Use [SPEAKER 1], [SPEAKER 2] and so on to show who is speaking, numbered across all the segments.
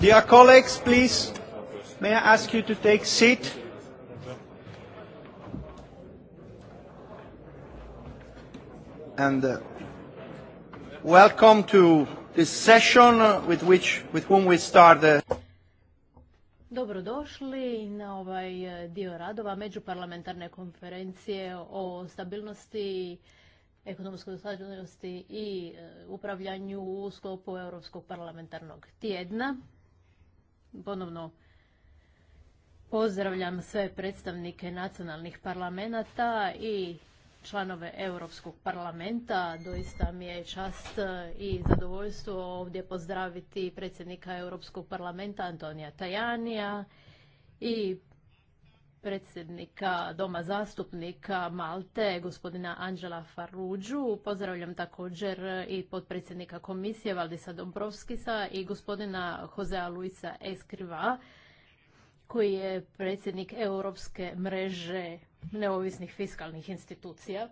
[SPEAKER 1] Dear colleagues, please, may I ask you to take seat?
[SPEAKER 2] And uh, welcome to this session with which, with whom we start the.
[SPEAKER 3] Dobrodošli na ovaj e, dio radova međuparlamentarne konferencije o stabilnosti ekonomskoj stabilnosti i e, upravljanju u sklopu Europskog parlamentarnog tjedna ponovno pozdravljam sve predstavnike nacionalnih parlamenata i članove Europskog parlamenta. Doista mi je čast i zadovoljstvo ovdje pozdraviti predsjednika Europskog parlamenta Antonija Tajanija i predsjednika Doma zastupnika Malte, gospodina Anđela Faruđu. Pozdravljam također i potpredsjednika komisije Valdisa Dombrovskisa i gospodina Josea Luisa Eskriva, koji je predsjednik Europske mreže neovisnih fiskalnih institucija.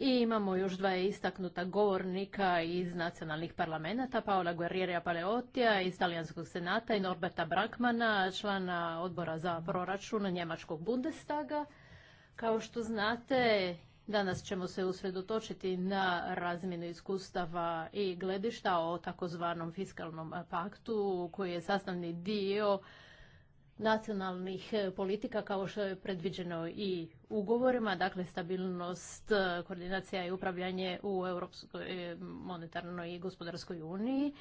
[SPEAKER 3] I imamo još dva istaknuta govornika iz nacionalnih parlamenta, Paola Guerriera Paleotija iz Talijanskog senata i Norberta Brakmana, člana odbora za proračun Njemačkog Bundestaga. Kao što znate, Danas ćemo se usredotočiti na razmjenu iskustava i gledišta o takozvanom fiskalnom paktu koji je sastavni dio nacionalnih e, politika kao što je predviđeno i ugovorima, dakle stabilnost, e, koordinacija i upravljanje u Europskoj e, monetarnoj i gospodarskoj uniji.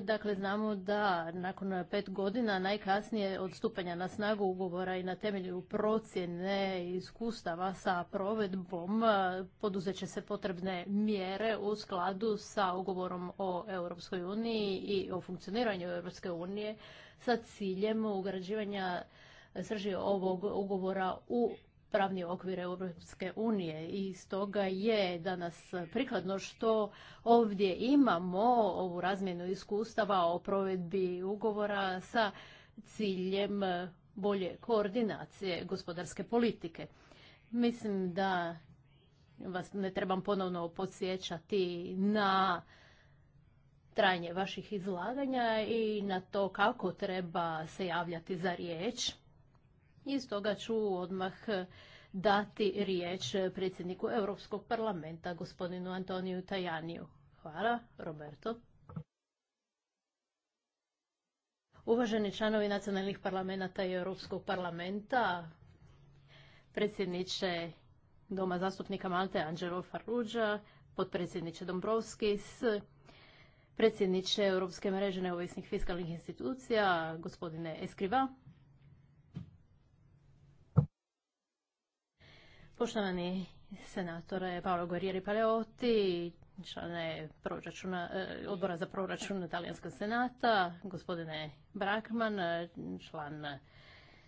[SPEAKER 3] Dakle, znamo da nakon pet godina najkasnije od stupanja na snagu ugovora i na temelju procjene iskustava sa provedbom će se potrebne mjere u skladu sa ugovorom o Europskoj uniji i o funkcioniranju Europske unije, sa ciljem ugrađivanja srži ovog ugovora u pravni okvir Europske unije i stoga je danas prikladno što ovdje imamo ovu razmjenu iskustava o provedbi ugovora sa ciljem bolje koordinacije gospodarske politike. Mislim da vas ne trebam ponovno podsjećati na trajanje vaših izlaganja i na to kako treba se javljati za riječ. I stoga ću odmah dati riječ predsjedniku Europskog parlamenta, gospodinu Antoniju Tajaniju. Hvala, Roberto. Uvaženi članovi nacionalnih parlamenta i Europskog parlamenta, predsjedniče Doma zastupnika Malte Anđelo Faruđa, potpredsjedniče Dombrovskis, predsjedniče Europske mreže neovisnih fiskalnih institucija, gospodine Eskriva. Poštovani senatore Paolo Guerrieri Paleotti, člane proračuna, e, odbora za proračun Talijanskog senata, gospodine Brakman, član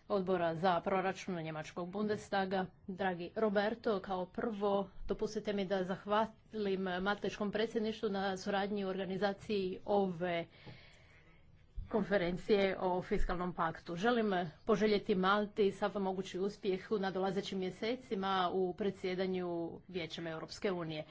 [SPEAKER 3] odbora za proračun Njemačkog Bundestaga. Dragi Roberto, kao prvo dopustite mi da zahvalim maltečkom predsjedništvu na suradnji u organizaciji ove konferencije o fiskalnom paktu. Želim poželjeti Malti sav mogući uspjeh u nadolazećim mjesecima u predsjedanju Vijećem Europske unije.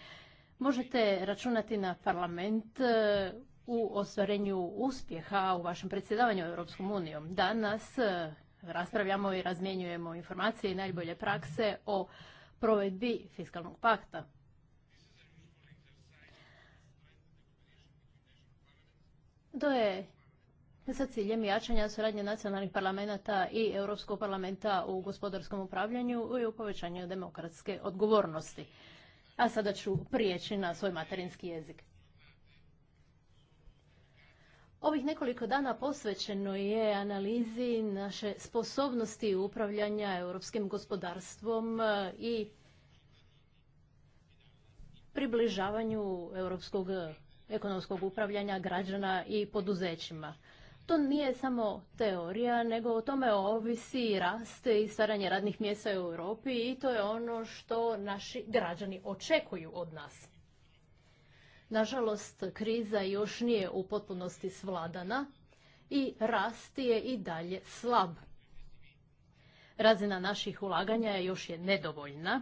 [SPEAKER 3] Možete računati na parlament e, u ostvarenju uspjeha u vašem predsjedavanju Europskom unijom. Danas e, raspravljamo i razmjenjujemo informacije i najbolje prakse o provedbi fiskalnog pakta. To je sa ciljem jačanja suradnje nacionalnih parlamenta i Europskog parlamenta u gospodarskom upravljanju i u povećanju demokratske odgovornosti. A sada ću prijeći na svoj materinski jezik. Ovih nekoliko dana posvećeno je analizi naše sposobnosti upravljanja europskim gospodarstvom e, i približavanju europskog ekonomskog upravljanja građana i poduzećima. To nije samo teorija, nego o tome ovisi rast i stvaranje radnih mjesta u Europi i to je ono što naši građani očekuju od nas. Nažalost, kriza još nije u potpunosti svladana i rast je i dalje slab. Razina naših ulaganja još je nedovoljna.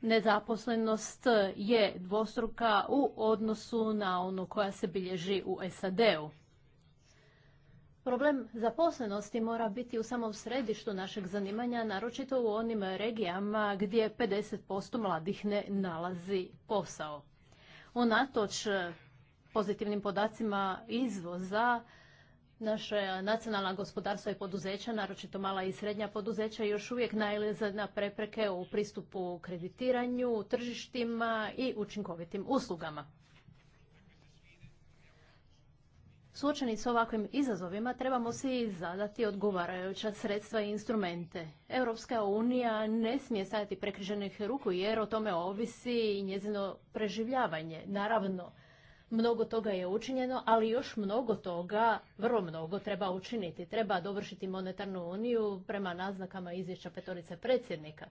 [SPEAKER 3] Nezaposlenost je dvostruka u odnosu na onu koja se bilježi u SAD-u. Problem zaposlenosti mora biti u samom središtu našeg zanimanja, naročito u onim regijama gdje 50% mladih ne nalazi posao unatoč e, pozitivnim podacima izvoza, naše nacionalna gospodarstva i poduzeća, naročito mala i srednja poduzeća, još uvijek najleze na prepreke u pristupu kreditiranju, tržištima i učinkovitim uslugama. Suočeni s ovakvim izazovima trebamo si zadati odgovarajuća sredstva i instrumente. Europska unija ne smije stajati prekriženih ruku jer o tome ovisi i njezino preživljavanje. Naravno, mnogo toga je učinjeno, ali još mnogo toga, vrlo mnogo treba učiniti. Treba dovršiti monetarnu uniju prema naznakama izvješća petorice predsjednika.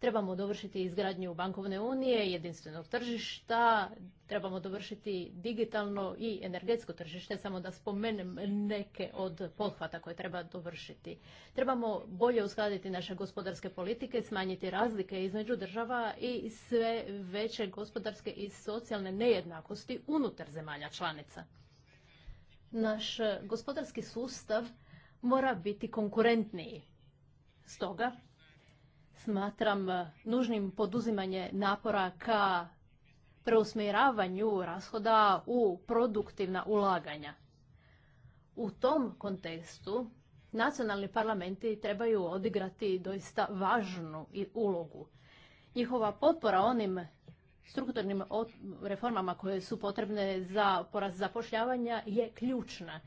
[SPEAKER 3] Trebamo dovršiti izgradnju bankovne unije, jedinstvenog tržišta, trebamo dovršiti digitalno i energetsko tržište, samo da spomenem neke od pohvata koje treba dovršiti. Trebamo bolje uskladiti naše gospodarske politike, smanjiti razlike između država i sve veće gospodarske i socijalne nejednakosti unutar zemalja članica. Naš gospodarski sustav mora biti konkurentniji. Stoga smatram eh, nužnim poduzimanje napora ka preusmjeravanju rashoda u produktivna ulaganja. U tom kontekstu nacionalni parlamenti trebaju odigrati doista važnu ulogu. Njihova potpora onim strukturnim reformama koje su potrebne za porast zapošljavanja je ključna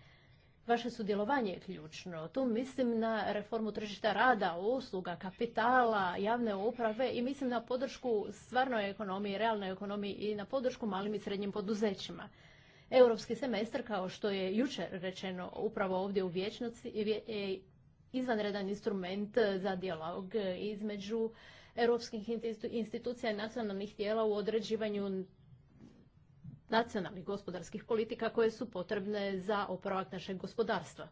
[SPEAKER 3] vaše sudjelovanje je ključno. Tu mislim na reformu tržišta rada, usluga, kapitala, javne uprave i mislim na podršku stvarnoj ekonomiji, realnoj ekonomiji i na podršku malim i srednjim poduzećima. Europski semestar, kao što je jučer rečeno upravo ovdje u vječnici, je e, izvanredan instrument za dijalog između europskih institucija i nacionalnih tijela u određivanju nacionalnih gospodarskih politika koje su potrebne za oporavak našeg gospodarstva.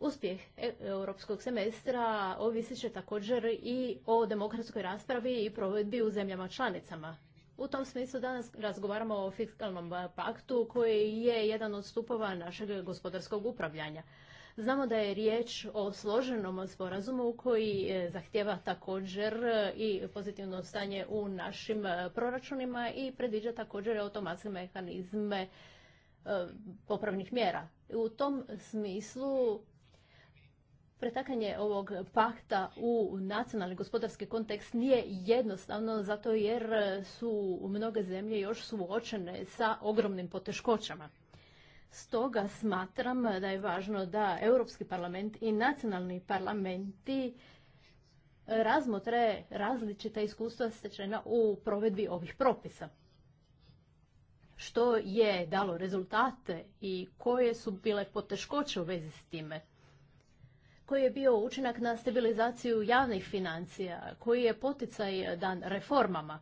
[SPEAKER 3] Uspjeh e- europskog semestra ovisit će također i o demokratskoj raspravi i provedbi u zemljama članicama. U tom smislu danas razgovaramo o fiskalnom paktu koji je jedan od stupova našeg gospodarskog upravljanja. Znamo da je riječ o složenom sporazumu koji e, zahtjeva također e, i pozitivno stanje u našim e, proračunima i predviđa također automatske mehanizme popravnih mjera. U tom smislu pretakanje ovog pakta u nacionalni gospodarski kontekst nije jednostavno zato jer su mnoge zemlje još suočene sa ogromnim poteškoćama. Stoga smatram da je važno da Europski parlament i nacionalni parlamenti razmotre različita iskustva stečena u provedbi ovih propisa. Što je dalo rezultate i koje su bile poteškoće u vezi s time? Koji je bio učinak na stabilizaciju javnih financija? Koji je poticaj dan reformama?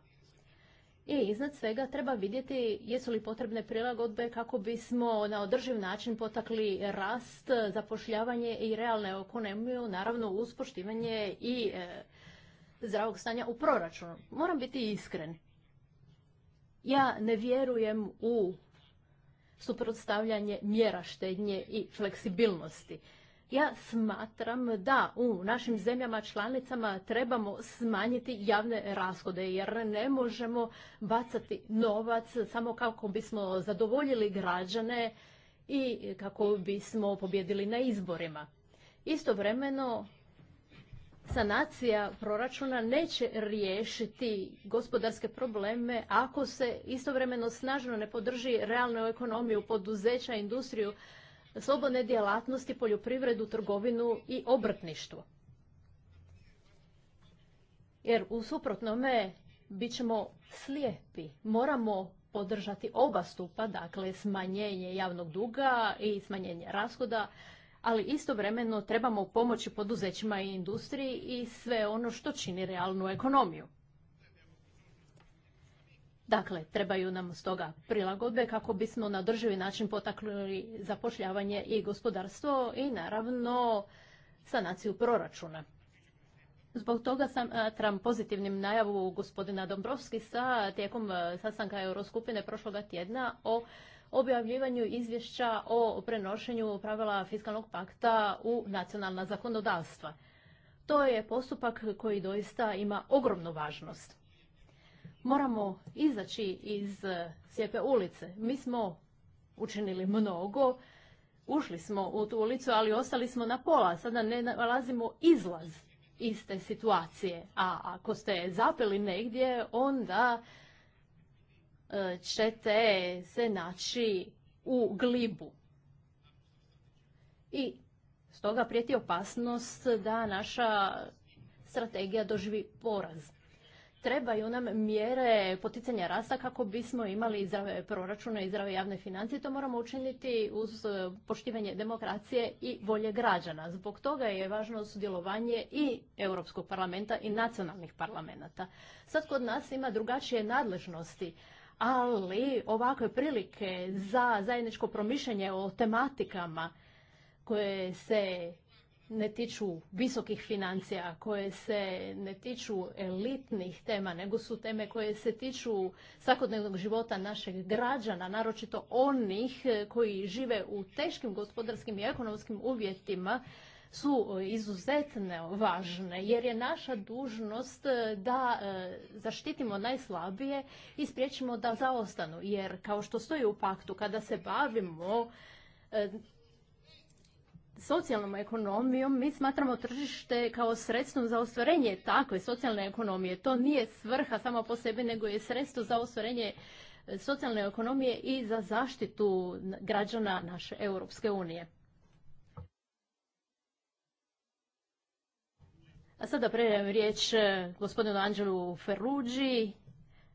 [SPEAKER 3] I e, iznad svega treba vidjeti jesu li potrebne prilagodbe kako bismo na održiv način potakli rast, zapošljavanje i realne ekonomiju, naravno uz poštivanje i e, zdravog stanja u proračunu. Moram biti iskren. Ja ne vjerujem u suprotstavljanje mjera štednje i fleksibilnosti. Ja smatram da u našim zemljama članicama trebamo smanjiti javne rashode jer ne možemo bacati novac samo kako bismo zadovoljili građane i kako bismo pobjedili na izborima. Istovremeno sanacija proračuna neće riješiti gospodarske probleme ako se istovremeno snažno ne podrži realnu ekonomiju, poduzeća, industriju, slobodne djelatnosti, poljoprivredu, trgovinu i obrtništvo. Jer u suprotnome bit ćemo slijepi. Moramo podržati oba stupa, dakle smanjenje javnog duga i smanjenje rashoda, ali istovremeno trebamo pomoći poduzećima i industriji i sve ono što čini realnu ekonomiju. Dakle, trebaju nam stoga prilagodbe kako bismo na drživi način potaknuli zapošljavanje i gospodarstvo i naravno sanaciju proračuna. Zbog toga sam tram pozitivnim najavu gospodina Dombrovskisa tijekom e, sastanka Euroskupine prošloga tjedna o objavljivanju izvješća o prenošenju pravila fiskalnog pakta u nacionalna zakonodavstva. To je postupak koji doista ima ogromnu važnost moramo izaći iz Sjepe ulice. Mi smo učinili mnogo, ušli smo u tu ulicu, ali ostali smo na pola. Sada ne nalazimo izlaz iz te situacije. A ako ste zapeli negdje, onda e, ćete se naći u glibu. I stoga prijeti opasnost da naša strategija doživi poraz trebaju nam mjere poticanja rasta kako bismo imali zdrave proračune i zdrave javne financije. To moramo učiniti uz e, poštivanje demokracije i volje građana. Zbog toga je važno sudjelovanje i Europskog parlamenta i nacionalnih parlamenta. Sad kod nas ima drugačije nadležnosti ali ovakve prilike za zajedničko promišljanje o tematikama koje se ne tiču visokih financija, koje se ne tiču elitnih tema, nego su teme koje se tiču svakodnevnog života našeg građana, naročito onih koji žive u teškim gospodarskim i ekonomskim uvjetima, su izuzetno važne jer je naša dužnost da e, zaštitimo najslabije i spriječimo da zaostanu jer kao što stoji u paktu kada se bavimo e, socijalnom ekonomijom, mi smatramo tržište kao sredstvo za ostvarenje takve socijalne ekonomije. To nije svrha samo po sebi, nego je sredstvo za ostvarenje e, socijalne ekonomije i za zaštitu građana naše Europske unije. A sada predajem riječ e, gospodinu Anđelu Ferruđi,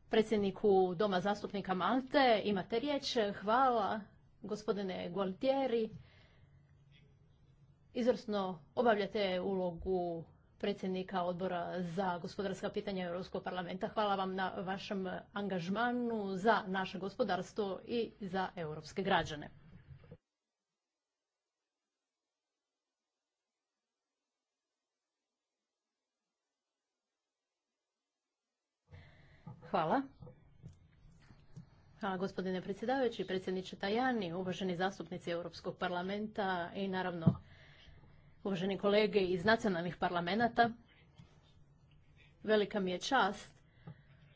[SPEAKER 3] predsjedniku Doma zastupnika Malte. Imate riječ. Hvala gospodine Gualtieri izvrsno obavljate ulogu predsjednika odbora za gospodarska pitanja Europskog parlamenta. Hvala vam na vašem angažmanu za naše gospodarstvo i za europske građane. Hvala. Hvala gospodine predsjedavajući, predsjedniče Tajani, uvaženi zastupnici Europskog parlamenta i naravno uvaženi kolege iz nacionalnih parlamenta. Velika mi je čast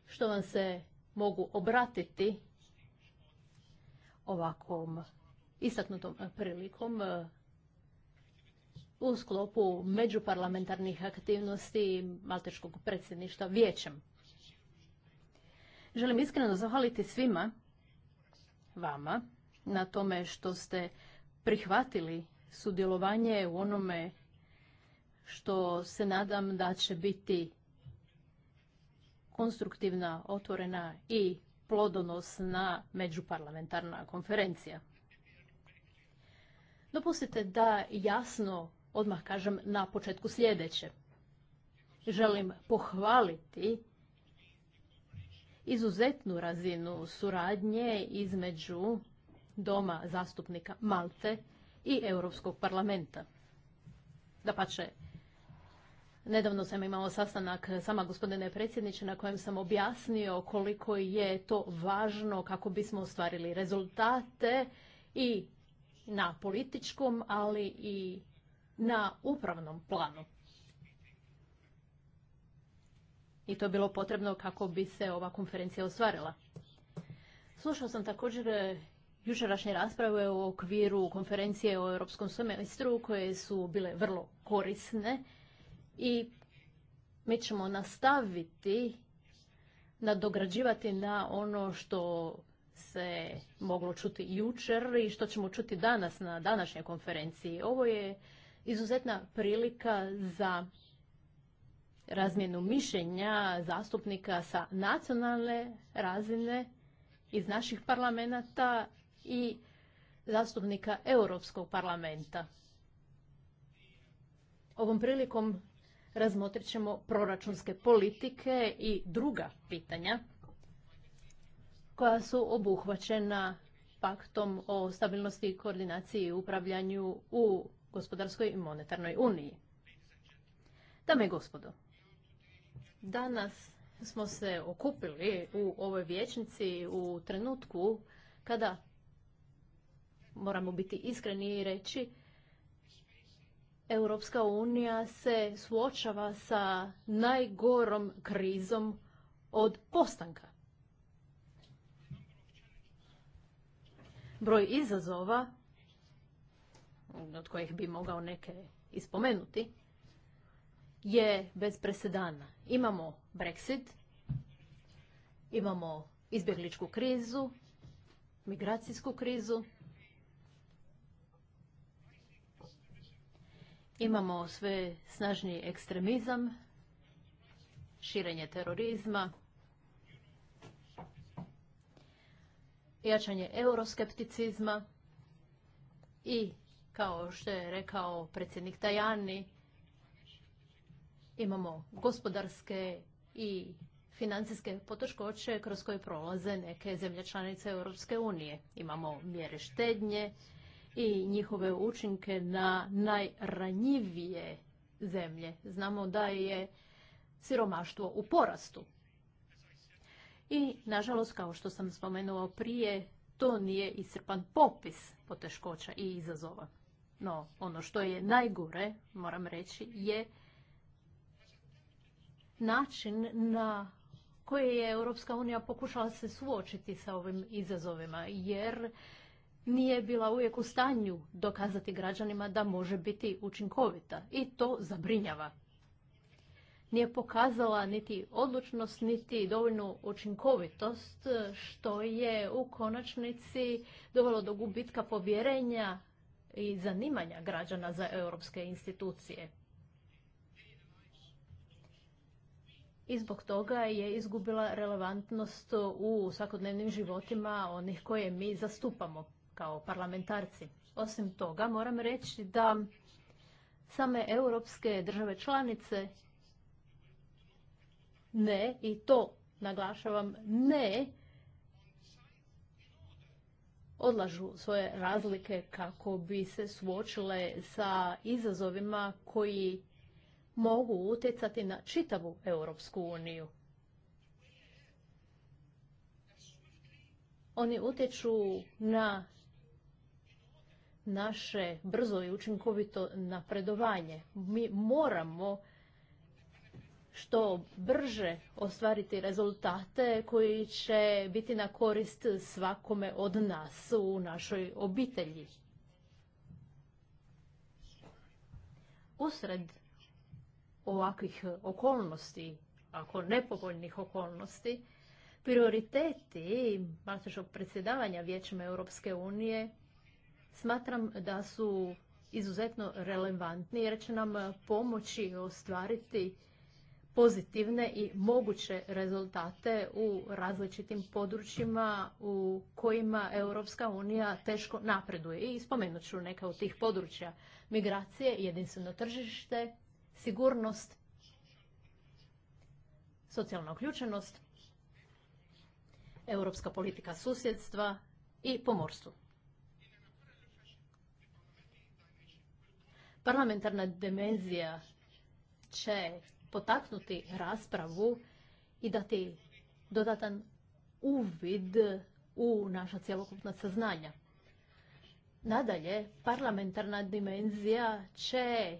[SPEAKER 3] što vam se mogu obratiti ovakvom istaknutom prilikom e, u sklopu međuparlamentarnih aktivnosti Malteškog predsjedništva vijećem. Želim iskreno zahvaliti svima vama na tome što ste prihvatili sudjelovanje u onome što se nadam da će biti konstruktivna, otvorena i plodonosna međuparlamentarna konferencija. Dopustite da jasno odmah kažem na početku sljedeće. Želim pohvaliti izuzetnu razinu suradnje između Doma zastupnika Malte i Europskog parlamenta. Da pače, nedavno sam imao sastanak sama gospodine predsjedniče na kojem sam objasnio koliko je to važno kako bismo ostvarili rezultate i na političkom, ali i na upravnom planu. I to je bilo potrebno kako bi se ova konferencija ostvarila. Slušao sam također jučerašnje rasprave u okviru konferencije o europskom semestru koje su bile vrlo korisne i mi ćemo nastaviti nadograđivati na ono što se moglo čuti jučer i što ćemo čuti danas na današnjoj konferenciji. Ovo je izuzetna prilika za razmjenu mišljenja zastupnika sa nacionalne razine iz naših parlamenta i zastupnika Europskog parlamenta. Ovom prilikom razmotrit ćemo proračunske politike i druga pitanja koja su obuhvaćena paktom o stabilnosti i koordinaciji i upravljanju u gospodarskoj i monetarnoj uniji. Dame i gospodo, danas smo se okupili u ovoj vječnici u trenutku kada moramo biti iskreni i reći Europska unija se suočava sa najgorom krizom od postanka. Broj izazova, od kojih bi mogao neke ispomenuti, je bez presedana. Imamo Brexit, imamo izbjegličku krizu, migracijsku krizu, Imamo sve snažni ekstremizam, širenje terorizma, jačanje euroskepticizma i, kao što je rekao predsjednik Tajani, imamo gospodarske i financijske poteškoće kroz koje prolaze neke zemlje članice Europske unije. Imamo mjere štednje, i njihove učinke na najranjivije zemlje. Znamo da je siromaštvo u porastu. I, nažalost, kao što sam spomenuo prije, to nije iscrpan popis poteškoća i izazova. No, ono što je najgore, moram reći, je način na koje je Europska unija pokušala se suočiti sa ovim izazovima, jer nije bila uvijek u stanju dokazati građanima da može biti učinkovita i to zabrinjava. Nije pokazala niti odlučnost, niti dovoljnu učinkovitost, što je u konačnici dovelo do gubitka povjerenja i zanimanja građana za europske institucije. I zbog toga je izgubila relevantnost u svakodnevnim životima onih koje mi zastupamo kao parlamentarci. Osim toga, moram reći da same europske države članice ne, i to naglašavam, ne odlažu svoje razlike kako bi se suočile sa izazovima koji mogu utjecati na čitavu Europsku uniju. Oni utječu na naše brzo i učinkovito napredovanje. Mi moramo što brže ostvariti rezultate koji će biti na korist svakome od nas u našoj obitelji. Usred ovakvih okolnosti, ako nepovoljnih okolnosti, prioriteti martašog predsjedavanja Vijećem Europske unije smatram da su izuzetno relevantni jer će nam eh, pomoći ostvariti pozitivne i moguće rezultate u različitim područjima u kojima Europska unija teško napreduje. I spomenut ću neka od tih područja. Migracije, jedinstveno tržište, sigurnost, socijalna uključenost, europska politika susjedstva i pomorstvo. parlamentarna dimenzija će potaknuti raspravu i dati dodatan uvid u naša cjelokupna saznanja. Nadalje, parlamentarna dimenzija će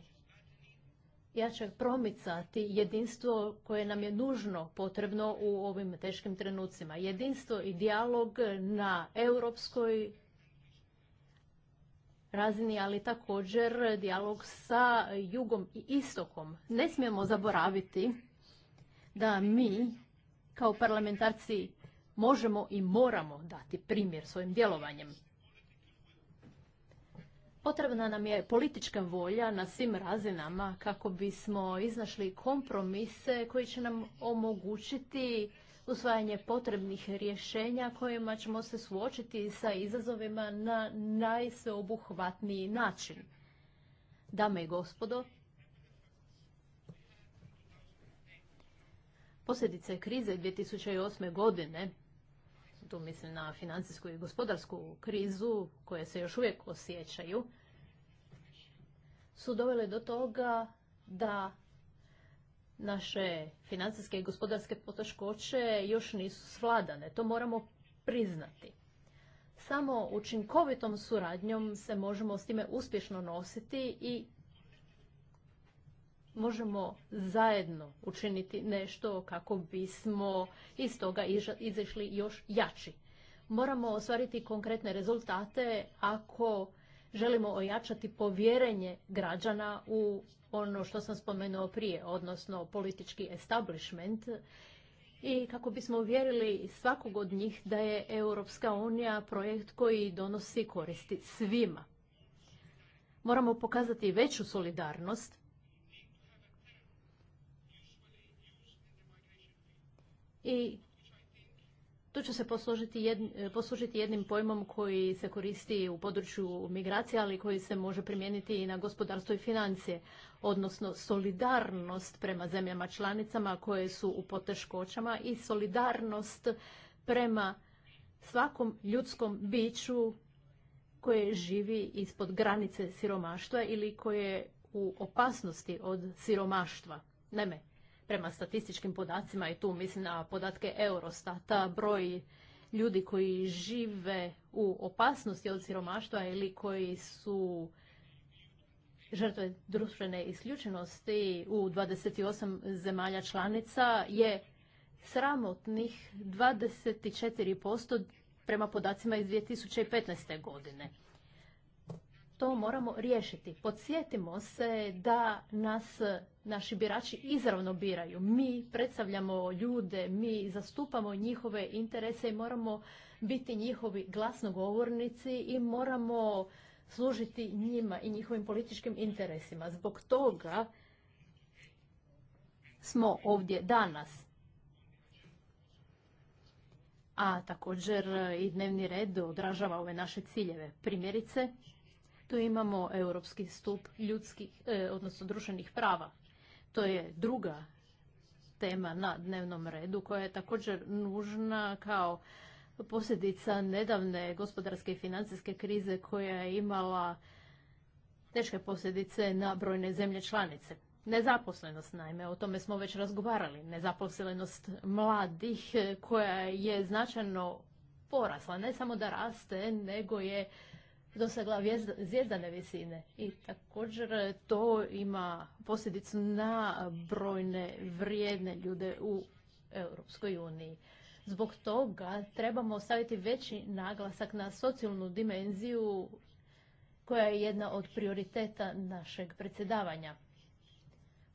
[SPEAKER 3] jače promicati jedinstvo koje nam je nužno potrebno u ovim teškim trenucima. Jedinstvo i dijalog na europskoj, razini, ali također dijalog sa jugom i istokom. Ne smijemo zaboraviti da mi kao parlamentarci možemo i moramo dati primjer svojim djelovanjem. Potrebna nam je politička volja na svim razinama kako bismo iznašli kompromise koji će nam omogućiti usvajanje potrebnih rješenja kojima ćemo se suočiti sa izazovima na najsveobuhvatniji način. Dame i gospodo, posljedice krize 2008. godine, tu mislim na financijsku i gospodarsku krizu koje se još uvijek osjećaju, su dovele do toga da naše financijske i gospodarske poteškoće još nisu svladane. To moramo priznati. Samo učinkovitom suradnjom se možemo s time uspješno nositi i možemo zajedno učiniti nešto kako bismo iz toga izašli još jači. Moramo ostvariti konkretne rezultate ako želimo ojačati povjerenje građana u ono što sam spomenuo prije, odnosno politički establishment, i kako bismo uvjerili svakog od njih da je Europska unija projekt koji donosi koristi svima. Moramo pokazati veću solidarnost i tu ću se poslužiti, e, jednim pojmom koji se koristi u području migracije, ali koji se može primijeniti i na gospodarstvo i financije, odnosno solidarnost prema zemljama članicama koje su u poteškoćama i solidarnost prema svakom ljudskom biću koje živi ispod granice siromaštva ili koje je u opasnosti od siromaštva. Naime, prema statističkim podacima i tu mislim na podatke Eurostata, broj ljudi koji žive u opasnosti od siromaštva ili koji su žrtve društvene isključenosti u 28 zemalja članica je sramotnih 24% prema podacima iz 2015. godine to moramo riješiti. Podsjetimo se da nas naši birači izravno biraju. Mi predstavljamo ljude, mi zastupamo njihove interese i moramo biti njihovi glasnogovornici i moramo služiti njima i njihovim političkim interesima. Zbog toga smo ovdje danas. A također i dnevni red odražava ove naše ciljeve. Primjerice, tu imamo europski stup ljudskih, e, odnosno društvenih prava. To je druga tema na dnevnom redu koja je također nužna kao posljedica nedavne gospodarske i financijske krize koja je imala teške posljedice na brojne zemlje članice. Nezaposlenost, naime, o tome smo već razgovarali. Nezaposlenost mladih e, koja je značajno porasla. Ne samo da raste, nego je dosegla zvijezdane visine i također e, to ima posljedicu na brojne vrijedne ljude u Europskoj uniji. Zbog toga trebamo staviti veći naglasak na socijalnu dimenziju koja je jedna od prioriteta našeg predsjedavanja.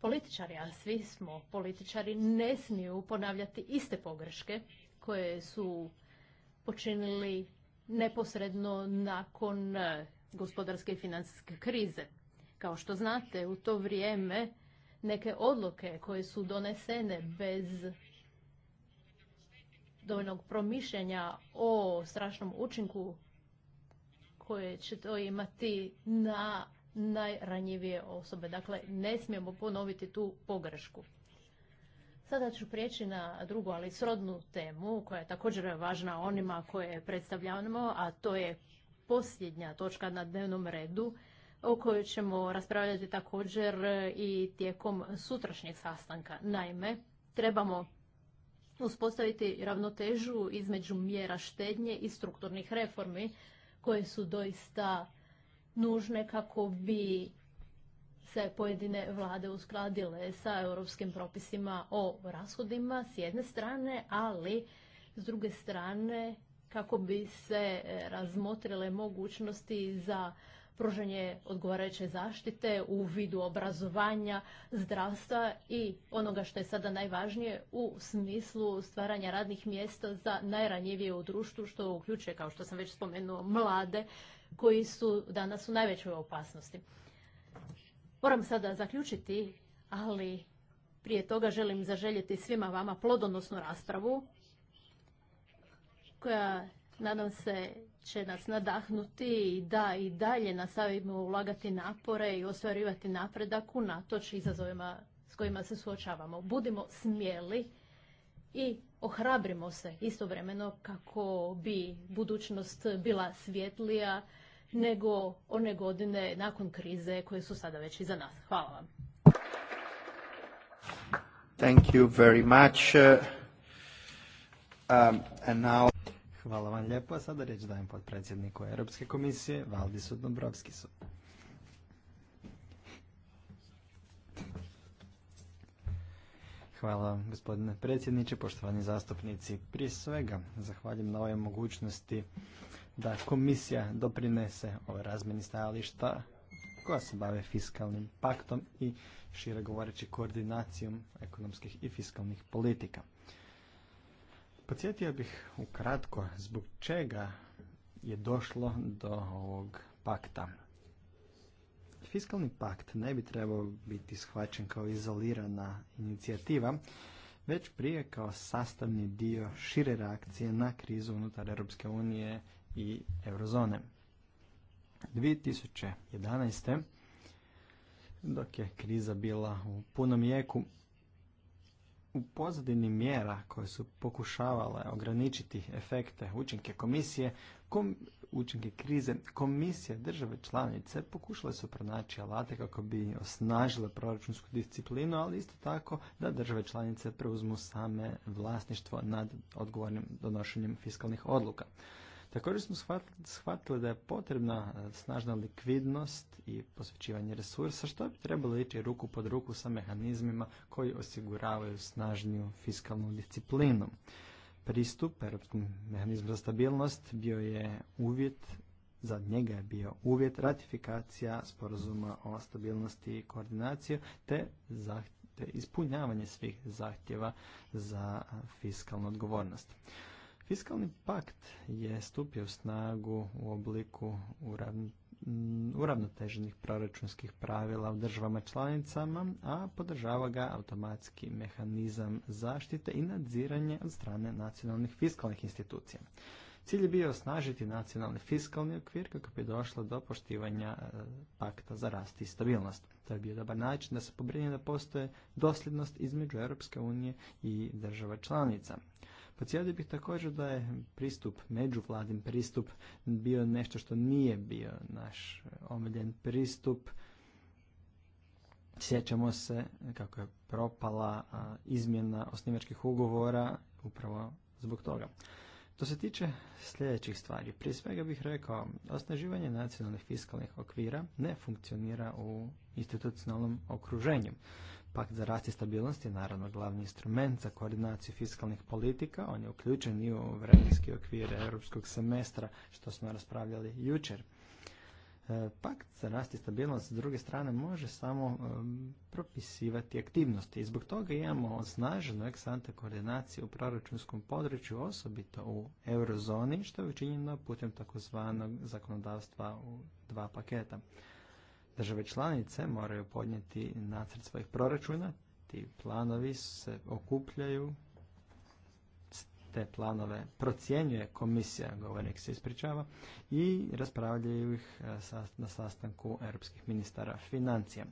[SPEAKER 3] Političari, a svi smo političari, ne smiju ponavljati iste pogreške koje su počinili neposredno nakon e, gospodarske i financijske krize. Kao što znate, u to vrijeme neke odluke koje su donesene bez dovoljnog promišljanja o strašnom učinku koje će to imati na najranjivije osobe. Dakle, ne smijemo ponoviti tu pogrešku. Sada ću prijeći na drugu, ali srodnu temu, koja je također važna onima koje predstavljamo, a to je posljednja točka na dnevnom redu, o kojoj ćemo raspravljati također i tijekom sutrašnjeg sastanka. Naime, trebamo uspostaviti ravnotežu između mjera štednje i strukturnih reformi koje su doista nužne kako bi se pojedine vlade uskladile sa europskim propisima o rashodima s jedne strane, ali s druge strane kako bi se razmotrile mogućnosti za pružanje odgovarajuće zaštite u vidu obrazovanja, zdravstva i onoga što je sada najvažnije u smislu stvaranja radnih mjesta za najranjivije u društvu, što uključuje, kao što sam već spomenuo, mlade koji su danas u najvećoj opasnosti. Moram sada zaključiti, ali prije toga želim zaželjeti svima vama plodonosnu raspravu koja nadam se će nas nadahnuti i da i dalje nastavimo ulagati napore i ostvarivati napredak unatoč izazovima s kojima se suočavamo. Budimo smjeli i ohrabrimo se istovremeno kako bi budućnost bila svjetlija nego one godine nakon krize koje su sada već iza nas. Hvala vam.
[SPEAKER 2] Thank you very much. Uh, um, and now... Hvala vam lijepo. A sada reći dajem potpredsjedniku Europske komisije Valdisu Dombrovskisu. Hvala vam, gospodine predsjedniče, poštovani zastupnici. Prije svega, zahvaljujem na ovoj mogućnosti da komisija doprinese ove razmeni stajališta koja se bave fiskalnim paktom i šire govoreći koordinacijom ekonomskih i fiskalnih politika. Podsjetio bih ukratko zbog čega je došlo do ovog pakta. Fiskalni pakt ne bi trebao biti shvaćen kao izolirana inicijativa, već prije kao sastavni dio šire reakcije na krizu unutar Europske unije i eurozone. 2011. dok je kriza bila u punom jeku, u pozadini mjera koje su pokušavale ograničiti efekte učinke komisije, učinke krize, komisije države članice pokušale su pronaći alate kako bi osnažile proračunsku disciplinu, ali isto tako da države članice preuzmu same vlasništvo nad odgovornim donošenjem fiskalnih odluka. Također smo shvatili da je potrebna e, snažna likvidnost i posvećivanje resursa što bi trebalo ići ruku pod ruku sa mehanizmima koji osiguravaju snažniju fiskalnu disciplinu. Pristup Europskom mehanizmu za stabilnost bio je uvjet za njega je bio uvjet ratifikacija sporazuma o stabilnosti i koordinaciji te, te ispunjavanje svih zahtjeva za fiskalnu odgovornost. Fiskalni pakt je stupio u snagu u obliku uravnoteženih proračunskih pravila u državama članicama, a podržava ga automatski mehanizam zaštite i nadziranje od strane nacionalnih fiskalnih institucija. Cilj je bio osnažiti nacionalni fiskalni okvir kako bi došlo do poštivanja e, pakta za rast i stabilnost. To je bio dobar način da se pobrine da postoje dosljednost između Europske unije i država članica. Podsjetio bih također da je pristup, međuvladin pristup, bio nešto što nije bio naš e, omiljen pristup. Sjećamo se kako je propala izmjena osnivačkih ugovora upravo zbog toga. Što se tiče sljedećih stvari, prije svega bih rekao, osnaživanje nacionalnih fiskalnih okvira ne funkcionira u institucionalnom okruženju. Pakt za rast i stabilnost je naravno glavni instrument za koordinaciju fiskalnih politika. On je uključen i u vremenski okvir europskog semestra što smo raspravljali jučer. E, Pakt za rast i stabilnost s druge strane može samo e, propisivati aktivnosti i zbog toga imamo osnaženu eksante koordinaciju u proračunskom području, osobito u eurozoni, što je učinjeno putem takozvanog zakonodavstva u dva paketa. Države članice moraju podnijeti nacrt svojih proračuna, ti planovi se okupljaju, te planove procjenjuje komisija, govornik se ispričava, i raspravljaju ih e, na sastanku europskih ministara financija.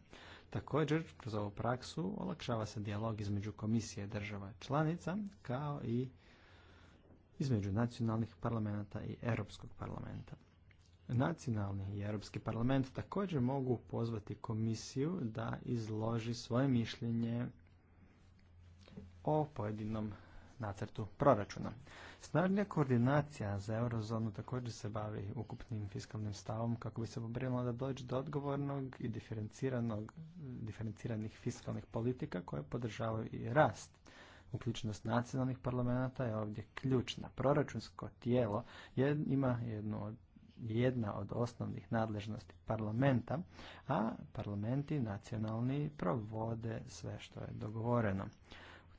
[SPEAKER 2] Također, kroz ovu praksu olakšava se dijalog između komisije država članica, kao i između nacionalnih parlamenta i Europskog parlamenta. Nacionalni i Europski parlament također mogu pozvati komisiju da izloži svoje mišljenje o pojedinom nacrtu proračuna. Snažnija koordinacija za eurozonu također se bavi ukupnim fiskalnim stavom kako bi se pobrinula da dođe do odgovornog i diferenciranih fiskalnih politika koje podržavaju i rast. Uključenost nacionalnih parlamenta je ovdje ključna. Proračunsko tijelo ima jednu od jedna od osnovnih nadležnosti parlamenta, a parlamenti nacionalni provode sve što je dogovoreno.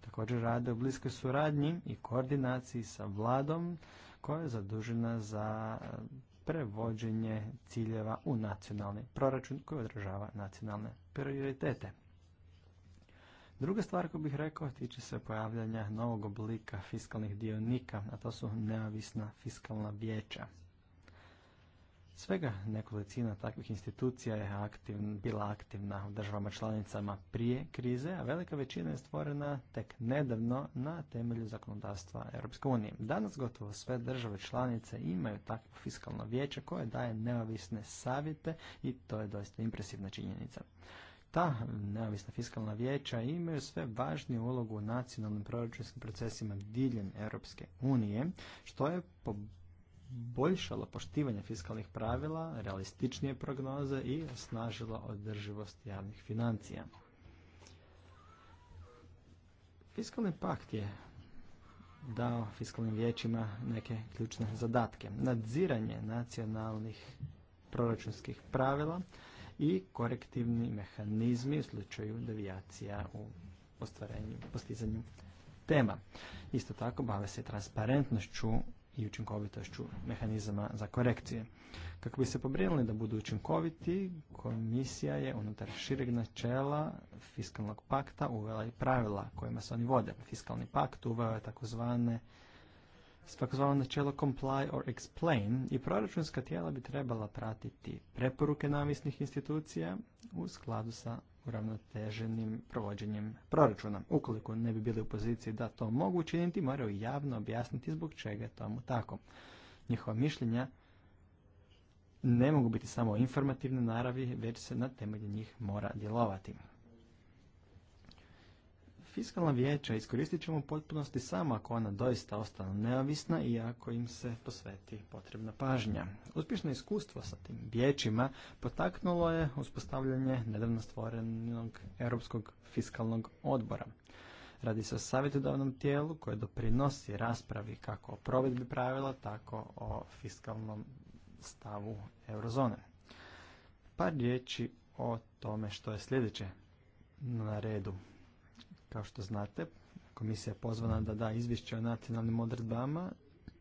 [SPEAKER 2] Također rade u bliskoj suradnji i koordinaciji sa vladom koja je zadužena za prevođenje ciljeva u nacionalni proračun koji održava nacionalne prioritete. Druga stvar koju bih rekao tiče se pojavljanja novog oblika fiskalnih dionika, a to su neovisna fiskalna vijeća. Svega nekolicina takvih institucija je aktivna bila aktivna u državama članicama prije krize, a velika većina je stvorena tek nedavno na temelju zakonodavstva EU. Danas gotovo sve države članice imaju takvo fiskalno vijeće koje daje neovisne savjete i to je doista impresivna činjenica. Ta neovisna fiskalna vijeća imaju sve važniju ulogu u nacionalnim proračunskim procesima diljem Europske unije, što je po poboljšalo poštivanje fiskalnih pravila, realističnije prognoze i osnažilo održivost javnih financija. Fiskalni pakt je dao fiskalnim vijećima neke ključne zadatke. Nadziranje nacionalnih proračunskih pravila i korektivni mehanizmi u slučaju devijacija u postizanju tema. Isto tako bave se transparentnošću i učinkovitošću mehanizama za korekcije. Kako bi se pobrinuli da budu učinkoviti, komisija je unutar šireg načela fiskalnog pakta uvela i pravila kojima se oni vode. Fiskalni pakt uvela je takozvane takozvano načelo comply or explain i proračunska tijela bi trebala pratiti preporuke navisnih institucija u skladu sa uravnoteženim provođenjem proračuna. Ukoliko ne bi bili u poziciji da to mogu učiniti, moraju javno objasniti zbog čega je tomu tako. Njihova mišljenja ne mogu biti samo informativne naravi, već se na temelju njih mora djelovati. Fiskalna vijeća iskoristit ćemo u potpunosti samo ako ona doista ostane neovisna i ako im se posveti potrebna pažnja. Uspješno iskustvo sa tim vijećima potaknulo je uspostavljanje nedavno stvorenog Europskog fiskalnog odbora. Radi se o savjetodavnom tijelu koje doprinosi raspravi kako o provedbi pravila, tako o fiskalnom stavu eurozone. Par riječi o tome što je sljedeće na redu kao što znate, komisija je pozvana da da izvješće o nacionalnim odredbama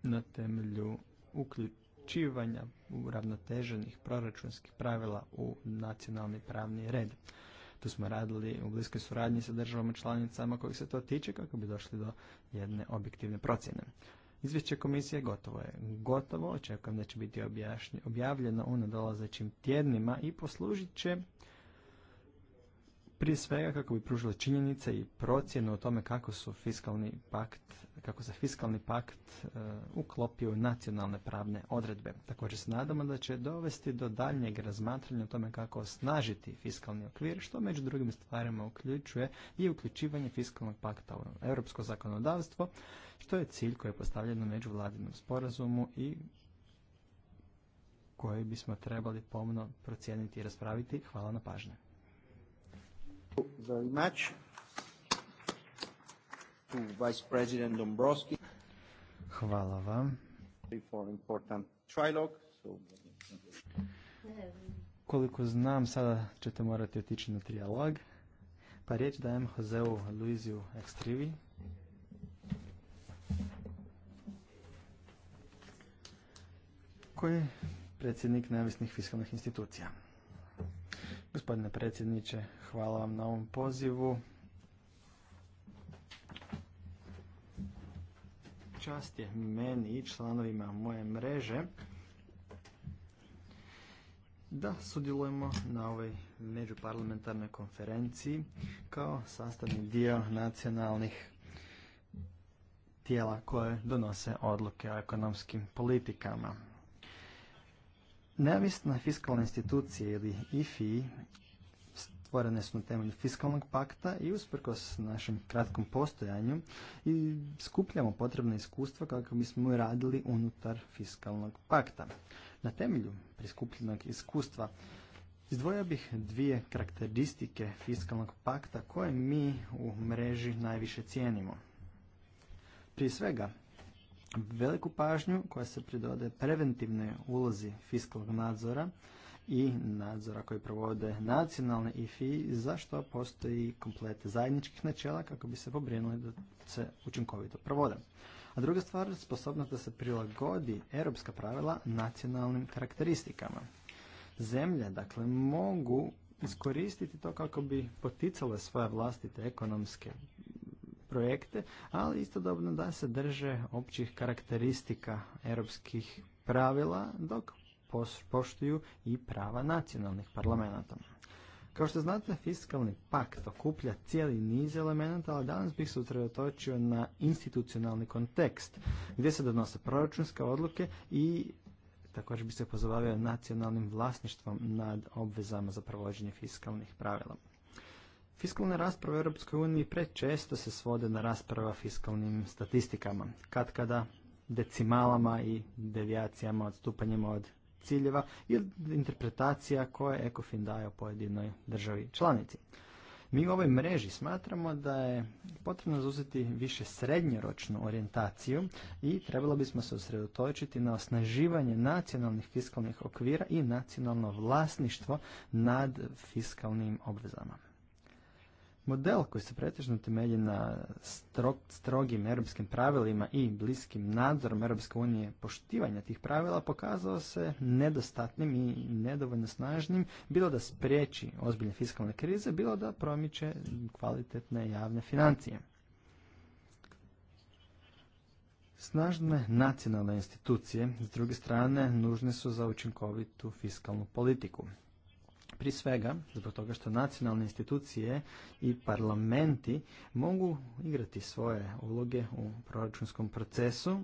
[SPEAKER 2] na temelju uključivanja uravnoteženih proračunskih pravila u nacionalni pravni red. Tu smo radili u bliskoj suradnji sa državama članicama kojih se to tiče kako bi došli do jedne objektivne procjene. Izvješće komisije gotovo je. Gotovo, očekujem da će biti objavljeno u nadolazećim tjednima i poslužit će prije svega kako bi pružila činjenice i procjenu o tome kako su fiskalni pakt, kako se fiskalni pakt e, uklopio u nacionalne pravne odredbe. Također se nadamo da će dovesti do daljnjeg razmatranja o tome kako osnažiti fiskalni okvir, što među drugim stvarima uključuje i uključivanje fiskalnog pakta u europsko zakonodavstvo, što je cilj koji je postavljen u međuvladinom sporazumu i koji bismo trebali pomno procijeniti i raspraviti. Hvala na pažnje. Very much. Hvala vam. Koliko znam, sada ćete morati otići na trijalog. Pa riječ dajem Joseu Luiziju Ekstrivi. Koji je predsjednik neovisnih fiskalnih institucija. Gospodine predsjedniče, hvala vam na ovom pozivu. Čast je meni i članovima moje mreže da sudjelujemo na ovoj međuparlamentarnoj konferenciji kao sastavni dio nacionalnih tijela koje donose odluke o ekonomskim politikama na fiskalne institucije ili IFI stvorene su na temelju fiskalnog pakta i usprkos našem kratkom postojanju i skupljamo potrebne iskustva kako bismo radili unutar fiskalnog pakta. Na temelju priskupljenog iskustva izdvojio bih dvije karakteristike fiskalnog pakta koje mi u mreži najviše cijenimo. Prije svega, veliku pažnju koja se pridode preventivne ulozi fiskalnog nadzora i nadzora koji provode nacionalne IFI za što postoji komplet zajedničkih načela kako bi se pobrinuli da se učinkovito provode. A druga stvar je sposobnost da se prilagodi europska pravila nacionalnim karakteristikama. Zemlje, dakle, mogu iskoristiti to kako bi poticale svoje vlastite ekonomske projekte, ali istodobno da se drže općih karakteristika europskih pravila dok poštuju i prava nacionalnih parlamenta. Kao što znate, fiskalni pakt okuplja cijeli niz elemenata, ali danas bih se utredotočio na institucionalni kontekst, gdje se donose proračunske odluke i također bi se pozabavio nacionalnim vlasništvom nad obvezama za provođenje fiskalnih pravila. Fiskalne rasprave u EU prečesto se svode na rasprava fiskalnim statistikama, kad kada decimalama i devijacijama, odstupanjima od ciljeva i interpretacija koje ECOFIN daje o pojedinoj državi članici. Mi u ovoj mreži smatramo da je potrebno zauzeti više srednjoročnu orijentaciju i trebalo bismo se usredotočiti na osnaživanje nacionalnih fiskalnih okvira i nacionalno vlasništvo nad fiskalnim obvezama. Model koji se pretežno temelji na strogim europskim pravilima i bliskim nadzorom Europske unije poštivanja tih pravila pokazao se nedostatnim i nedovoljno snažnim, bilo da spriječi ozbiljne fiskalne krize, bilo da promiče kvalitetne javne financije. Snažne nacionalne institucije, s druge strane, nužne su za učinkovitu fiskalnu politiku. Pri svega, zbog toga što nacionalne institucije i parlamenti mogu igrati svoje uloge u proračunskom procesu,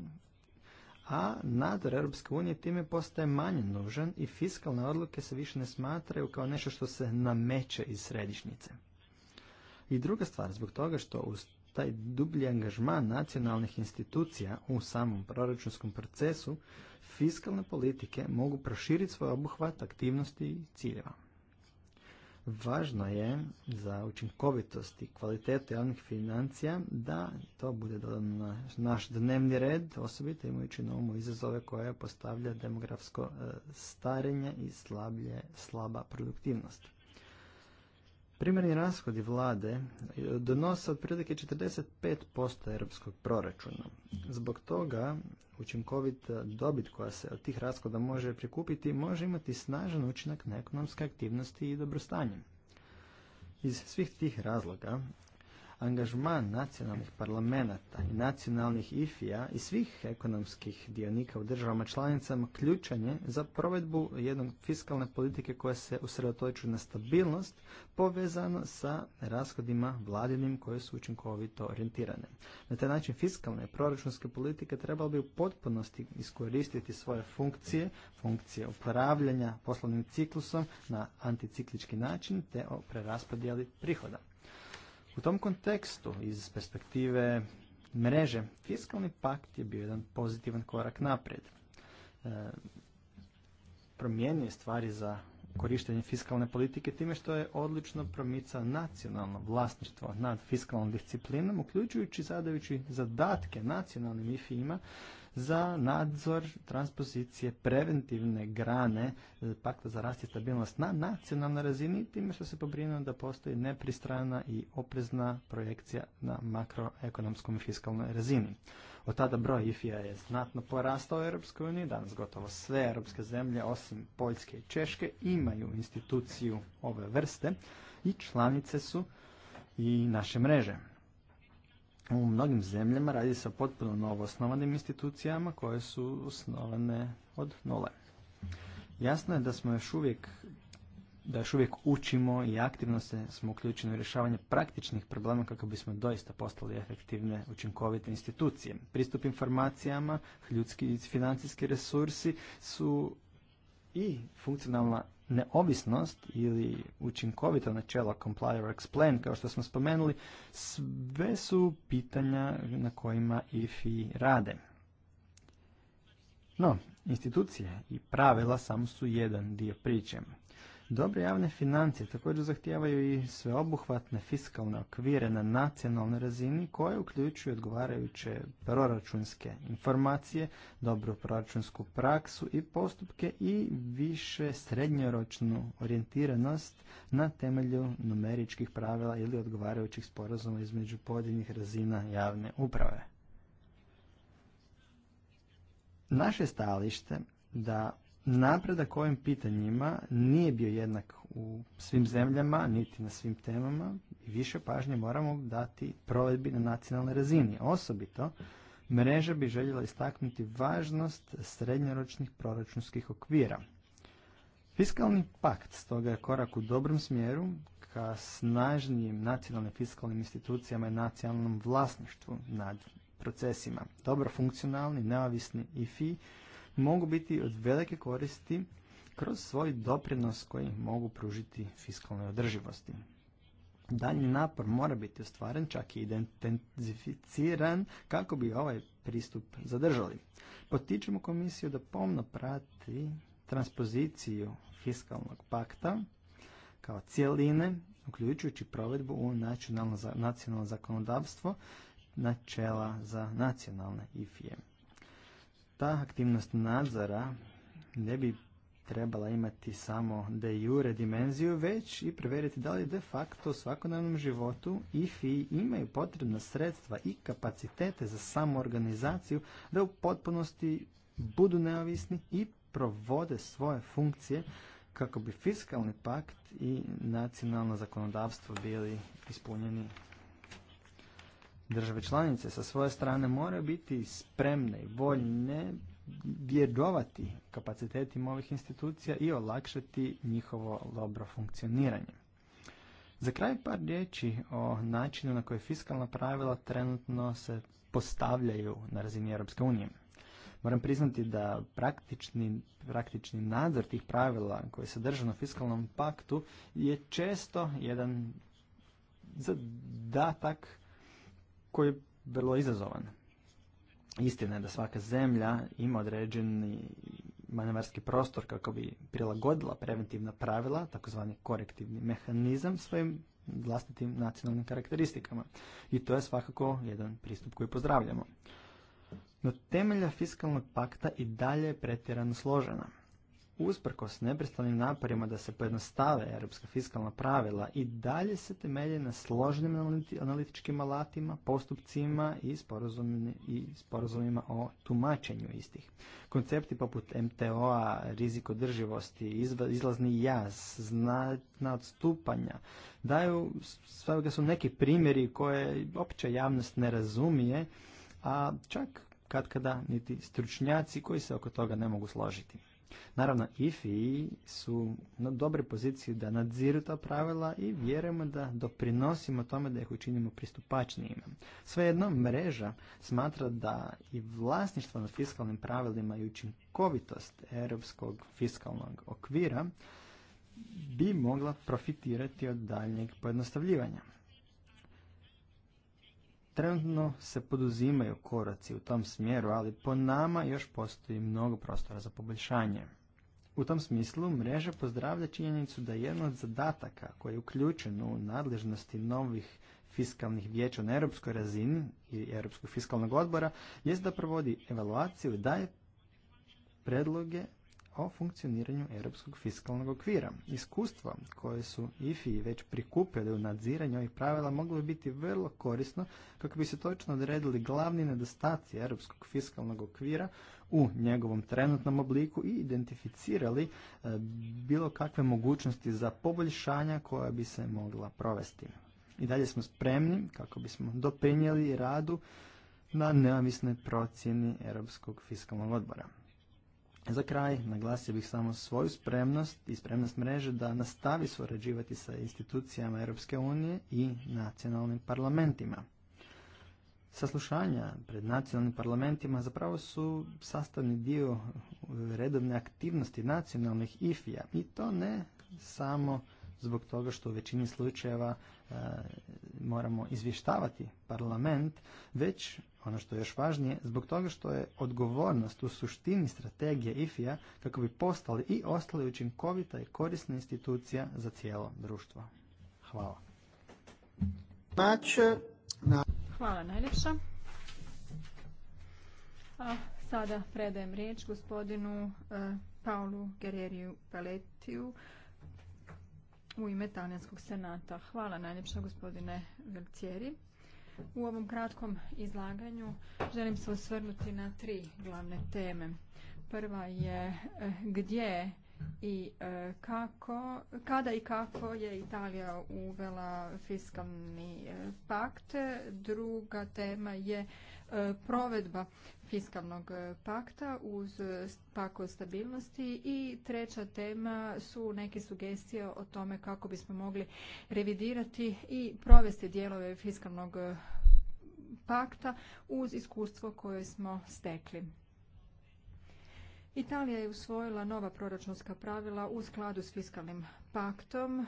[SPEAKER 2] a nadzor Europske unije time postaje manje nužan i fiskalne odluke se više ne smatraju kao nešto što se nameće iz središnjice. I druga stvar, zbog toga što uz taj dublji angažman nacionalnih institucija u samom proračunskom procesu, fiskalne politike mogu proširiti svoj obuhvat aktivnosti i ciljeva. Važno je za učinkovitost i kvalitetu javnih financija da to bude dodano na naš dnevni red, osobito imajući na umu izazove koje postavlja demografsko e, starenje i slablje, slaba produktivnost. Primjerni rashodi vlade e, donose otprilike 45% europskog proračuna. Zbog toga učinkovit e, dobit koja se od tih rashoda može prikupiti može imati snažan učinak na ekonomske aktivnosti i dobrostanje. Iz svih tih razloga angažman nacionalnih parlamenta i nacionalnih IFI-a i svih ekonomskih dionika u državama članicama ključan je za provedbu jednog fiskalne politike koja se usredotočuje na stabilnost povezano sa rashodima vladinim koje su učinkovito orijentirane. Na taj način fiskalne i proračunske politike trebalo bi u potpunosti iskoristiti svoje funkcije, funkcije upravljanja poslovnim ciklusom na anticiklički način te o preraspodjeli prihoda. U tom kontekstu, iz perspektive mreže, fiskalni pakt je bio jedan pozitivan korak naprijed. E, promijenio je stvari za korištenje fiskalne politike time što je odlično promicao nacionalno vlasništvo nad fiskalnom disciplinom, uključujući zadajući zadatke nacionalnim IFIMA za nadzor transpozicije preventivne grane e, pakta za rast i stabilnost na nacionalnoj razini, time što se pobrinu da postoji nepristrana i oprezna projekcija na makroekonomskom i fiskalnoj razini. Od tada broj IFI-a je znatno porastao u EU, danas gotovo sve europske zemlje osim Poljske i Češke imaju instituciju ove vrste i članice su i naše mreže. U mnogim zemljama radi se o potpuno novo osnovanim institucijama koje su osnovane od nule. Jasno je da smo još uvijek da još uvijek učimo i aktivno se smo uključeni u rješavanje praktičnih problema kako bismo doista postali efektivne, učinkovite institucije. Pristup informacijama, ljudski i financijski resursi su i funkcionalna neovisnost ili učinkovito načelo comply or explain, kao što smo spomenuli, sve su pitanja na kojima IFI rade. No, institucije i pravila samo su jedan dio priče. Dobre javne financije također zahtijevaju i sveobuhvatne fiskalne okvire na nacionalnoj razini koje uključuju odgovarajuće proračunske informacije, dobru proračunsku praksu i postupke i više srednjoročnu orijentiranost na temelju numeričkih pravila ili odgovarajućih sporazuma između pojedinih razina javne uprave. Naše stajalište da napredak ovim pitanjima nije bio jednak u svim zemljama, niti na svim temama i više pažnje moramo dati provedbi na nacionalnoj razini. Osobito, mreža bi željela istaknuti važnost srednjoročnih proračunskih okvira. Fiskalni pakt stoga je korak u dobrom smjeru ka snažnijim nacionalnim fiskalnim institucijama i nacionalnom vlasništvu nad procesima. Dobro funkcionalni, neovisni i fi mogu biti od velike koristi kroz svoj doprinos koji mogu pružiti fiskalnoj održivosti. Daljni napor mora biti ostvaren, čak i identificiran, kako bi ovaj pristup zadržali. Potičemo komisiju da pomno prati transpoziciju fiskalnog pakta kao cijeline, uključujući provedbu u nacionalno, nacionalno zakonodavstvo načela za nacionalne IFM ta aktivnost nadzora ne bi trebala imati samo de jure dimenziju, već i provjeriti da li de facto u svakodnevnom životu IFI imaju potrebna sredstva i kapacitete za samoorganizaciju da u potpunosti budu neovisni i provode svoje funkcije kako bi fiskalni pakt i nacionalno zakonodavstvo bili ispunjeni Države članice sa svoje strane moraju biti spremne i voljne vjerovati kapacitetima ovih institucija i olakšati njihovo dobro funkcioniranje. Za kraj par riječi o načinu na koji fiskalna pravila trenutno se postavljaju na razini Europske unije. Moram priznati da praktični, praktični nadzor tih pravila koje se drže na fiskalnom paktu je često jedan zadatak koji je vrlo izazovan. Istina je da svaka zemlja ima određeni manevarski prostor kako bi prilagodila preventivna pravila, takozvani korektivni mehanizam svojim vlastitim nacionalnim karakteristikama. I to je svakako jedan pristup koji pozdravljamo. No temelja fiskalnog pakta i dalje je pretjerano složena usprkos neprestanim naporima da se pojednostave europska fiskalna pravila i dalje se temelje na složnim analitičkim alatima, postupcima i, sporazumima sporozumima o tumačenju istih. Koncepti poput MTO-a, rizik održivosti, izlazni jaz, znatna odstupanja, daju, svega su neki primjeri koje opća javnost ne razumije, a čak kad kada niti stručnjaci koji se oko toga ne mogu složiti. Naravno, IFI su na dobroj poziciji da nadziru ta pravila i vjerujemo da doprinosimo tome da ih učinimo pristupačnijima. Svejedno, mreža smatra da i vlasništvo nad fiskalnim pravilima i učinkovitost europskog fiskalnog okvira bi mogla profitirati od daljnjeg pojednostavljivanja. Trenutno se poduzimaju koraci u tom smjeru, ali po nama još postoji mnogo prostora za poboljšanje. U tom smislu mreža pozdravlja činjenicu da jedan od zadataka koji je uključen u nadležnosti novih fiskalnih vijeća na europskoj razini i Europskog fiskalnog odbora jest da provodi evaluaciju i daje predloge o funkcioniranju europskog fiskalnog okvira. Iskustva koje su IFI već prikupili u nadziranju ovih pravila moglo bi biti vrlo korisno kako bi se točno odredili glavni nedostaci europskog fiskalnog okvira u njegovom trenutnom obliku i identificirali e, bilo kakve mogućnosti za poboljšanja koja bi se mogla provesti. I dalje smo spremni kako bismo doprinijeli radu na neovisnoj procjeni Europskog fiskalnog odbora. Za kraj naglasio bih samo svoju spremnost i spremnost mreže da nastavi surađivati sa institucijama Europske unije i nacionalnim parlamentima. Saslušanja pred nacionalnim parlamentima zapravo su sastavni dio redovne aktivnosti nacionalnih IFI-a i to ne samo zbog toga što u većini slučajeva e, moramo izvještavati parlament, već, ono što je još važnije, zbog toga što je odgovornost u suštini strategije IFI-a kako bi postali i ostali učinkovita i korisna institucija za cijelo društvo. Hvala.
[SPEAKER 4] Znači, Hvala najljepša. A sada predajem riječ gospodinu e, Paulu Gereriju Paletiju, u ime Talijanskog senata. Hvala najljepša gospodine Velcijeri. U ovom kratkom izlaganju želim se osvrnuti na tri glavne teme. Prva je eh, gdje i eh, kako, kada i kako je Italija uvela fiskalni eh, pakt. Druga tema je E, provedba fiskalnog e, pakta uz e, pak stabilnosti i treća tema su neke sugestije o tome kako bismo mogli revidirati i provesti dijelove fiskalnog pakta uz iskustvo koje smo stekli. Italija je usvojila nova proračunska pravila u skladu s fiskalnim paktom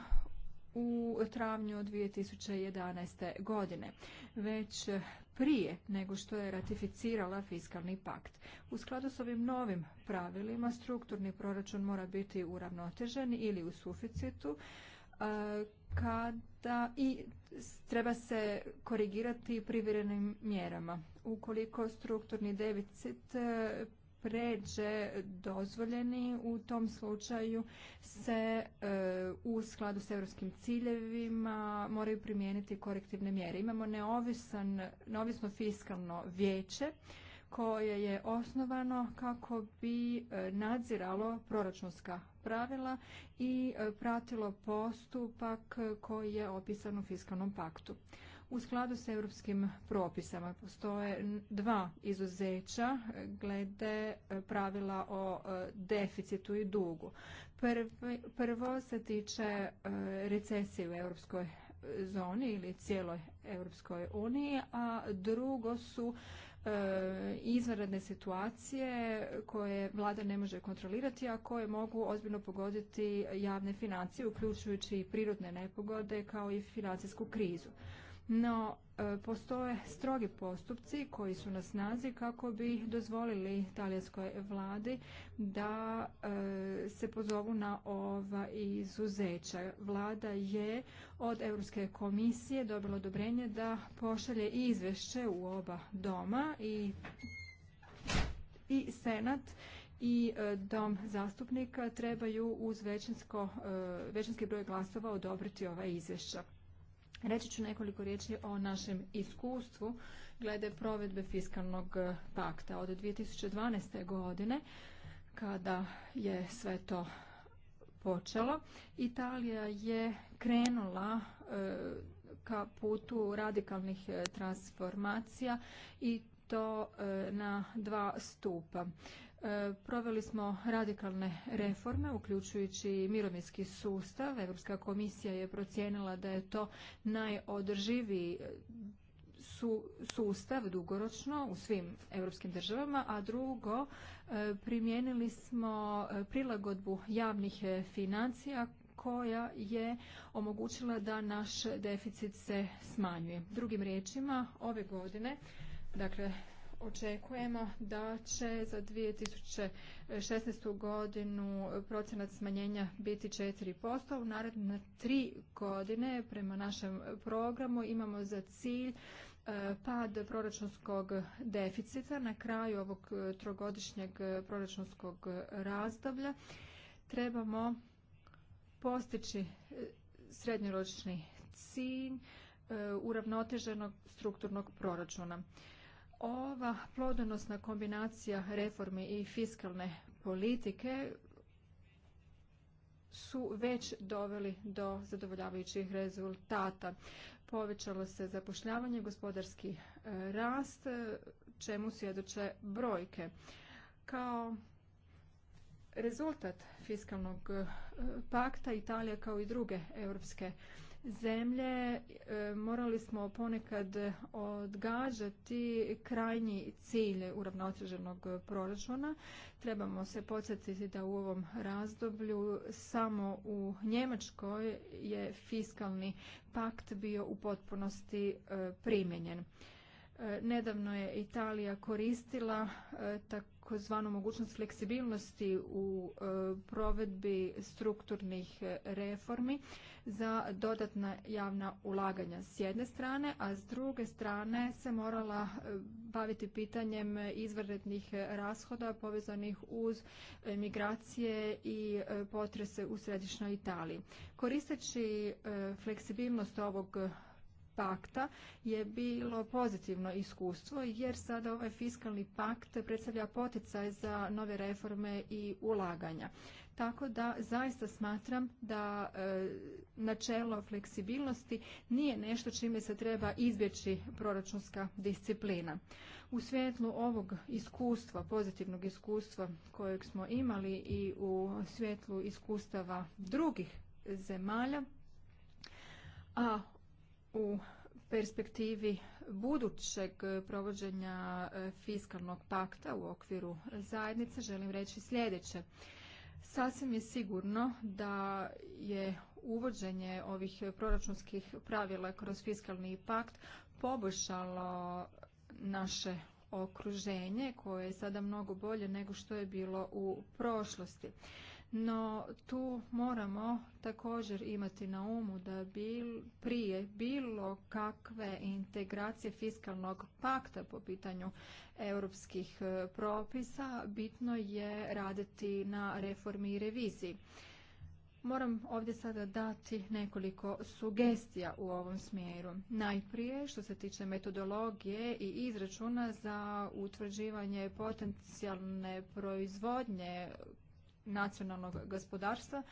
[SPEAKER 4] u travnju 2011. godine. Već prije nego što je ratificirala fiskalni pakt. U skladu s ovim novim pravilima strukturni proračun mora biti uravnotežen ili u suficitu e, kada i treba se korigirati privirenim mjerama. Ukoliko strukturni deficit Ređe dozvoljeni u tom slučaju se e, u skladu s europskim ciljevima moraju primijeniti korektivne mjere. Imamo neovisan, neovisno fiskalno vijeće koje je osnovano kako bi e, nadziralo proračunska pravila i e, pratilo postupak koji je opisan u fiskalnom paktu. U skladu s europskim propisama postoje dva izuzeća glede e, pravila o e, deficitu i dugu. Prvo se tiče e, recesije u europskoj zoni ili cijeloj Europskoj uniji, a drugo su izvanredne situacije koje vlada ne može kontrolirati, a koje mogu ozbiljno pogoditi javne financije, uključujući i prirodne nepogode kao i financijsku krizu. No, e, postoje strogi postupci koji su na snazi kako bi dozvolili talijanskoj vladi da e, se pozovu na ova izuzeća. Vlada je od Europske komisije dobila odobrenje da pošalje izvešće izvješće u oba doma i, i Senat i e, dom zastupnika trebaju uz većinski broj glasova odobriti ova izvješća. Reći ću nekoliko riječi o našem iskustvu glede provedbe fiskalnog eh, pakta od 2012. godine kada je sve to počelo. Italija je krenula eh, ka putu radikalnih eh, transformacija i to na dva stupa. E, proveli smo radikalne reforme, uključujući i mirovinski sustav. Europska komisija je procijenila da je to najodrživiji e, sustav dugoročno u svim europskim državama, a drugo e, primijenili smo prilagodbu javnih financija koja je omogućila da naš deficit se smanjuje. Drugim riječima, ove godine, dakle očekujemo da će za 2016. godinu procenat smanjenja biti 4%. U naredne tri godine prema našem programu imamo za cilj e, pad proračunskog deficita na kraju ovog trogodišnjeg proračunskog razdoblja. Trebamo postići e, srednjoročni cilj e, uravnoteženog strukturnog proračuna. Ova plodonosna kombinacija reforme i fiskalne politike su već doveli do zadovoljavajućih rezultata. Povećalo se zapošljavanje, gospodarski e, rast, čemu svjedoče brojke. Kao rezultat fiskalnog e, pakta Italija kao i druge europske zemlje e, morali smo ponekad odgađati krajnji cilj uravnoteženog proračuna. Trebamo se podsjetiti da u ovom razdoblju samo u Njemačkoj je fiskalni pakt bio u potpunosti e, primjenjen. E, nedavno je Italija koristila tako takozvanu mogućnost fleksibilnosti u e, provedbi strukturnih reformi za dodatna javna ulaganja s jedne strane, a s druge strane se morala e, baviti pitanjem izvanrednih rashoda povezanih uz migracije i e, potrese u središnjoj Italiji. Koristeći fleksibilnost ovog pakta je bilo pozitivno iskustvo jer sada ovaj fiskalni pakt predstavlja poticaj za nove reforme i ulaganja. Tako da zaista smatram da e, načelo fleksibilnosti nije nešto čime se treba izbjeći proračunska disciplina. U svjetlu ovog iskustva, pozitivnog iskustva kojeg smo imali i u svjetlu iskustava drugih zemalja, a u perspektivi budućeg provođenja e, fiskalnog pakta u okviru zajednice želim reći sljedeće. Sasvim je sigurno da je uvođenje ovih proračunskih pravila kroz fiskalni pakt poboljšalo naše okruženje koje je sada mnogo bolje nego što je bilo u prošlosti. No tu moramo također imati na umu da bi, prije bilo kakve integracije fiskalnog pakta po pitanju europskih e, propisa bitno je raditi na reformi i reviziji. Moram ovdje sada dati nekoliko sugestija u ovom smjeru. Najprije što se tiče metodologije i izračuna za utvrđivanje potencijalne proizvodnje nacionalnog gospodarstva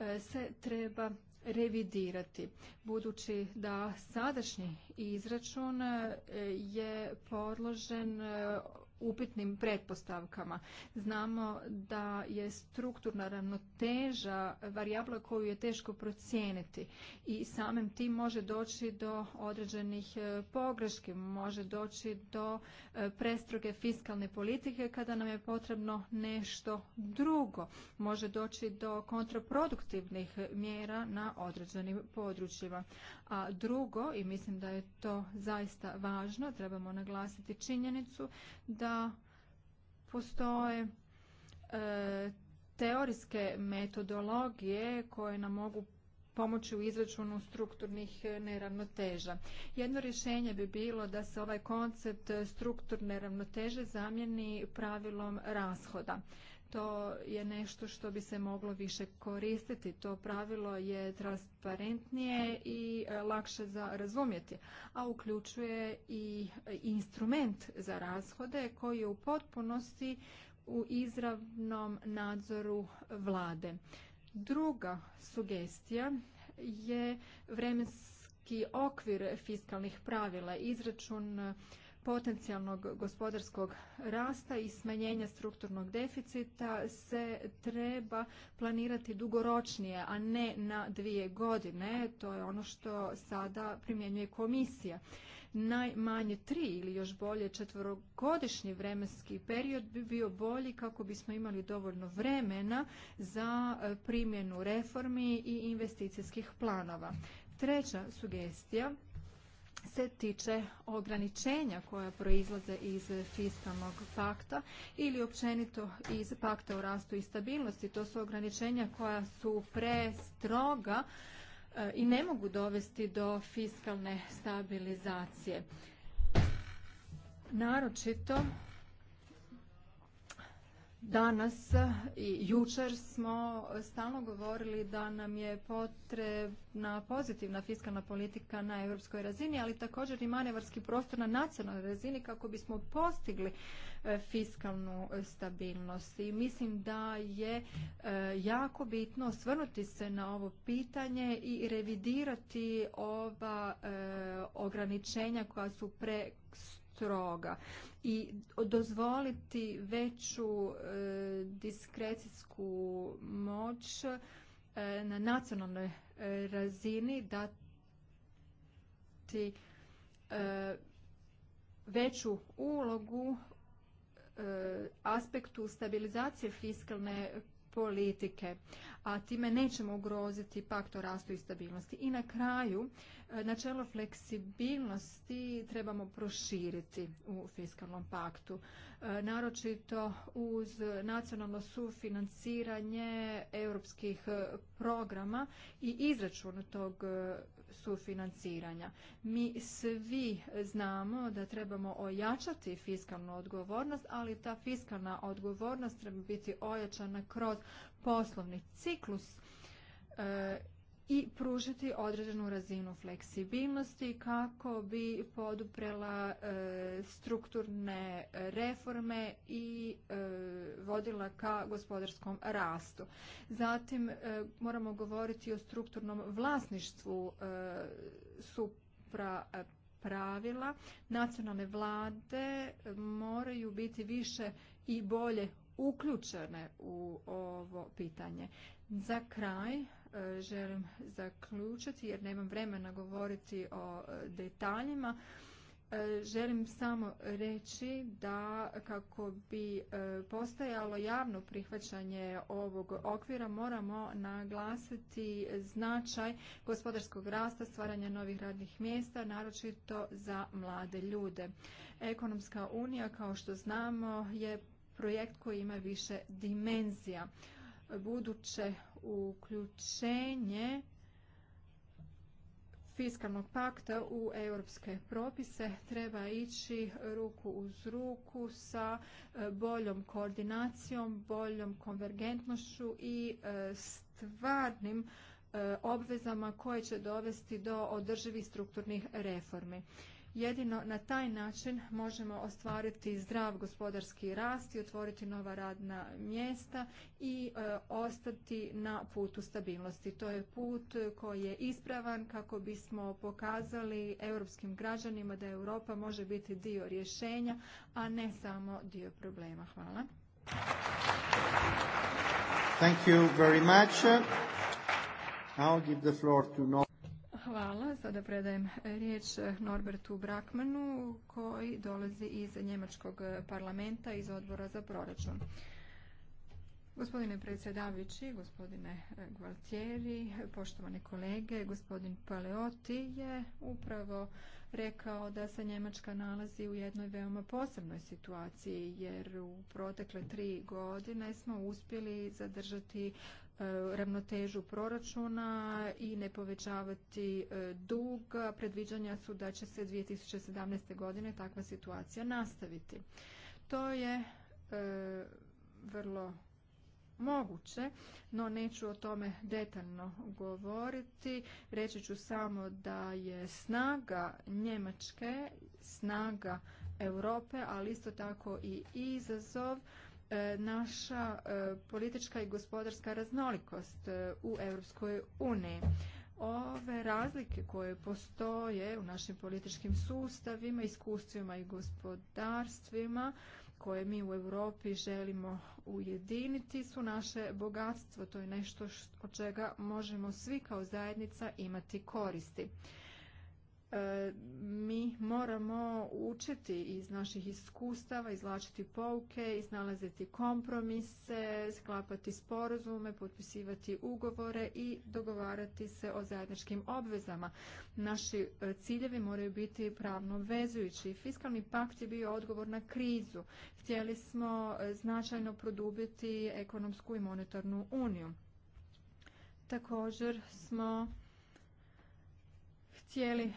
[SPEAKER 4] e, se treba revidirati budući da sadašnji izračun e, je podložen e, upitnim pretpostavkama. Znamo da je strukturna ravnoteža varijabla koju je teško procijeniti i samim tim može doći do određenih e, pogreški, može doći do e, prestroge fiskalne politike kada nam je potrebno nešto drugo. Može doći do kontraproduktivnih mjera na određenim područjima. A drugo, i mislim da je to zaista važno, trebamo naglasiti činjenicu da da postoje e, teorijske metodologije koje nam mogu pomoći u izračunu strukturnih e, neravnoteža. Jedno rješenje bi bilo da se ovaj koncept strukturne ravnoteže zamijeni pravilom rashoda to je nešto što bi se moglo više koristiti. To pravilo je transparentnije i e, lakše za razumjeti, a uključuje i e, instrument za rashode koji je u potpunosti u izravnom nadzoru vlade. Druga sugestija je vremenski okvir fiskalnih pravila, izračun potencijalnog gospodarskog rasta i smanjenja strukturnog deficita se treba planirati dugoročnije, a ne na dvije godine. To je ono što sada primjenjuje komisija. Najmanje tri ili još bolje četvorogodišnji vremenski period bi bio bolji kako bismo imali dovoljno vremena za primjenu reformi i investicijskih planova. Treća sugestija se tiče ograničenja koja proizlaze iz fiskalnog pakta ili općenito iz pakta o rastu i stabilnosti. To su ograničenja koja su prestroga e, i ne mogu dovesti do fiskalne stabilizacije. Naročito Danas i jučer smo stalno govorili da nam je potrebna pozitivna fiskalna politika na europskoj razini, ali također i manevarski prostor na nacionalnoj razini kako bismo postigli e, fiskalnu stabilnost. I mislim da je e, jako bitno osvrnuti se na ovo pitanje i revidirati ova e, ograničenja koja su pre stroga i dozvoliti veću e, diskrecijsku moć e, na nacionalnoj e, razini dati veću ulogu aspektu stabilizacije fiskalne politike, a time nećemo ugroziti pakt o rastu i stabilnosti. I na kraju, e, načelo fleksibilnosti trebamo proširiti u fiskalnom paktu, e, naročito uz nacionalno sufinanciranje europskih e, programa i izračun tog sufinanciranja. Mi svi znamo da trebamo ojačati fiskalnu odgovornost, ali ta fiskalna odgovornost treba biti ojačana kroz poslovni ciklus e, i pružiti određenu razinu fleksibilnosti kako bi poduprela e, strukturne reforme i e, vodila ka gospodarskom rastu. Zatim e, moramo govoriti o strukturnom vlasništvu supra pravila. Nacionalne vlade moraju biti više i bolje uključene u ovo pitanje. Za kraj E, želim zaključiti jer nemam vremena govoriti o e, detaljima. E, želim samo reći da kako bi postojalo javno prihvaćanje ovog okvira moramo naglasiti značaj gospodarskog rasta, stvaranja novih radnih mjesta, naročito za mlade ljude. Ekonomska unija, kao što znamo, je projekt koji ima više dimenzija. Buduće uključenje fiskalnog pakta u europske propise treba ići ruku uz ruku sa e, boljom koordinacijom, boljom konvergentnošću i e, stvarnim e, obvezama koje će dovesti do održivih strukturnih reformi. Jedino na taj način možemo ostvariti zdrav gospodarski rast i otvoriti nova radna mjesta i e, ostati na putu stabilnosti. To je put koji je ispravan kako bismo pokazali europskim građanima da Europa može biti dio rješenja, a ne samo dio problema. Hvala.
[SPEAKER 2] Thank you very much. give the floor to...
[SPEAKER 4] Hvala. Sada predajem riječ Norbertu Brakmanu koji dolazi iz Njemačkog parlamenta iz odbora za proračun. Gospodine predsjedavajući, gospodine Gualtieri, poštovane kolege, gospodin Paleoti je upravo rekao da se Njemačka nalazi u jednoj veoma posebnoj situaciji jer u protekle tri godine smo uspjeli zadržati E, ravnotežu proračuna i ne povećavati e, dug. Predviđanja su da će se 2017. godine takva situacija nastaviti. To je e, vrlo moguće, no neću o tome detaljno govoriti. Reći ću samo da je snaga Njemačke, snaga Europe, ali isto tako i izazov E, naša e, politička i gospodarska raznolikost e, u Europskoj uniji. Ove razlike koje postoje u našim političkim sustavima, iskustvima i gospodarstvima koje mi u Europi želimo ujediniti su naše bogatstvo. To je nešto od čega možemo svi kao zajednica imati koristi mi moramo učiti iz naših iskustava, izlačiti pouke, iznalaziti kompromise, sklapati sporazume, potpisivati ugovore i dogovarati se o zajedničkim obvezama. Naši e, ciljevi moraju biti pravno obvezujući. Fiskalni pakt je bio odgovor na krizu. Htjeli smo e, značajno produbiti ekonomsku i monetarnu uniju. Također smo htjeli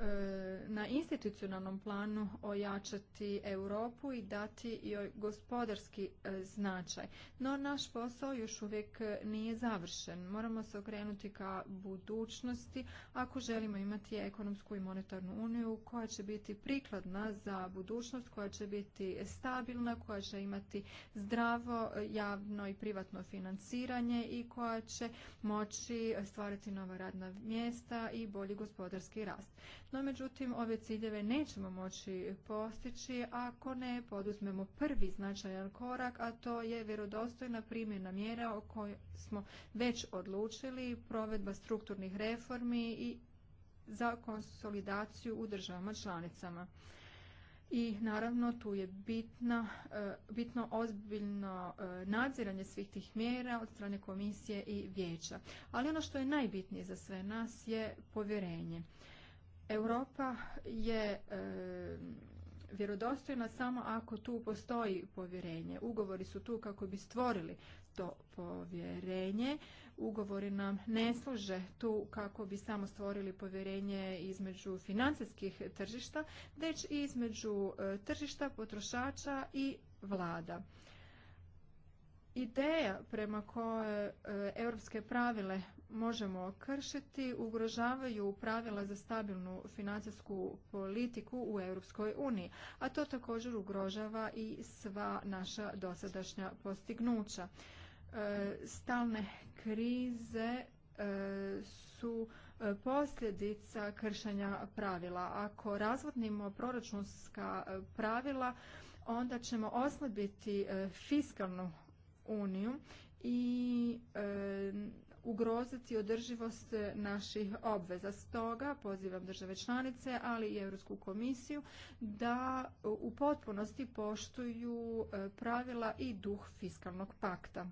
[SPEAKER 4] E, na institucionalnom planu ojačati Europu i dati joj gospodarski e, značaj. No naš posao još uvijek nije završen. Moramo se okrenuti ka budućnosti ako želimo imati ekonomsku i monetarnu uniju koja će biti prikladna za budućnost, koja će biti stabilna, koja će imati zdravo e, javno i privatno financiranje i koja će moći stvariti nova radna mjesta i bolji gospodarski rast. No, međutim, ove ciljeve nećemo moći postići ako ne poduzmemo prvi značajan korak, a to je vjerodostojna primjena mjera o kojoj smo već odlučili, provedba strukturnih reformi i za konsolidaciju u državama članicama. I naravno tu je bitno, e, bitno ozbiljno e, nadziranje svih tih mjera od strane komisije i vijeća. Ali ono što je najbitnije za sve nas je povjerenje. Europa je e, vjerodostojna samo ako tu postoji povjerenje. Ugovori su tu kako bi stvorili to povjerenje. Ugovori nam ne služe tu kako bi samo stvorili povjerenje između financijskih tržišta, već i između e, tržišta, potrošača i vlada. Ideja prema kojoj e, europske pravile možemo kršiti ugrožavaju pravila za stabilnu financijsku politiku u Europskoj uniji, a to također ugrožava i sva naša dosadašnja postignuća. E, stalne krize e, su posljedica kršenja pravila. Ako razvodnimo proračunska pravila, onda ćemo oslabiti fiskalnu uniju i e, ugroziti održivost naših obveza. Stoga pozivam države članice, ali i Europsku komisiju da u potpunosti poštuju e, pravila i duh fiskalnog pakta.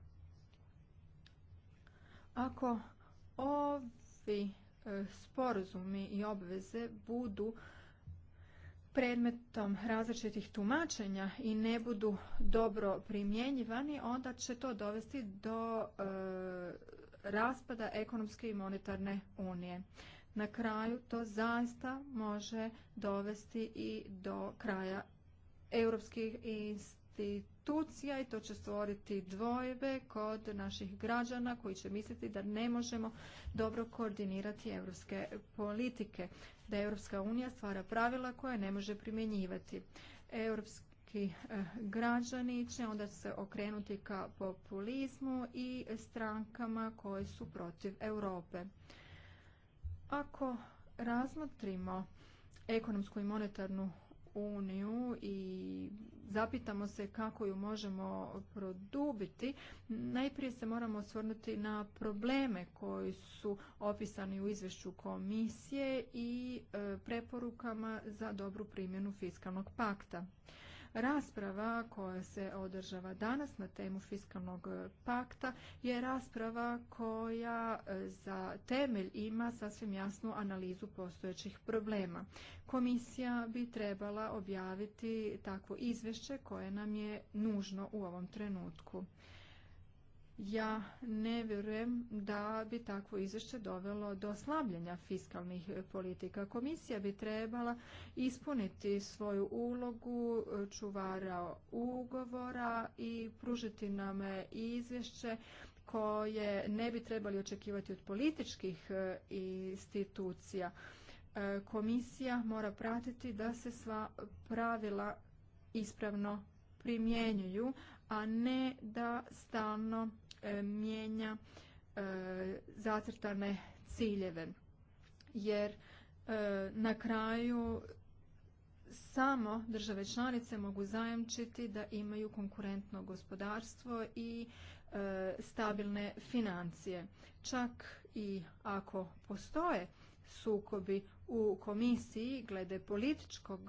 [SPEAKER 4] Ako ovi e, sporazumi i obveze budu predmetom različitih tumačenja i ne budu dobro primjenjivani, onda će to dovesti do e, raspada ekonomske i monetarne unije. Na kraju to zaista može dovesti i do kraja europskih institucija institucija i to će stvoriti dvojbe kod naših građana koji će misliti da ne možemo dobro koordinirati europske politike, da Europska unija stvara pravila koje ne može primjenjivati. Europski eh, građani će onda se okrenuti ka populizmu i strankama koje su protiv Europe. Ako razmotrimo ekonomsku i monetarnu uniju i zapitamo se kako ju možemo produbiti, najprije se moramo osvrnuti na probleme koji su opisani u izvješću komisije i e, preporukama za dobru primjenu fiskalnog pakta. Rasprava koja se održava danas na temu fiskalnog pakta je rasprava koja e, za temelj ima sasvim jasnu analizu postojećih problema. Komisija bi trebala objaviti takvo izvješće koje nam je nužno u ovom trenutku ja ne vjerujem da bi takvo izvješće dovelo do slabljenja fiskalnih politika. Komisija bi trebala ispuniti svoju ulogu čuvara ugovora i pružiti nam izvješće koje ne bi trebali očekivati od političkih e, institucija. E, komisija mora pratiti da se sva pravila ispravno primjenjuju, a ne da stalno E, mijenja e, zacrtane ciljeve. Jer e, na kraju samo države članice mogu zajamčiti da imaju konkurentno gospodarstvo i stabilne financije. Čak i ako postoje sukobi u komisiji glede političkog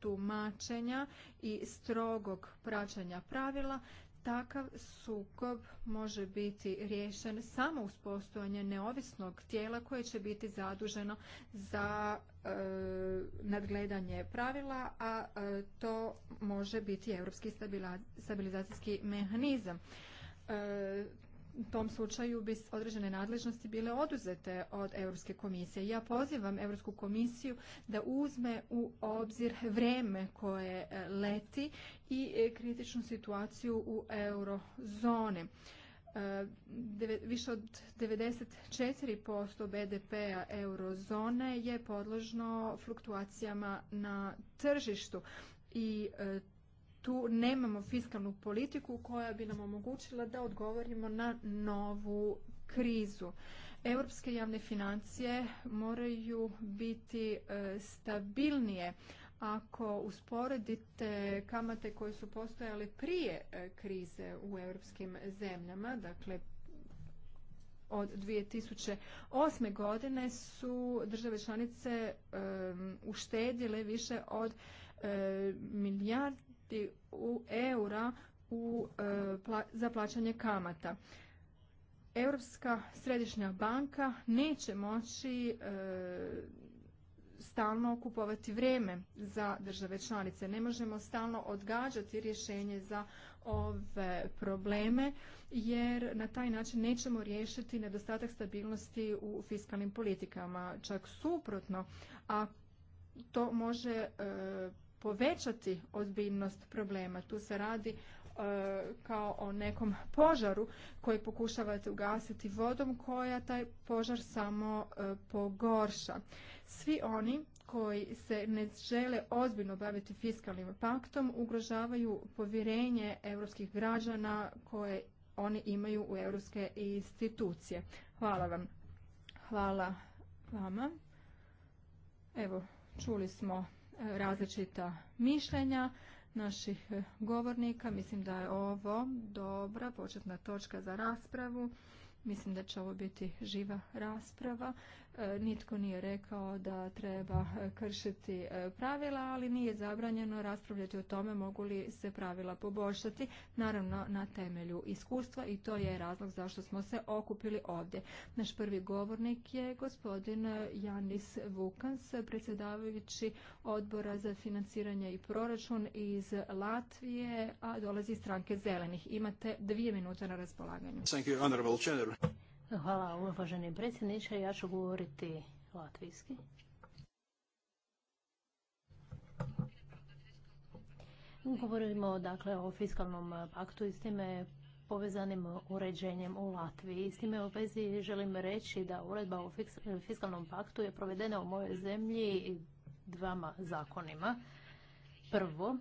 [SPEAKER 4] tumačenja i strogog praćanja pravila, Takav sukob može biti riješen samo uz postojanje neovisnog tijela koje će biti zaduženo za e, nadgledanje pravila, a e, to može biti Europski stabilizacijski mehanizam. E, tom slučaju bi određene nadležnosti bile oduzete od Europske komisije. Ja pozivam Europsku komisiju da uzme u obzir vreme koje e, leti i e, kritičnu situaciju u eurozone. E, više od 94% BDP-a eurozone je podložno fluktuacijama na tržištu i tu nemamo fiskalnu politiku koja bi nam omogućila da odgovorimo na novu krizu. Europske javne financije moraju biti e, stabilnije. Ako usporedite kamate koje su postojale prije e, krize u europskim zemljama, dakle od 2008. godine su države članice e, uštedile više od milijardu u eura u, e, za plaćanje kamata. Europska središnja banka neće moći e, stalno kupovati vrijeme za države članice. Ne možemo stalno odgađati rješenje za ove probleme jer na taj način nećemo riješiti nedostatak stabilnosti u fiskalnim politikama. Čak suprotno, a to može e, povećati ozbiljnost problema. Tu se radi e, kao o nekom požaru koji pokušavate ugasiti vodom koja taj požar samo e, pogorša. Svi oni koji se ne žele ozbiljno baviti fiskalnim paktom ugrožavaju povjerenje europskih građana koje oni imaju u europske institucije. Hvala vam. Hvala vama. Evo, čuli smo različita mišljenja naših e, govornika. Mislim da je ovo dobra početna točka za raspravu. Mislim da će ovo biti živa rasprava E, nitko nije rekao da treba e, kršiti e, pravila, ali nije zabranjeno raspravljati o tome mogu li se pravila poboljšati, naravno na temelju iskustva i to je razlog zašto smo se okupili ovdje. Naš prvi govornik je gospodin Janis Vukans, predsjedavajući odbora za financiranje i proračun iz Latvije, a dolazi iz stranke zelenih. Imate dvije minute na raspolaganju.
[SPEAKER 3] Hvala uvaženi predsjedniče. Ja ću govoriti latvijski. Govorimo dakle o fiskalnom paktu i s time povezanim uređenjem u Latviji. S time u vezi želim reći da uredba o fiskalnom paktu je provedena u mojoj zemlji dvama zakonima. Prvo,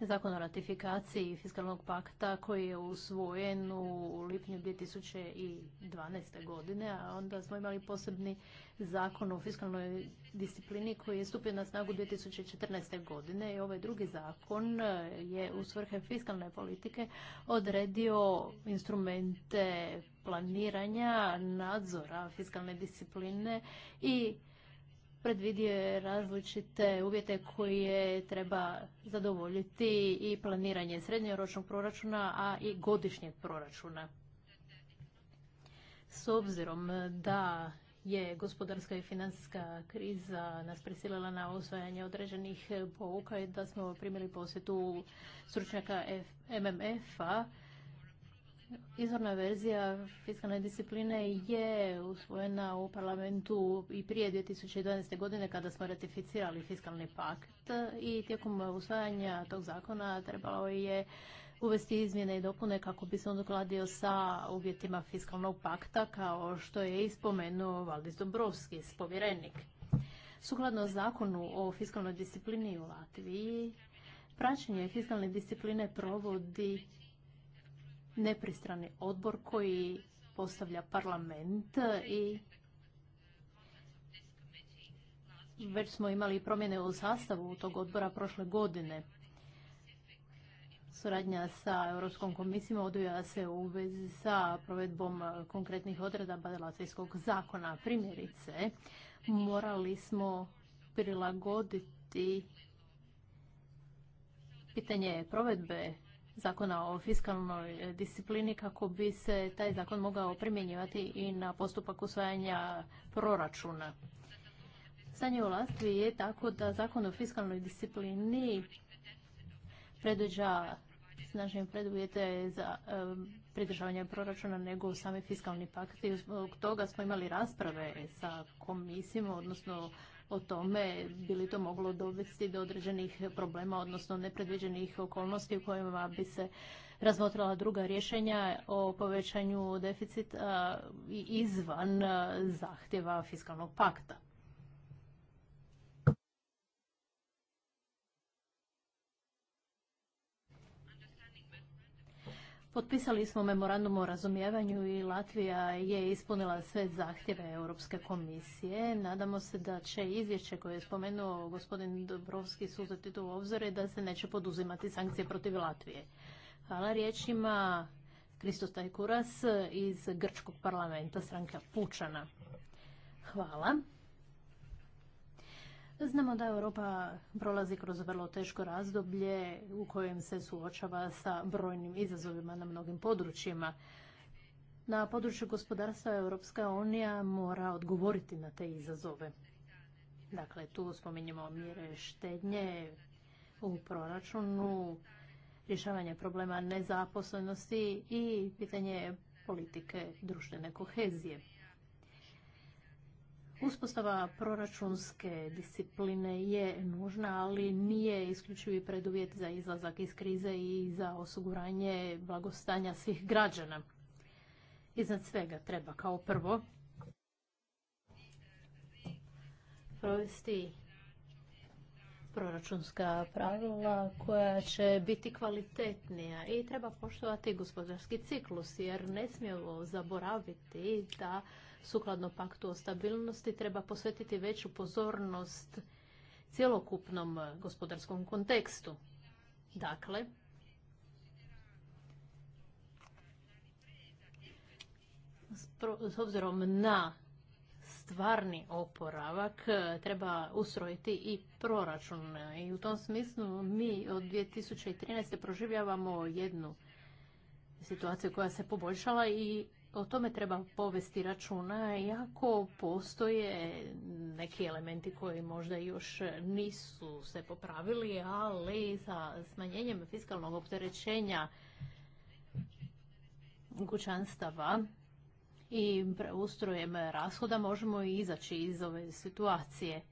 [SPEAKER 3] Zakon o ratifikaciji fiskalnog pakta koji je usvojen u lipnju 2012. godine, a onda smo imali posebni zakon o fiskalnoj disciplini koji je stupio na snagu 2014. godine i ovaj drugi zakon je u svrhe fiskalne politike odredio instrumente planiranja, nadzora fiskalne discipline i predvidio je različite uvjete koje treba zadovoljiti i planiranje srednjoročnog proračuna, a i godišnjeg proračuna. S obzirom da je gospodarska i financijska kriza nas prisilila na osvajanje određenih pouka i da smo primili posjetu stručnjaka MMF-a, Izvorna verzija fiskalne discipline je usvojena u parlamentu i prije 2012. godine kada smo ratificirali fiskalni pakt i tijekom usvajanja tog zakona trebalo je uvesti izmjene i dopune kako bi se on dokladio sa uvjetima fiskalnog pakta kao što je ispomenuo Valdis Dobrovski, povjerenik. Sukladno zakonu o fiskalnoj disciplini u Latviji, praćenje fiskalne discipline provodi nepristrani odbor koji postavlja parlament i već smo imali promjene u sastavu tog odbora prošle godine. Suradnja sa Europskom komisijom odvija se u vezi sa provedbom konkretnih odredaba Latvijskog zakona. Primjerice, morali smo prilagoditi pitanje provedbe zakona o fiskalnoj disciplini kako bi se taj zakon mogao primjenjivati i na postupak usvajanja proračuna. Stanje u Latviji je tako da zakon o fiskalnoj disciplini predviđa snažnije preduvjete za pridržavanje proračuna nego sami fiskalni pakt i zbog toga smo imali rasprave sa komisijom, odnosno o tome bi li to moglo dovesti do određenih problema, odnosno nepredviđenih okolnosti u kojima bi se razmotrila druga rješenja o povećanju deficita izvan e, zahtjeva fiskalnog pakta. Potpisali smo memorandum o razumijevanju i Latvija je ispunila sve zahtjeve Europske komisije. Nadamo se da će izvješće koje je spomenuo gospodin Dobrovski suzeti u obzir i da se neće poduzimati sankcije protiv Latvije. Hvala riječima Taj Tajkuras iz Grčkog parlamenta stranka Pučana. Hvala. Znamo da Europa prolazi kroz vrlo teško razdoblje u kojem se suočava sa brojnim izazovima na mnogim područjima. Na području gospodarstva Europska unija mora odgovoriti na te izazove. Dakle, tu spominjemo mjere štednje u proračunu, rješavanje problema nezaposlenosti i pitanje politike društvene kohezije. Uspostava proračunske discipline je nužna, ali nije isključivi preduvjet za izlazak iz krize i za osiguranje blagostanja svih građana. Iznad svega treba kao prvo provesti proračunska pravila koja će biti kvalitetnija i treba poštovati gospodarski ciklus jer ne smijemo zaboraviti da sukladno paktu o stabilnosti treba posvetiti veću pozornost cjelokupnom gospodarskom kontekstu. Dakle, s obzirom na stvarni oporavak treba ustrojiti i proračun. I u tom smislu mi od 2013. proživljavamo jednu situaciju koja se poboljšala i o tome treba povesti računa, iako postoje neki elementi koji možda još nisu se popravili, ali sa smanjenjem fiskalnog opterećenja kućanstava i preustrojem rashoda možemo i izaći iz ove situacije.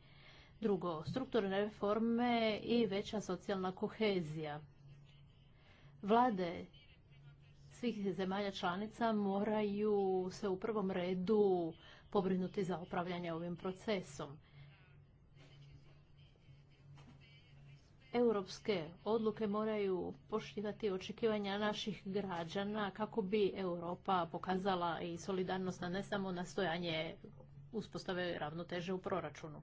[SPEAKER 3] Drugo, strukturne reforme i veća socijalna kohezija. Vlade svih zemalja članica moraju se u prvom redu pobrinuti za upravljanje ovim procesom. Europske odluke moraju poštivati očekivanja naših građana kako bi Europa pokazala i solidarnost na ne samo nastojanje uspostave ravnoteže u proračunu.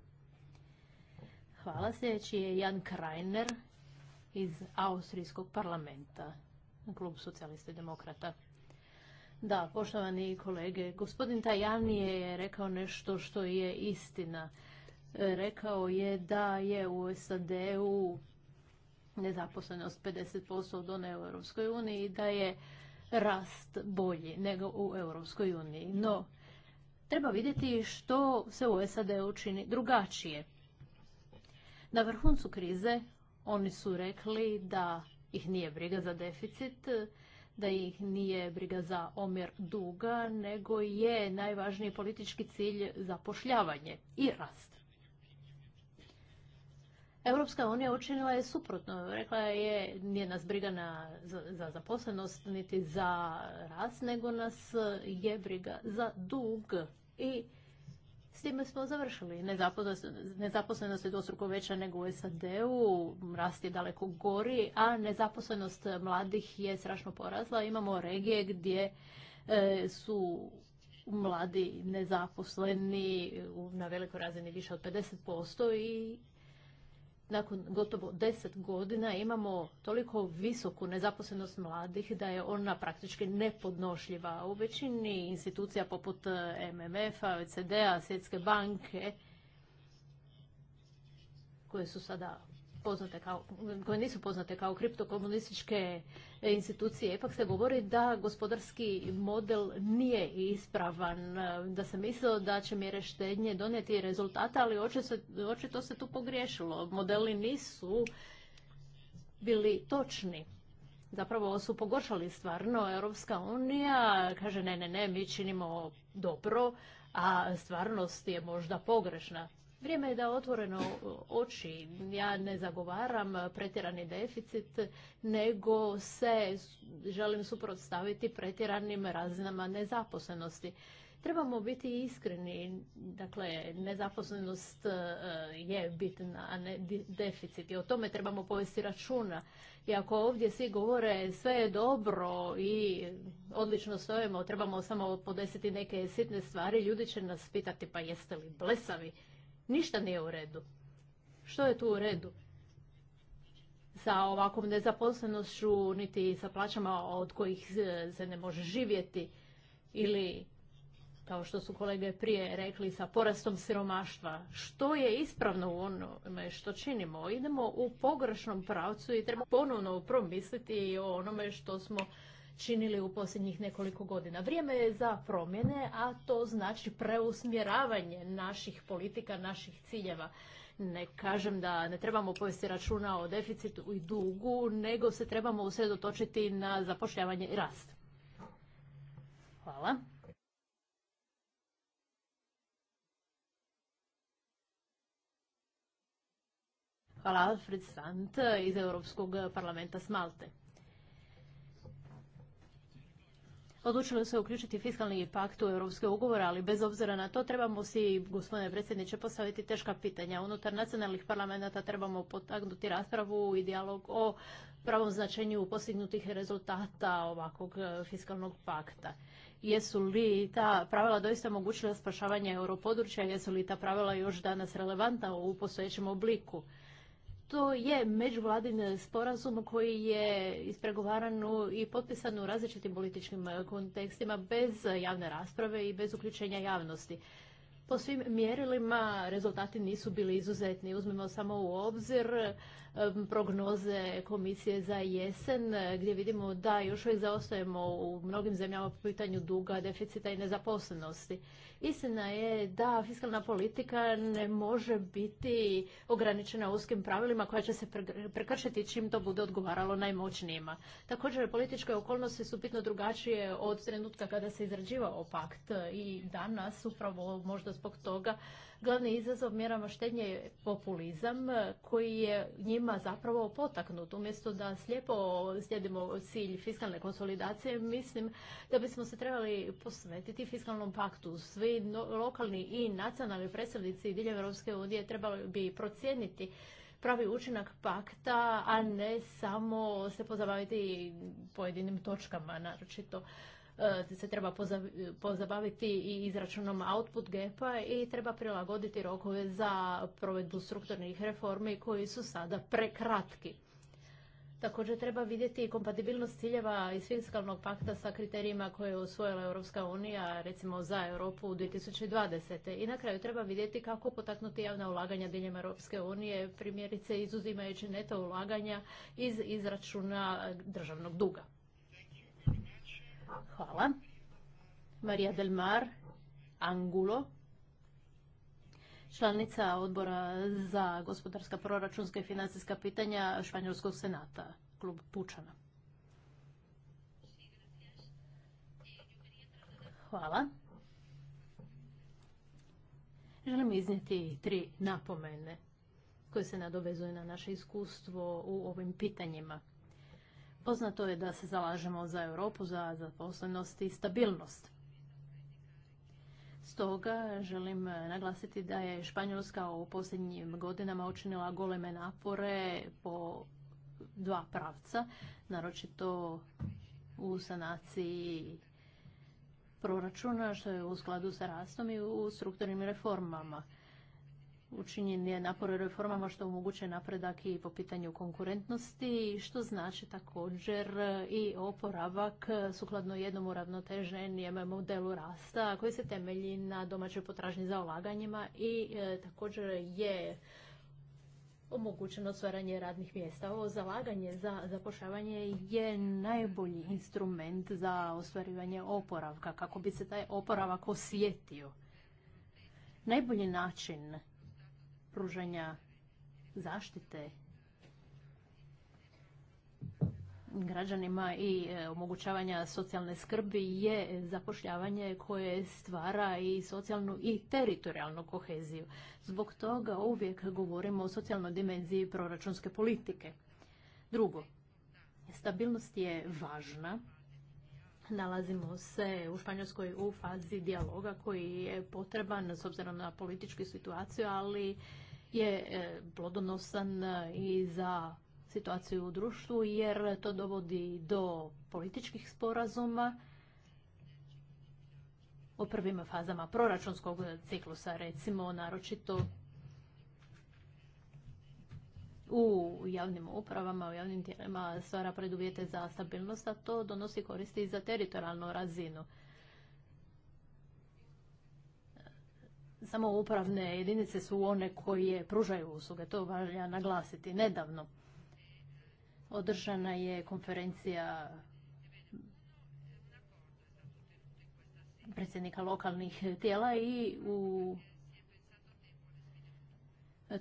[SPEAKER 3] Hvala. Sljedeći je Jan Krajner iz Austrijskog parlamenta u klub socijalista i demokrata. Da, poštovani kolege, gospodin Tajani je rekao nešto što je istina. E, rekao je da je u SAD-u nezaposlenost 50% od one u Europskoj uniji i da je rast bolji nego u Europskoj uniji. No, treba vidjeti što se u SAD-u čini drugačije. Na vrhuncu krize oni su rekli da ih nije briga za deficit, da ih nije briga za omjer duga, nego je najvažniji politički cilj zapošljavanje i rast. Europska unija učinila je suprotno. Rekla je, nije nas briga za, za zaposlenost niti za rast, nego nas je briga za dug i time smo završili. Nezaposlenost je dvostruko veća nego u SAD-u, rast je daleko gori, a nezaposlenost mladih je strašno porasla. Imamo regije gdje e, su mladi nezaposleni na velikoj razini više od 50% i nakon gotovo deset godina imamo toliko visoku nezaposlenost mladih da je ona praktički nepodnošljiva. U većini institucija poput e, MMF-a, OECD-a, Svjetske banke, koje su sada poznate kao, koje nisu poznate kao kriptokomunističke institucije, ipak se govori da gospodarski model nije ispravan, da se mislio da će mjere štednje donijeti rezultata, ali očito se tu pogriješilo. Modeli nisu bili točni zapravo su pogoršali stvarno. Europska unija kaže ne, ne, ne, mi činimo dobro, a stvarnost je možda pogrešna. Vrijeme je da otvoreno oči, ja ne zagovaram pretjerani deficit, nego se želim suprotstaviti pretjeranim razinama nezaposlenosti. Trebamo biti iskreni, dakle, nezaposlenost e, je bitna, a ne deficit i o tome trebamo povesti računa. I ako ovdje svi govore sve je dobro i odlično stojimo, trebamo samo podesiti neke sitne stvari, ljudi će nas pitati pa jeste li blesavi. Ništa nije u redu. Što je tu u redu? Sa ovakvom nezaposlenošću, niti sa plaćama od kojih se ne može živjeti, ili, kao što su kolege prije rekli, sa porastom siromaštva. Što je ispravno u onome što činimo? Idemo u pogrešnom pravcu i trebamo ponovno promisliti o onome što smo činili u posljednjih nekoliko godina. Vrijeme je za promjene, a to znači preusmjeravanje naših politika, naših ciljeva. Ne kažem da ne trebamo povesti računa o deficitu i dugu, nego se trebamo usredotočiti na zapošljavanje i rast. Hvala. Hvala Alfred Sant iz Europskog parlamenta Smalte. Odlučili se uključiti fiskalni pakt u europske ugovore, ali bez obzira na to trebamo si, gospodine predsjedniče, postaviti teška pitanja. Unutar nacionalnih parlamenta trebamo potaknuti raspravu i dijalog o pravom značenju postignutih rezultata ovakvog e, fiskalnog pakta. Jesu li ta pravila doista mogućila spašavanje europodručja? Jesu li ta pravila još danas relevantna u postojećem obliku? to je međuvladin sporazum koji je ispregovaran i potpisan u različitim političkim e, kontekstima bez javne rasprave i bez uključenja javnosti. Po svim mjerilima rezultati nisu bili izuzetni. Uzmemo samo u obzir prognoze komisije za jesen, e, gdje vidimo da još uvijek zaostajemo u mnogim zemljama po pitanju duga, deficita i nezaposlenosti. Istina je da fiskalna politika ne može biti ograničena uskim pravilima koja će se prekršiti čim to bude odgovaralo najmoćnijima. Također, političke okolnosti su bitno drugačije od trenutka kada se izrađivao pakt i danas upravo možda zbog toga Glavni izazov mjerama štednje je populizam e, koji je njima zapravo potaknut. Umjesto da slijepo slijedimo cilj fiskalne konsolidacije, mislim da bismo se trebali posvetiti fiskalnom paktu. Svi lokalni i nacionalni predstavnici diljem Europske unije trebali bi procijeniti pravi učinak pakta, a ne samo se pozabaviti pojedinim točkama, naročito E, se treba pozabaviti i izračunom output gapa i treba prilagoditi rokove za provedbu strukturnih reformi koji su sada prekratki. Također treba vidjeti kompatibilnost ciljeva iz fiskalnog pakta sa kriterijima koje je usvojila Europska unija, recimo za Europu u 2020. I na kraju treba vidjeti kako potaknuti javna ulaganja diljem Europske unije, primjerice izuzimajući neto ulaganja iz izračuna državnog duga. Hvala. Marija Del Mar, Angulo, članica odbora za gospodarska, proračunska i financijska pitanja Španjolskog senata, klub Pučana. Hvala. Želim iznijeti tri napomene koje se nadovezuju na naše iskustvo u ovim pitanjima. Poznato je da se zalažemo za Europu, za zaposlenost i stabilnost. Stoga želim naglasiti da je Španjolska u posljednjim godinama učinila goleme napore po dva pravca, naročito u sanaciji proračuna, što je u skladu sa rastom i u strukturnim reformama učinjen je napor u reformama što omogućuje napredak i po pitanju konkurentnosti, što znači također i oporavak sukladno jednom uravnoteženijem modelu rasta koji se temelji na domaćoj potražnji za ulaganjima i e, također je omogućeno stvaranje radnih mjesta. Ovo zalaganje za zapošljavanje je najbolji instrument za ostvarivanje oporavka, kako bi se taj oporavak osjetio. Najbolji način pružanja zaštite građanima i e, omogućavanja socijalne skrbi je zapošljavanje koje stvara i socijalnu i teritorijalnu koheziju. Zbog toga uvijek govorimo o socijalnoj dimenziji proračunske politike. Drugo, stabilnost je važna. Nalazimo se u Španjolskoj u fazi dijaloga koji je potreban s obzirom na političku situaciju, ali je e, plodonosan e, i za situaciju u društvu jer to dovodi do političkih sporazuma o prvim fazama proračunskog ciklusa, recimo naročito u javnim upravama, u javnim tijelima stvara preduvjete za stabilnost, a to donosi koristi i za teritorijalnu razinu. samoupravne jedinice su one koje pružaju usluge, to valja naglasiti. Nedavno održana je konferencija predsjednika lokalnih tijela i u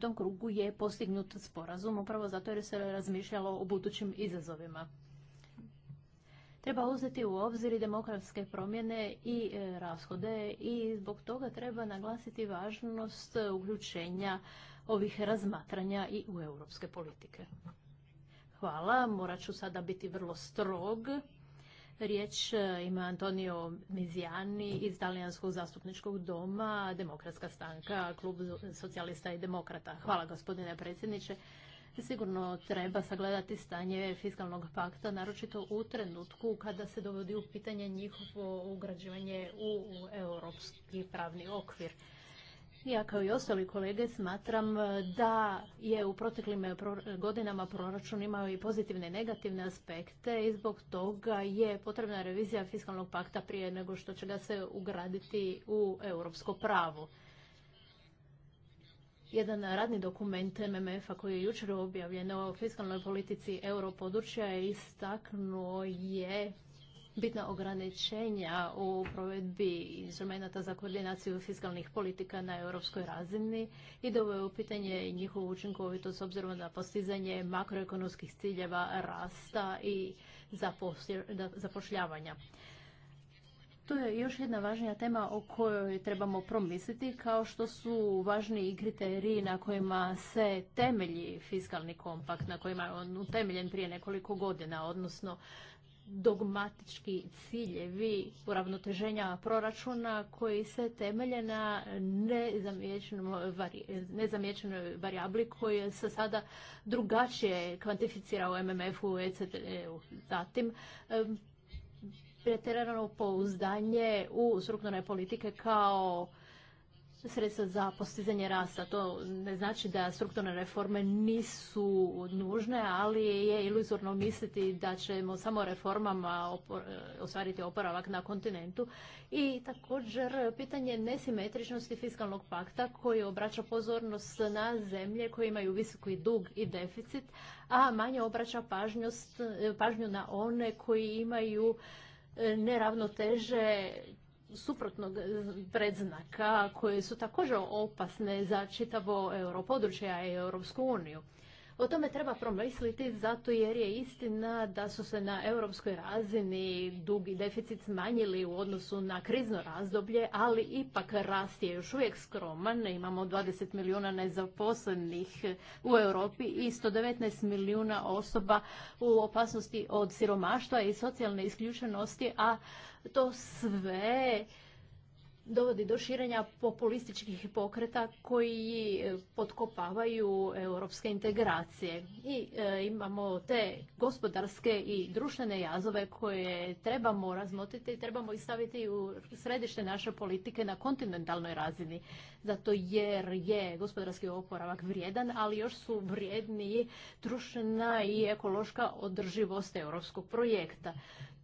[SPEAKER 3] tom krugu je postignut sporazum upravo zato jer se razmišljalo o budućim izazovima. Treba uzeti u obzir i demokratske promjene i e, rashode i zbog toga treba naglasiti važnost uključenja ovih razmatranja i u europske politike. Hvala, morat ću sada biti vrlo strog. Riječ e, ima Antonio Miziani iz Talijanskog zastupničkog doma, Demokratska stanka, klub socijalista i demokrata. Hvala gospodine predsjedniče sigurno treba sagledati stanje fiskalnog pakta, naročito u trenutku kada se dovodi u pitanje njihovo ugrađivanje u europski pravni okvir. Ja kao i ostali kolege smatram da je u proteklim godinama proračun imao i pozitivne i negativne aspekte i zbog toga je potrebna revizija fiskalnog pakta prije nego što će ga se ugraditi u europsko pravo jedan radni dokument MMF-a koji je jučer objavljen o fiskalnoj politici europodručja istaknuo je bitna ograničenja u provedbi instrumenta za koordinaciju fiskalnih politika na europskoj razini i doveo u pitanje njihovu učinkovitost s obzirom na postizanje makroekonomskih ciljeva rasta i zapošljavanja. To je još jedna važnija tema o kojoj trebamo promisliti, kao što su važni i kriteriji na kojima se temelji fiskalni kompakt, na kojima je on utemeljen prije nekoliko godina, odnosno dogmatički ciljevi uravnoteženja proračuna koji se temelje na nezamijećenoj varijabli koja se sada drugačije kvantificira u MMF-u, ECD-u. Zatim, pretjerano pouzdanje u strukturne politike kao sredstva za postizanje rasta. To ne znači da strukturne reforme nisu nužne, ali je iluzorno misliti da ćemo samo reformama ostvariti oporavak na kontinentu. I također pitanje nesimetričnosti fiskalnog pakta koji obraća pozornost na zemlje koje imaju visoki dug i deficit, a manje obraća pažnju na one koji imaju neravnoteže suprotnog predznaka koje su također opasne za čitavo europodručje, a i Europsku uniju. O tome treba promisliti zato jer je istina da su se na europskoj razini dugi deficit smanjili u odnosu na krizno razdoblje, ali ipak rast je još uvijek skroman. Imamo 20 milijuna nezaposlenih u Europi i 119 milijuna osoba u opasnosti od siromaštva i socijalne isključenosti, a to sve dovodi do širenja populističkih pokreta koji e, potkopavaju europske integracije. I e, imamo te gospodarske i društvene jazove koje trebamo razmotiti i trebamo ih staviti u središte naše politike na kontinentalnoj razini. Zato jer je gospodarski oporavak vrijedan, ali još su vrijedniji društvena i ekološka održivost europskog projekta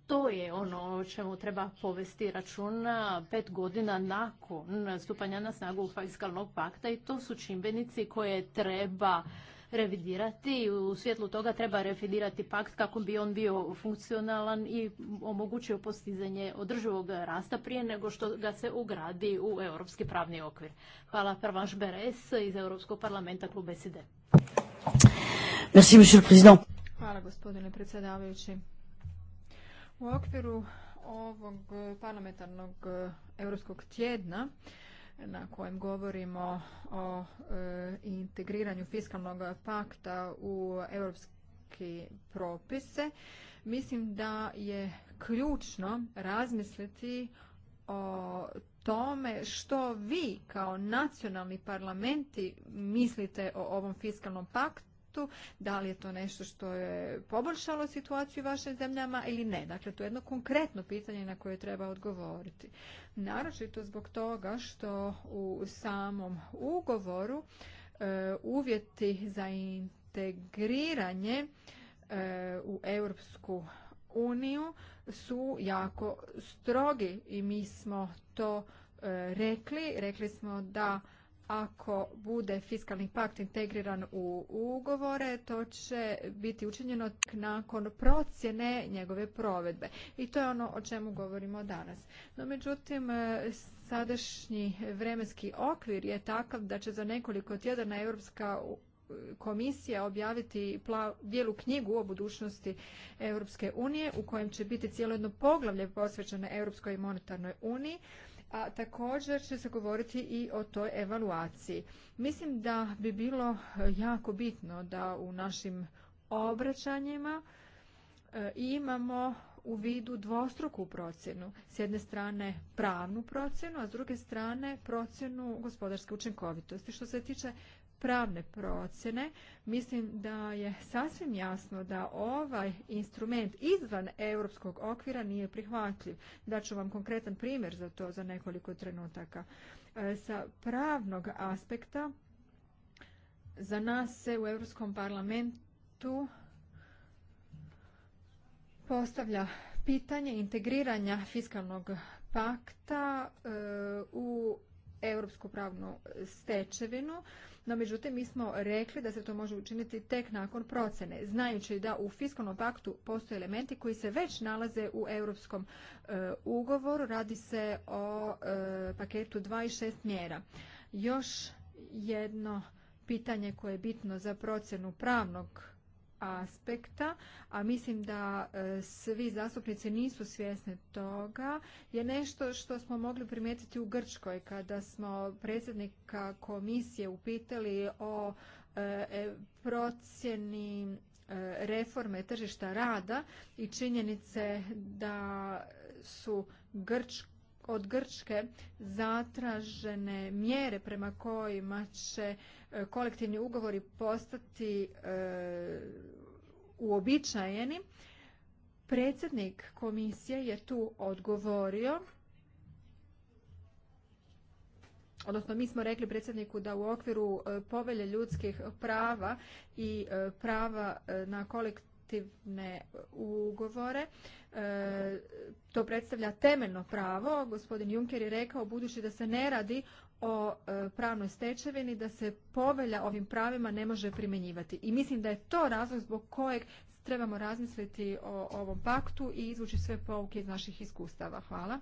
[SPEAKER 3] to je ono o čemu treba povesti računa pet godina nakon stupanja na snagu fiskalnog pakta i to su čimbenici koje treba revidirati. i U svjetlu toga treba revidirati pakt kako bi on bio funkcionalan i omogućio postizanje održivog rasta prije nego što ga se ugradi u europski pravni okvir. Hvala prvaš Beres iz Europskog parlamenta klub SID. Hvala gospodine
[SPEAKER 4] predsjedavajući. U okviru ovog parlamentarnog e, europskog tjedna na kojem govorimo o e, integriranju fiskalnog pakta u europski propise, mislim da je ključno razmisliti o tome što vi kao nacionalni parlamenti mislite o ovom fiskalnom paktu da li je to nešto što je poboljšalo situaciju u vašim zemljama ili ne. Dakle, to je jedno konkretno pitanje na koje treba odgovoriti. Naročito zbog toga što u samom ugovoru e, uvjeti za integriranje e, u Europsku uniju su jako strogi i mi smo to e, rekli. Rekli smo da ako bude fiskalni pakt integriran u ugovore, to će biti učinjeno nakon procjene njegove provedbe. I to je ono o čemu govorimo danas. No, međutim, sadašnji vremenski okvir je takav da će za nekoliko tjedana Europska komisija objaviti bijelu knjigu o budućnosti Europske unije u kojem će biti cijelo jedno poglavlje posvećeno Europskoj monetarnoj uniji a također će se govoriti i o toj evaluaciji. Mislim da bi bilo jako bitno da u našim obraćanjima e, imamo u vidu dvostruku procjenu. S jedne strane pravnu procjenu, a s druge strane procjenu gospodarske učinkovitosti. Što se tiče pravne procjene, mislim da je sasvim jasno da ovaj instrument izvan europskog okvira nije prihvatljiv. ću vam konkretan primjer za to za nekoliko trenutaka. E, sa pravnog aspekta za nas se u Europskom parlamentu postavlja pitanje integriranja fiskalnog pakta e, u europsku pravnu stečevinu, no međutim mi smo rekli da se to može učiniti tek nakon procjene, znajući da u fiskalnom paktu postoje elementi koji se već nalaze u europskom e, ugovoru, radi se o e, paketu 2 i 6 mjera. Još jedno pitanje koje je bitno za procjenu pravnog aspekta, a mislim da e, svi zastupnici nisu svjesni toga, je nešto što smo mogli primijetiti u Grčkoj kada smo predsjednika komisije upitali o e, e, procjeni reforme tržišta rada i činjenice da su od Grčke zatražene mjere prema kojima će E, kolektivni ugovori postati e, uobičajeni. Predsjednik komisije je tu odgovorio odnosno mi smo rekli predsjedniku da u okviru e, povelje ljudskih prava i prava na kolektivne ugovore to predstavlja temeljno pravo. Gospodin Juncker je rekao budući da se ne radi o e, pravnoj stečevini da se povelja ovim pravima ne može primjenjivati. I mislim da je to razlog zbog kojeg trebamo razmisliti o ovom paktu i izvući sve pouke iz naših iskustava. Hvala.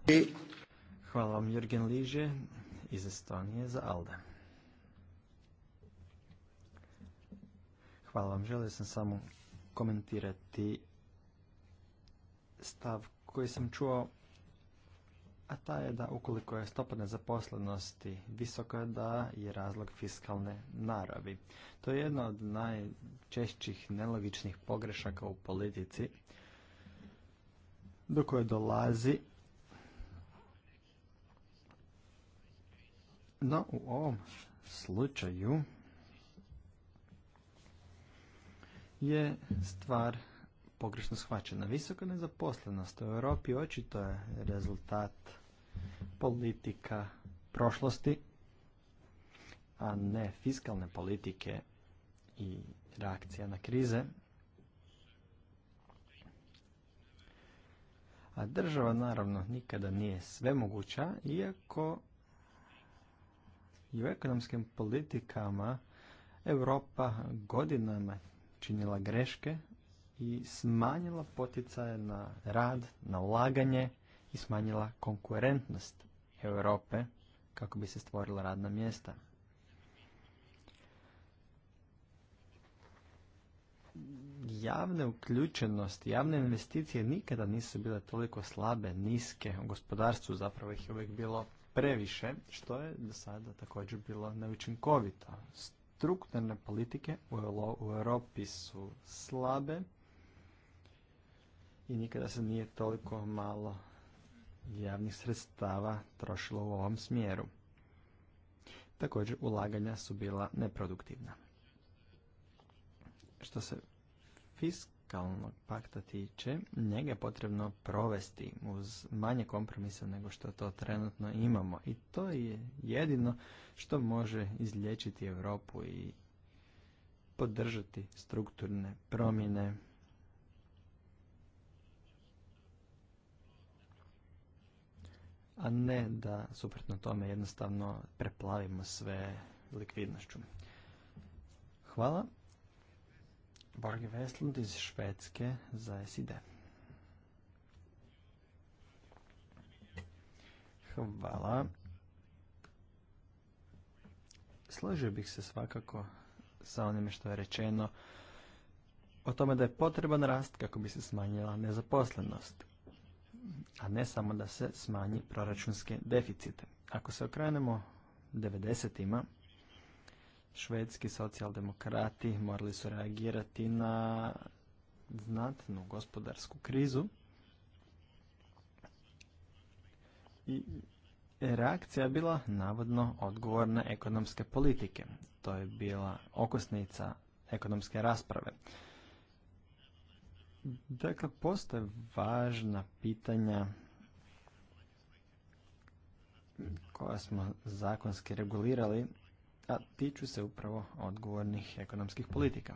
[SPEAKER 2] Hvala vam Jürgen Liže iz Estonije za Alde. Hvala vam, želio sam samo komentirati stav koji sam čuo a ta je da ukoliko je stopa nezaposlenosti visoka da je razlog fiskalne naravi. To je jedna od najčešćih nelogičnih pogrešaka u politici do koje dolazi. No u ovom slučaju je stvar pogrešno shvaćena. Visoka nezaposlenost u Europi očito je rezultat politika prošlosti, a ne fiskalne politike i reakcija na krize. A država naravno nikada nije sve moguća, iako i u ekonomskim politikama Europa godinama činila greške i smanjila poticaje na rad, na ulaganje i smanjila konkurentnost Europe kako bi se stvorila radna mjesta. Javne uključenosti, javne investicije nikada nisu bile toliko slabe, niske. U gospodarstvu zapravo ih je uvijek bilo previše, što je do sada također bilo neučinkovito. Strukturne politike u Europi su slabe, i nikada se nije toliko malo javnih sredstava trošilo u ovom smjeru. Također ulaganja su bila neproduktivna. Što se fiskalnog pakta tiče, njega je potrebno provesti uz manje kompromisa nego što to trenutno imamo. I to je jedino što može izlječiti Europu i podržati strukturne promjene a ne da suprotno tome jednostavno preplavimo sve likvidnošću. Hvala. Borge Westlund iz Švedske za SID. Hvala. Složio bih se svakako sa onime što je rečeno o tome da je potreban rast kako bi se smanjila nezaposlenost a ne samo da se smanji proračunske deficite. Ako se okrenemo 90-ima, švedski socijaldemokrati morali su reagirati na znatnu gospodarsku krizu i reakcija je bila navodno odgovorne ekonomske politike. To je bila okosnica ekonomske rasprave. Dakle, postoje važna pitanja koja smo zakonski regulirali, a tiču se upravo odgovornih ekonomskih politika.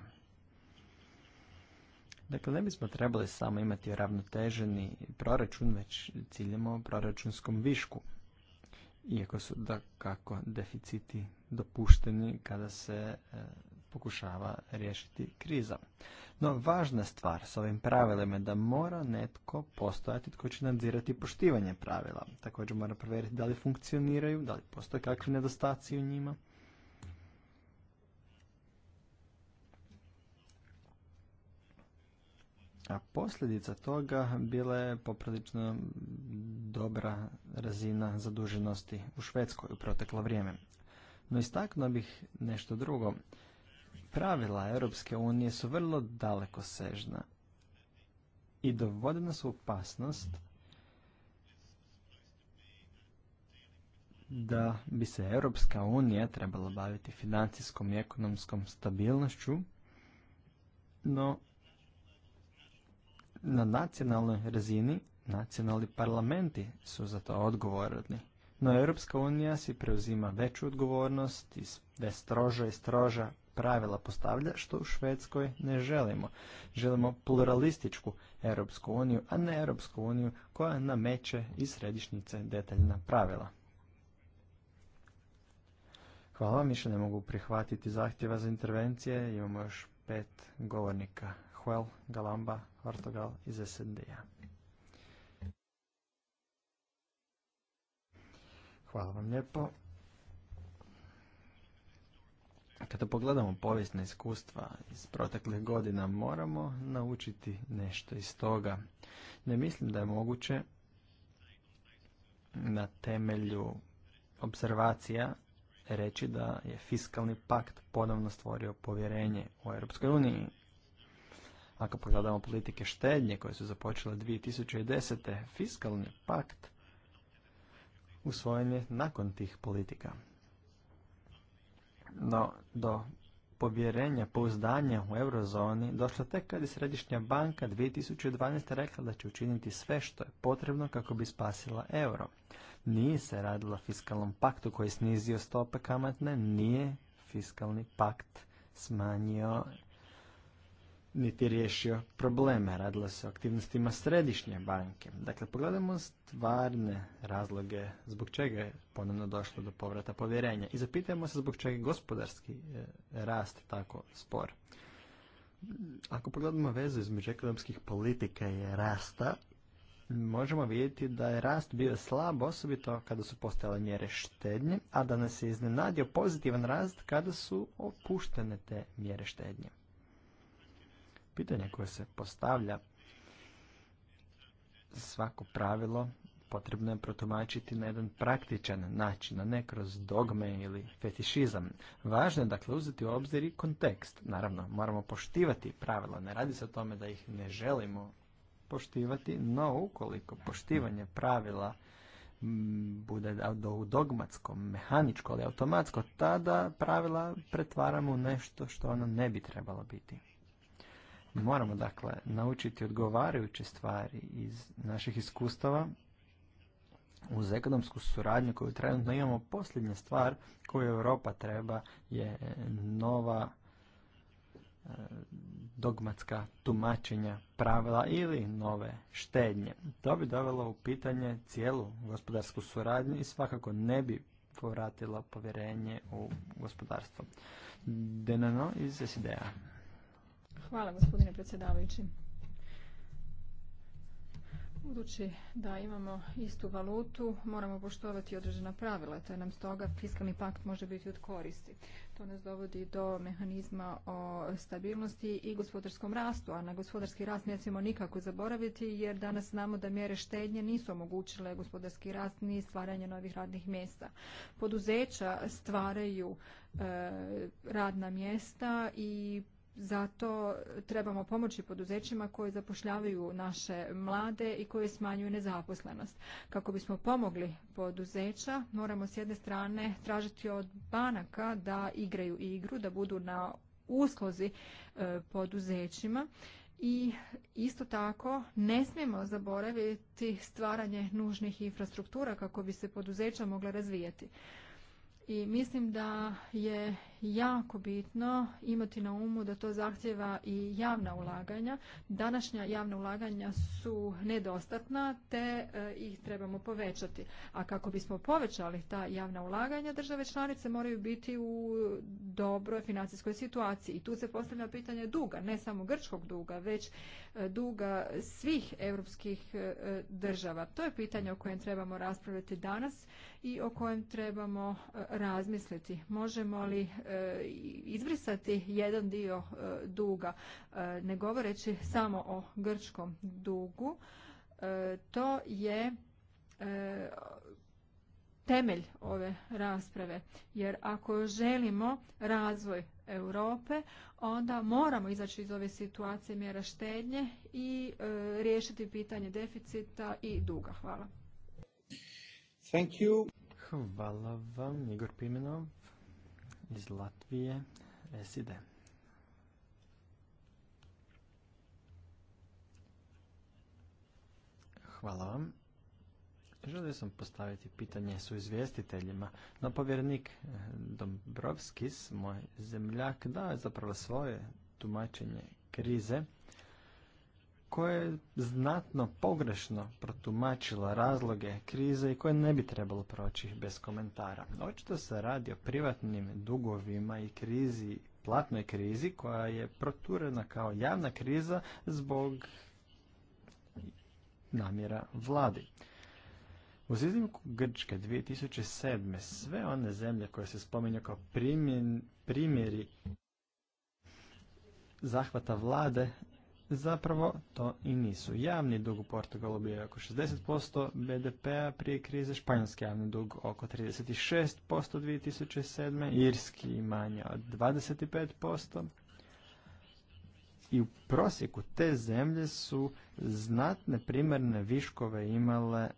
[SPEAKER 2] Dakle, ne bismo trebali samo imati ravnoteženi proračun, već ciljamo proračunskom višku. Iako su da kako deficiti dopušteni kada se e, pokušava riješiti kriza. No, važna stvar s ovim pravilima je da mora netko postojati tko će nadzirati poštivanje pravila. Također mora provjeriti da li funkcioniraju, da li postoje kakvi nedostaci u njima. A posljedica toga bila je poprilično dobra razina zaduženosti u Švedskoj u proteklo vrijeme. No istaknuo bih nešto drugo pravila Europske unije su vrlo daleko sežna i dovode nas u opasnost da bi se Europska unija trebala baviti financijskom i ekonomskom stabilnošću, no na nacionalnoj razini nacionalni parlamenti su za to odgovorni. No Europska unija si preuzima veću odgovornost i sve stroža i stroža pravila postavlja što u Švedskoj ne želimo. Želimo pluralističku Europsku uniju, a ne Europsku uniju koja nameće i središnjice detaljna pravila. Hvala vam, više ne mogu prihvatiti zahtjeva za intervencije. Imamo još pet govornika. Huel, Galamba, Vartogal iz SND-a. Hvala vam lijepo. Kada pogledamo povijesna iskustva iz proteklih godina, moramo naučiti nešto iz toga. Ne mislim da je moguće na temelju observacija reći da je fiskalni pakt ponovno stvorio povjerenje u EU. Ako pogledamo politike štednje koje su započele 2010. fiskalni pakt usvojen je nakon tih politika. No, do povjerenja, pouzdanja u eurozoni došlo tek kad je Središnja banka 2012. rekla da će učiniti sve što je potrebno kako bi spasila euro. Nije se radila fiskalnom paktu koji je snizio stope kamatne, nije fiskalni pakt smanjio niti riješio probleme. Radilo se o aktivnostima središnje banke. Dakle, pogledajmo stvarne razloge zbog čega je ponovno došlo do povrata povjerenja i zapitajmo se zbog čega je gospodarski e, rast tako spor. Ako pogledamo vezu između ekonomskih politika i rasta, možemo vidjeti da je rast bio slab, osobito kada su postojale mjere štednje, a da nas je iznenadio pozitivan rast kada su opuštene te mjere štednje pitanje koje se postavlja, svako pravilo potrebno je protumačiti na jedan praktičan način, a ne kroz dogme ili fetišizam. Važno je dakle uzeti u obzir i kontekst. Naravno, moramo poštivati pravila. Ne radi se o tome da ih ne želimo poštivati, no ukoliko poštivanje pravila bude dogmatsko, mehaničko ali automatsko, tada pravila pretvaramo u nešto što ono ne bi trebalo biti. Moramo dakle naučiti odgovarajuće stvari iz naših iskustava uz ekonomsku suradnju koju trenutno imamo. Posljednja stvar koju Europa treba je nova e, dogmatska tumačenja pravila ili nove štednje. To bi dovelo u pitanje cijelu gospodarsku suradnju i svakako ne bi povratilo povjerenje u gospodarstvo. Denano iz sid
[SPEAKER 4] Hvala gospodine predsjedavajući. Budući da imamo istu valutu, moramo poštovati određena pravila, te nam stoga fiskalni pakt može biti od koristi. To nas dovodi do mehanizma o stabilnosti i gospodarskom rastu, a na gospodarski rast ne smijemo nikako zaboraviti, jer danas znamo da mjere štednje nisu omogućile gospodarski rast ni stvaranje novih radnih mjesta. Poduzeća stvaraju e, radna mjesta i zato trebamo pomoći poduzećima koji zapošljavaju naše mlade i koji smanjuju nezaposlenost. Kako bismo pomogli poduzeća, moramo s jedne strane tražiti od banaka da igraju igru, da budu na uslozi e, poduzećima i isto tako ne smijemo zaboraviti stvaranje nužnih infrastruktura kako bi se poduzeća mogla razvijati. I mislim da je jako bitno imati na umu da to zahtjeva i javna ulaganja. Današnja javna ulaganja su nedostatna te eh, ih trebamo povećati. A kako bismo povećali ta javna ulaganja, države članice moraju biti u dobroj financijskoj situaciji. I tu se postavlja pitanje duga, ne samo grčkog duga, već eh, duga svih europskih eh, država. To je pitanje o kojem trebamo raspraviti danas i o kojem trebamo razmisliti. Možemo li E, izbrisati jedan dio e, duga, e, ne govoreći samo o grčkom dugu, to je temelj ove rasprave jer ako želimo razvoj Europe onda moramo izaći iz ove situacije mjera štednje i riješiti pitanje deficita i duga. Hvala.
[SPEAKER 2] Thank you. Hvala vam Igor Pimenov iz Latvije, SID. Hvala vam. Želio sam postaviti pitanje su izvjestiteljima, no povjernik eh, Dombrovskis, moj zemljak, dao je zapravo svoje tumačenje krize koja je znatno pogrešno protumačila razloge krize i koje ne bi trebalo proći bez komentara. Očito se radi o privatnim dugovima i krizi, platnoj krizi koja je proturena kao javna kriza zbog namjera vladi. U iznimku Grčke 2007. sve one zemlje koje se spominju kao primjeri zahvata vlade zapravo to i nisu. Javni dug u Portugalu bio je oko 60% BDP-a prije krize, španjolski javni dug oko 36% 2007. Irski manje od 25%. I u prosjeku te zemlje su znatne primarne viškove imale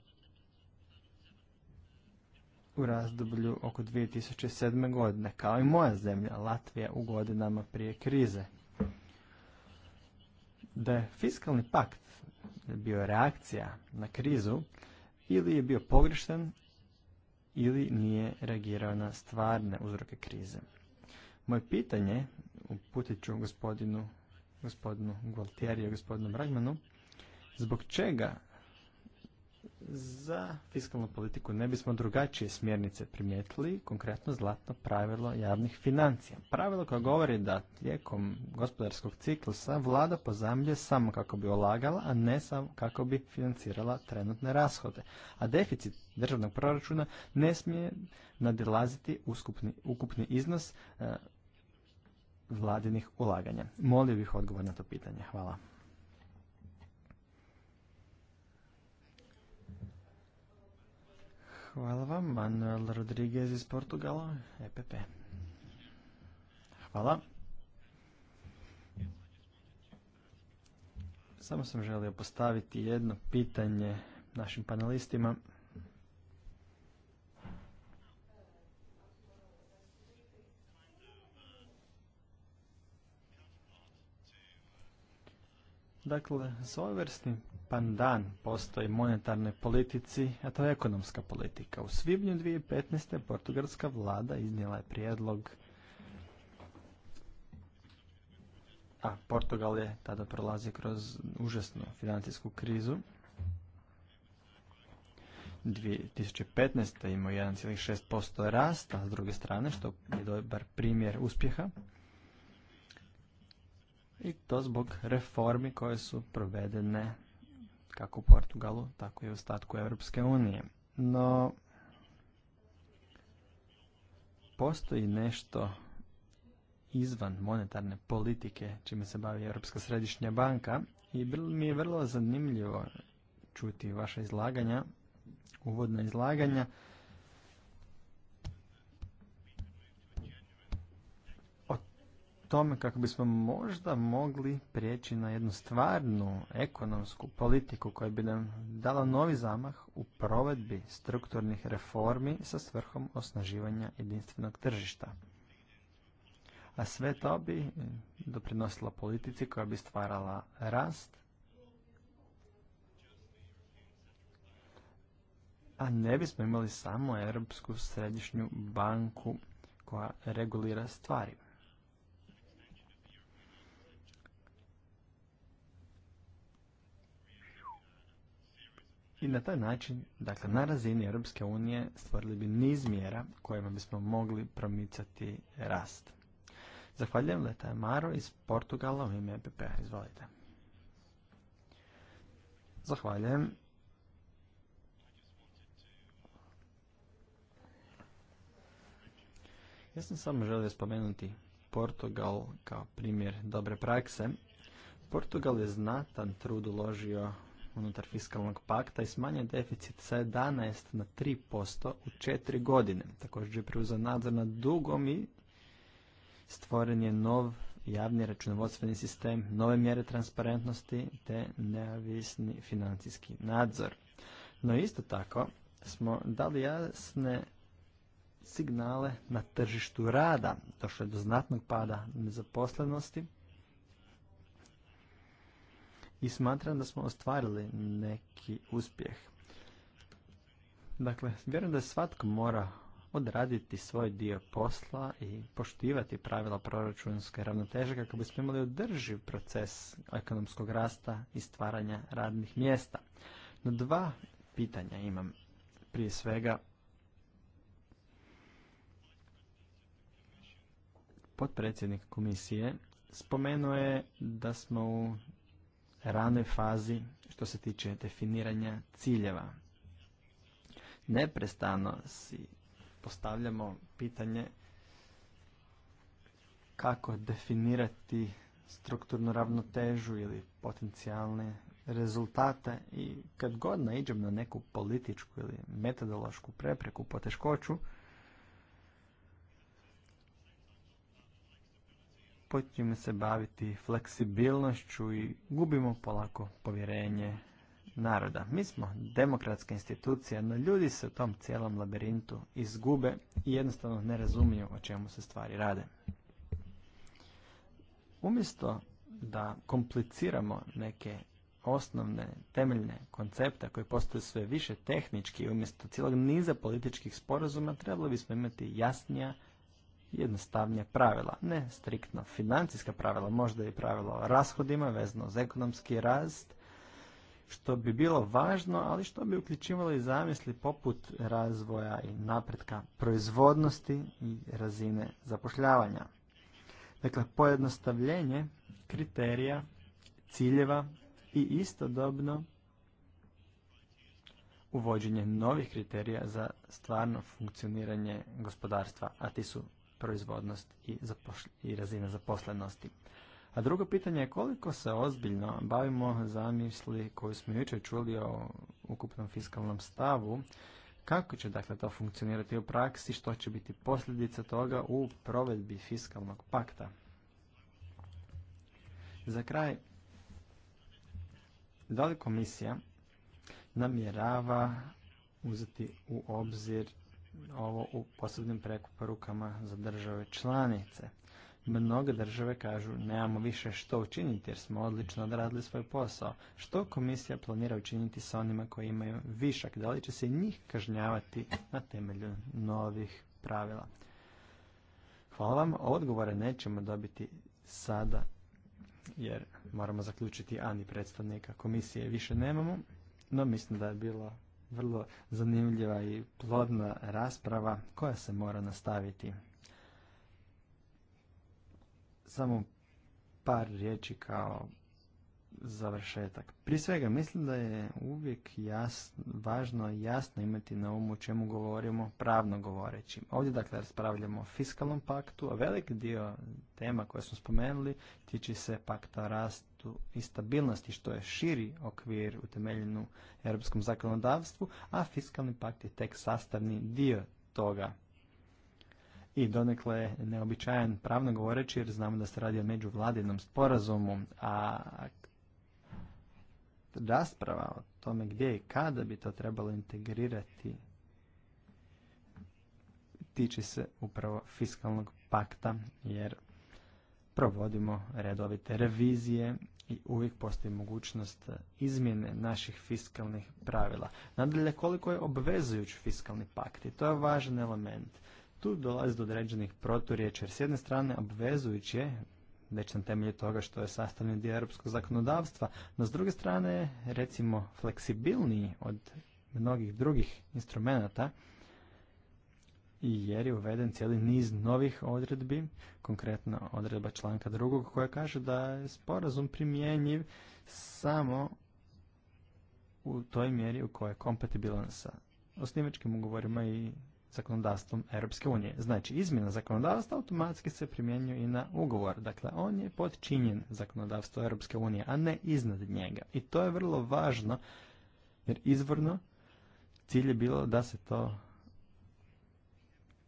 [SPEAKER 2] u razdoblju oko 2007. godine, kao i moja zemlja, Latvija, u godinama prije krize da je fiskalni pakt bio reakcija na krizu ili je bio pogrešan ili nije reagirao na stvarne uzroke krize. Moje pitanje uputit ću gospodinu, gospodinu Gualtieri i gospodinu Bragmanu, zbog čega za fiskalnu politiku ne bismo drugačije smjernice primijetili, konkretno zlatno pravilo javnih financija. Pravilo koje govori da tijekom gospodarskog ciklusa vlada pozamlje samo kako bi olagala, a ne samo kako bi financirala trenutne rashode. A deficit državnog proračuna ne smije nadilaziti ukupni iznos eh, vladinih ulaganja. Molio bih odgovor na to pitanje. Hvala. Hvala vam, Manuel Rodriguez iz Portugala, EPP. Hvala. Samo sam želio postaviti jedno pitanje našim panelistima. Dakle, svojevrsni pandan postoji monetarnoj politici, a to je ekonomska politika. U svibnju 2015. portugalska vlada iznijela je prijedlog a Portugal je tada prolazi kroz užasnu financijsku krizu. 2015. imao 1,6% rasta, s druge strane, što je dobar primjer uspjeha. I to zbog reformi koje su provedene kako u Portugalu, tako i u ostatku Europske unije. No, postoji nešto izvan monetarne politike čime se bavi Europska središnja banka i mi je vrlo zanimljivo čuti vaša izlaganja, uvodna izlaganja tome kako bismo možda mogli prijeći na jednu stvarnu ekonomsku politiku koja bi nam dala novi zamah u provedbi strukturnih reformi sa svrhom osnaživanja jedinstvenog tržišta. A sve to bi doprinosilo politici koja bi stvarala rast, a ne bismo imali samo Europsku središnju banku koja regulira stvari. I na taj način, dakle, na razini Europske unije stvorili bi niz mjera kojima bismo mogli promicati rast. Zahvaljujem Leta Maro iz Portugala u ime EPP. P-a. Izvolite. Zahvaljujem. Ja sam samo želio spomenuti Portugal kao primjer dobre prakse. Portugal je znatan trud uložio unutar fiskalnog pakta i smanjio deficit sa 11 na 3% u četiri godine. Također je preuzeo nadzor nad dugom i stvoren je nov javni računovodstveni sistem, nove mjere transparentnosti te neavisni financijski nadzor. No isto tako smo dali jasne signale na tržištu rada. Došlo je do znatnog pada nezaposlenosti, i smatram da smo ostvarili neki uspjeh. Dakle, vjerujem da svatko mora odraditi svoj dio posla i poštivati pravila proračunske ravnoteže kako bismo imali održiv proces ekonomskog rasta i stvaranja radnih mjesta. No dva pitanja imam. Prije svega, potpredsjednik komisije spomenuo je da smo u ranoj fazi što se tiče definiranja ciljeva. Neprestano si postavljamo pitanje kako definirati strukturnu ravnotežu ili potencijalne rezultate i kad god naiđem na neku političku ili metodološku prepreku poteškoću, počinjemo se baviti fleksibilnošću i gubimo polako povjerenje naroda. Mi smo demokratska institucija, no ljudi se u tom cijelom labirintu izgube i jednostavno ne razumiju o čemu se stvari rade. Umjesto da kompliciramo neke osnovne, temeljne koncepte koji postoje sve više tehnički umjesto cijelog niza političkih sporazuma trebali bismo imati jasnija jednostavnija pravila, ne striktno financijska pravila, možda i pravila o rashodima vezano za ekonomski rast, što bi bilo važno, ali što bi uključivalo i zamisli poput razvoja i napretka proizvodnosti i razine zapošljavanja. Dakle, pojednostavljenje kriterija, ciljeva i istodobno uvođenje novih kriterija za stvarno funkcioniranje gospodarstva, a ti su proizvodnost i, i razina zaposlenosti. A drugo pitanje je koliko se ozbiljno bavimo zamisli koju smo jučer čuli o ukupnom fiskalnom stavu, kako će dakle to funkcionirati u praksi, što će biti posljedica toga u provedbi fiskalnog pakta. Za kraj, da li komisija namjerava uzeti u obzir ovo u posebnim prekuporukama za države članice. Mnoge države kažu nemamo više što učiniti jer smo odlično odradili svoj posao. Što komisija planira učiniti sa onima koji imaju višak? Da li će se njih kažnjavati na temelju novih pravila? Hvala vam. Odgovore nećemo dobiti sada jer moramo zaključiti ani predstavnika komisije više nemamo, no mislim da je bilo vrlo zanimljiva i plodna rasprava koja se mora nastaviti. Samo par riječi kao završetak. Prije svega mislim da je uvijek jasno, važno jasno imati na umu čemu govorimo pravno govoreći. Ovdje dakle raspravljamo o fiskalnom paktu, a velik dio tema koje smo spomenuli tiče se pakta rast i stabilnosti, što je širi okvir utemeljen u europskom zakonodavstvu, a fiskalni pakt je tek sastavni dio toga. I donekle je neobičajan pravno govoreći jer znamo da se radi o međuvladinom sporazumu, a rasprava o tome gdje i kada bi to trebalo integrirati tiče se upravo fiskalnog pakta jer provodimo redovite revizije i uvijek postoji mogućnost e, izmjene naših fiskalnih pravila. Nadalje, koliko je obvezujuć fiskalni pakt i to je važan element. Tu dolazi do određenih proturječa jer s jedne strane obvezujuć je, već na temelju toga što je sastavni dio europskog zakonodavstva, no s druge strane je recimo fleksibilniji od mnogih drugih instrumenata jer je uveden cijeli niz novih odredbi, konkretno odredba članka drugog koja kaže da je sporazum primjenjiv samo u toj mjeri u kojoj je kompatibilan sa osnivačkim ugovorima i zakonodavstvom Europske unije. Znači, izmjena zakonodavstva automatski se primjenjuje i na ugovor. Dakle, on je podčinjen zakonodavstvu Europske unije, a ne iznad njega. I to je vrlo važno, jer izvorno cilj je bilo da se to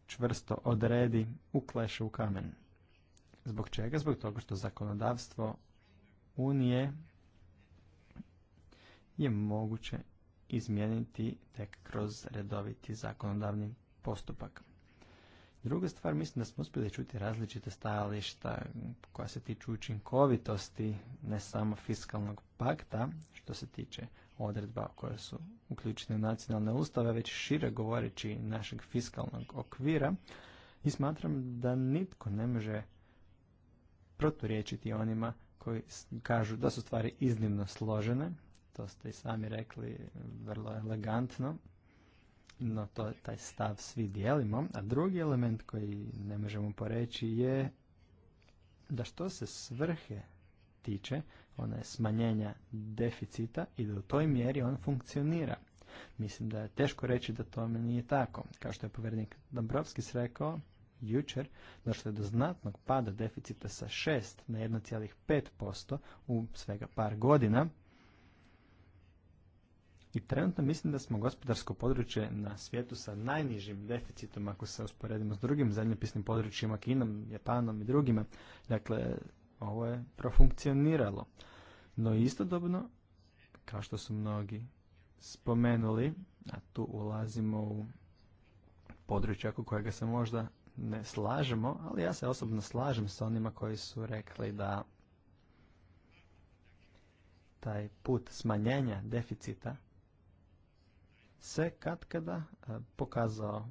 [SPEAKER 2] čvrsto odredi, ukleše u kamen. Zbog čega? Zbog toga što zakonodavstvo Unije je moguće izmijeniti tek kroz redoviti zakonodavni postupak. Druga stvar, mislim da smo uspjeli čuti različite stajališta koja se tiču učinkovitosti, ne samo fiskalnog pakta, što se tiče odredba koje su uključene u nacionalne ustave, već šire govoreći našeg fiskalnog okvira i smatram da nitko ne može proturječiti onima koji kažu da su stvari iznimno složene, to ste i sami rekli vrlo elegantno, no to, taj stav svi dijelimo. A drugi element koji ne možemo poreći je da što se svrhe tiče, ona je smanjenja deficita i da u toj mjeri on funkcionira. Mislim da je teško reći da to meni nije tako. Kao što je povjerenik Dombrovski rekao, jučer došlo je do znatnog pada deficita sa 6 na 1,5% u svega par godina. I trenutno mislim da smo gospodarsko područje na svijetu sa najnižim deficitom ako se usporedimo s drugim zemljopisnim područjima, Kinom, Japanom i drugima. Dakle, ovo je profunkcioniralo. No istodobno, kao što su mnogi spomenuli, a tu ulazimo u područje oko kojega se možda ne slažemo, ali ja se osobno slažem sa onima koji su rekli da taj put smanjenja deficita se katkada e, pokazao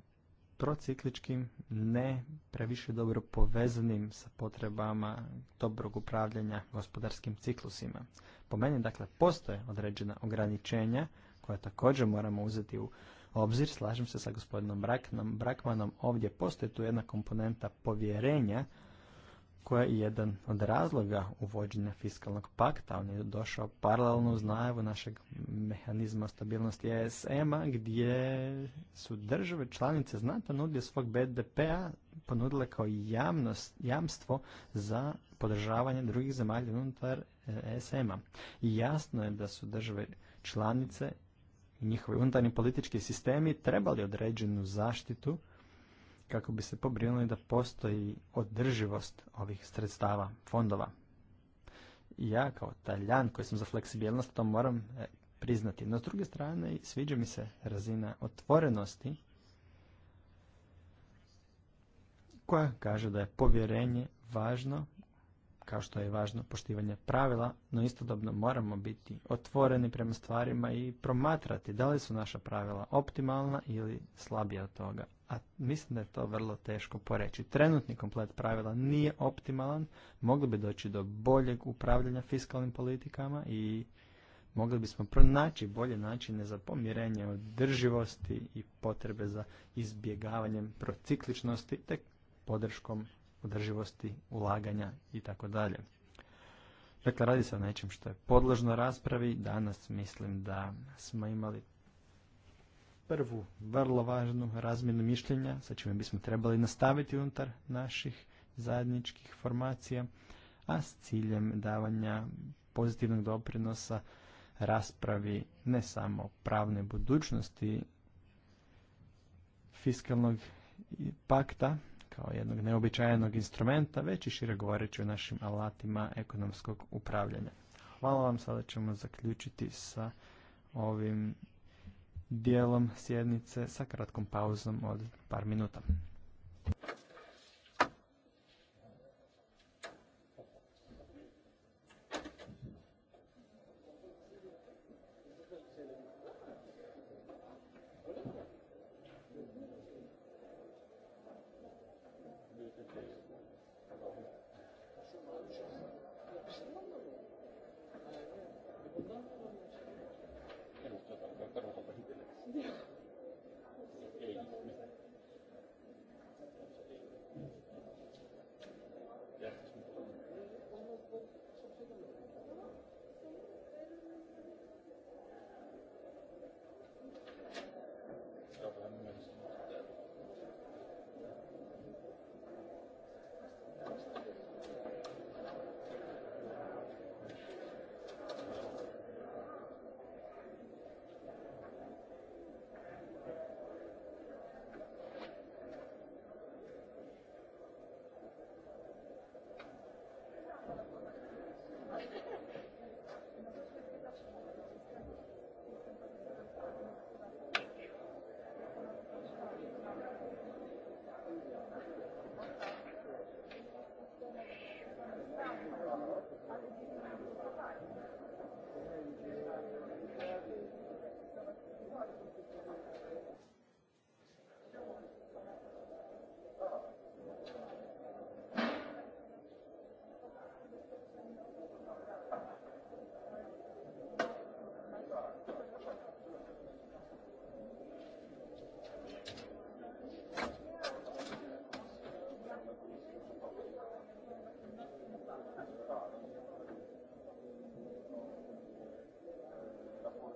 [SPEAKER 2] procikličkim, ne previše dobro povezanim sa potrebama dobrog upravljanja gospodarskim ciklusima. Po meni, dakle, postoje određena ograničenja koja također moramo uzeti u obzir. Slažem se sa gospodinom Brakmanom. Ovdje postoji tu jedna komponenta povjerenja koja je jedan od razloga uvođenja fiskalnog pakta. On je došao paralelno uz najavu našeg mehanizma stabilnosti ESM-a gdje su države članice znate nudile svog BDP-a ponudile kao jamnost, jamstvo za podržavanje drugih zemalja unutar ESM-a. I jasno je da su države članice i njihovi unutarnji politički sistemi trebali određenu zaštitu kako bi se pobrinuli da postoji održivost ovih sredstava, fondova. ja kao taljan koji sam za fleksibilnost to moram e, priznati. No s druge strane sviđa mi se razina otvorenosti koja kaže da je povjerenje važno kao što je važno poštivanje pravila, no istodobno moramo biti otvoreni prema stvarima i promatrati da li su naša pravila optimalna ili slabija od toga. A mislim da je to vrlo teško poreći. Trenutni komplet pravila nije optimalan, mogli bi doći do boljeg upravljanja fiskalnim politikama i mogli bismo pronaći bolje načine za pomirenje održivosti i potrebe za izbjegavanjem procikličnosti te podrškom održivosti, ulaganja i tako dalje. Dakle, radi se o nečem što je podložno raspravi. Danas mislim da smo imali prvu vrlo važnu razmjenu mišljenja sa čime bismo trebali nastaviti unutar naših zajedničkih formacija, a s ciljem davanja pozitivnog doprinosa raspravi ne samo pravne budućnosti fiskalnog pakta, kao jednog neobičajenog instrumenta, već i šire govoreći o našim alatima ekonomskog upravljanja. Hvala vam, sada ćemo zaključiti sa ovim dijelom sjednice sa kratkom pauzom od par minuta.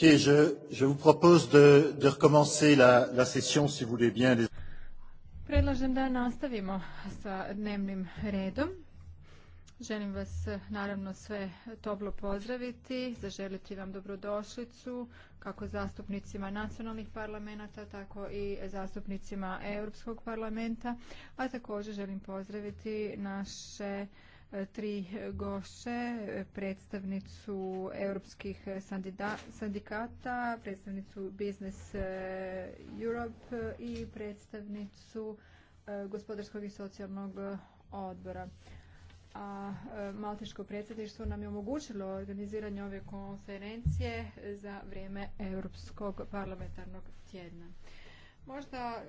[SPEAKER 1] je, propose de, de recommencer la, la session si vous voulez bien.
[SPEAKER 4] Predlažem da nastavimo sa dnevnim redom. Želim vas naravno sve toplo pozdraviti, zaželiti vam dobrodošlicu kako zastupnicima nacionalnih parlamenta, tako i zastupnicima Europskog parlamenta, a također želim pozdraviti naše tri goše, predstavnicu europskih sindikata, predstavnicu Business eh, Europe i predstavnicu eh, gospodarskog i socijalnog odbora. A eh, Malteško predsjedništvo nam je omogućilo organiziranje ove konferencije za vrijeme Europskog parlamentarnog tjedna. Možda e,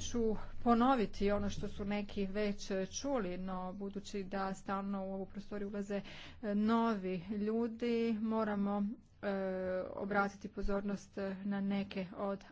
[SPEAKER 4] ću ponoviti ono što su neki već čuli, no budući da stalno u ovu prostoriju ulaze e, novi ljudi, moramo e, obratiti pozornost na neke od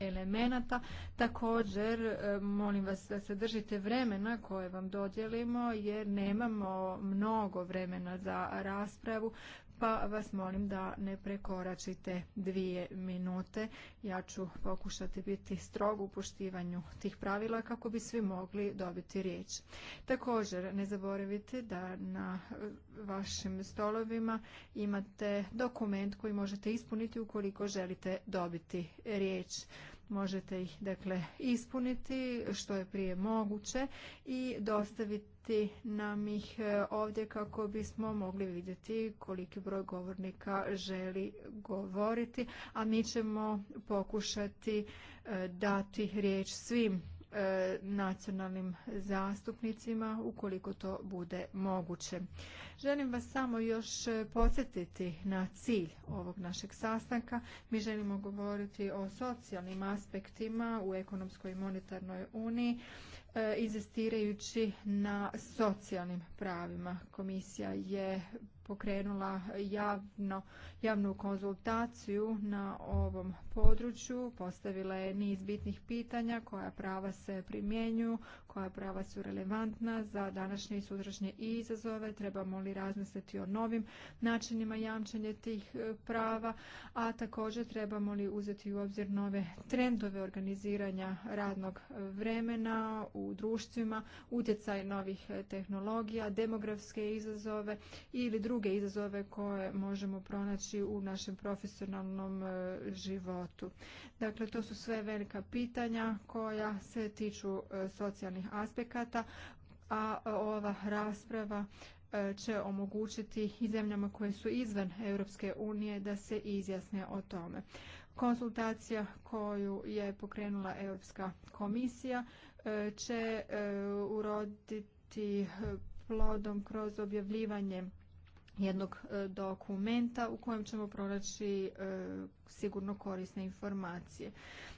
[SPEAKER 4] elemenata. Također, molim vas da se držite vremena koje vam dodjelimo, jer nemamo mnogo vremena za raspravu, pa vas molim da ne prekoračite dvije minute. Ja ću pokušati biti strogo u poštivanju tih pravila kako bi svi mogli dobiti riječ. Također, ne zaboravite da na vašim stolovima imate dokument koji možete ispuniti ukoliko želite dobiti riječ. Možete ih dakle ispuniti što je prije moguće i dostaviti nam ih e, ovdje kako bismo mogli vidjeti koliki broj govornika želi govoriti, a mi ćemo pokušati e, dati riječ svim E, nacionalnim zastupnicima ukoliko to bude moguće. Želim vas samo još e, podsjetiti na cilj ovog našeg sastanka. Mi želimo govoriti o socijalnim aspektima u ekonomskoj i monetarnoj uniji e, inzistirajući na socijalnim pravima. Komisija je pokrenula javno, javnu konzultaciju na ovom području. Postavila je niz bitnih pitanja koja prava se primjenju, koja prava su relevantna za današnje i sutrašnje izazove. Trebamo li razmisliti o novim načinima jamčenja tih e, prava, a također trebamo li uzeti u obzir nove trendove organiziranja radnog vremena u društvima, utjecaj novih e, tehnologija, demografske izazove ili druge druge izazove koje možemo pronaći u našem profesionalnom e, životu. Dakle, to su sve velika pitanja koja se tiču e, socijalnih aspekata, a e, ova rasprava će omogućiti i zemljama koje su izvan Europske unije da se izjasne o tome. Konsultacija koju je pokrenula Europska komisija će uroditi plodom kroz objavljivanje jednog e, dokumenta u kojem ćemo pronaći e, sigurno korisne informacije.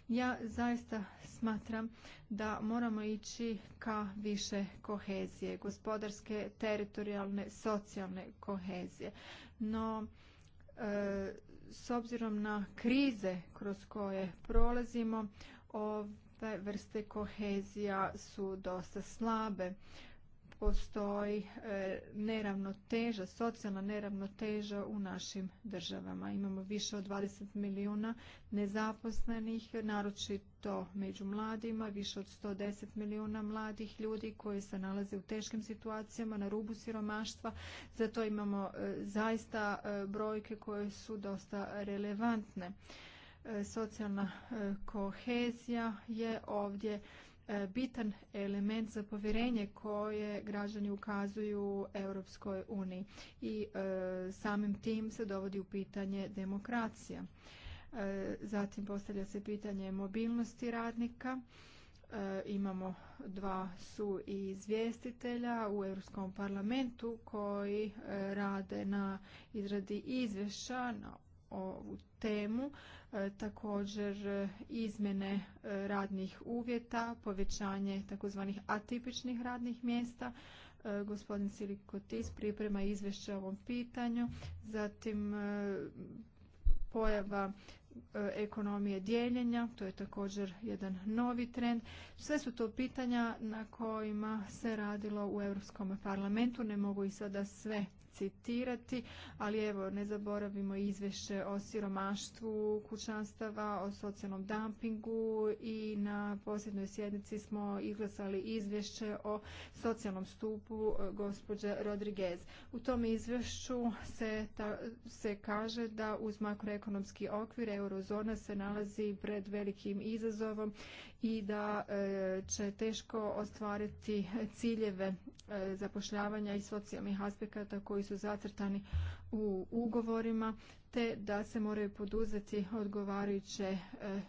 [SPEAKER 4] Ja zaista smatram da moramo ići ka više kohezije, gospodarske, teritorijalne, socijalne kohezije. No, e, s obzirom na krize kroz koje prolazimo, ove vrste kohezija su dosta slabe postoji e, neravnoteža, socijalna neravnoteža u našim državama. Imamo više od 20 milijuna nezaposlenih, naročito među mladima, više od 110 milijuna mladih ljudi koji se nalaze u teškim situacijama na rubu siromaštva. Zato imamo e, zaista e, brojke koje su dosta relevantne. Socijalna kohezija je ovdje E, bitan element za povjerenje koje građani ukazuju Europskoj uniji i e, samim tim se dovodi u pitanje demokracija. E, zatim postavlja se pitanje mobilnosti radnika. Imamo dva su i izvjestitelja u Europskom parlamentu koji rade na izradi izvješća na ovu temu, e, također e, izmjene e, radnih uvjeta, povećanje takozvanih atipičnih radnih mjesta, gospodin Silikotis priprema izvješće o ovom pitanju, zatim pojava ekonomije dijeljenja, to je također jedan novi trend. Sve su to pitanja na kojima se radilo u Europskom parlamentu, ne mogu i sada sve citirati, ali evo ne zaboravimo izvješće o siromaštvu kućanstava, o socijalnom dumpingu i na posljednoj sjednici smo izglasali izvješće o socijalnom stupu e, gospođe Rodriguez. U tom izvješću se, se kaže da uz makroekonomski okvir eurozona se nalazi pred velikim izazovom i da e, će teško ostvariti ciljeve e, zapošljavanja i socijalnih aspekata koji su zacrtani u ugovorima te da se moraju poduzeti odgovarajuće e,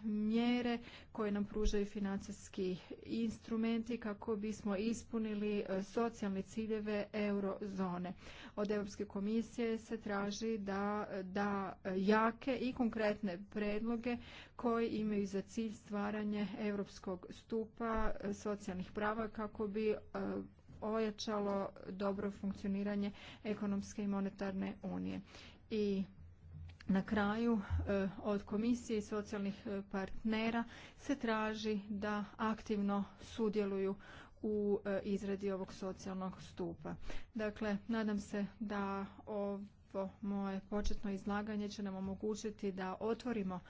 [SPEAKER 4] mjere koje nam pružaju financijski instrumenti kako bismo ispunili e, socijalne ciljeve eurozone. Od Europske komisije se traži da, da jake i konkretne predloge koji imaju za cilj stvaranje europskog stupa e, socijalnih prava kako bi ojačalo dobro funkcioniranje ekonomske i monetarne unije. I na kraju e, od komisije i socijalnih e, partnera se traži da aktivno sudjeluju u e, izradi ovog socijalnog stupa. Dakle, nadam se da ovo moje početno izlaganje će nam omogućiti da otvorimo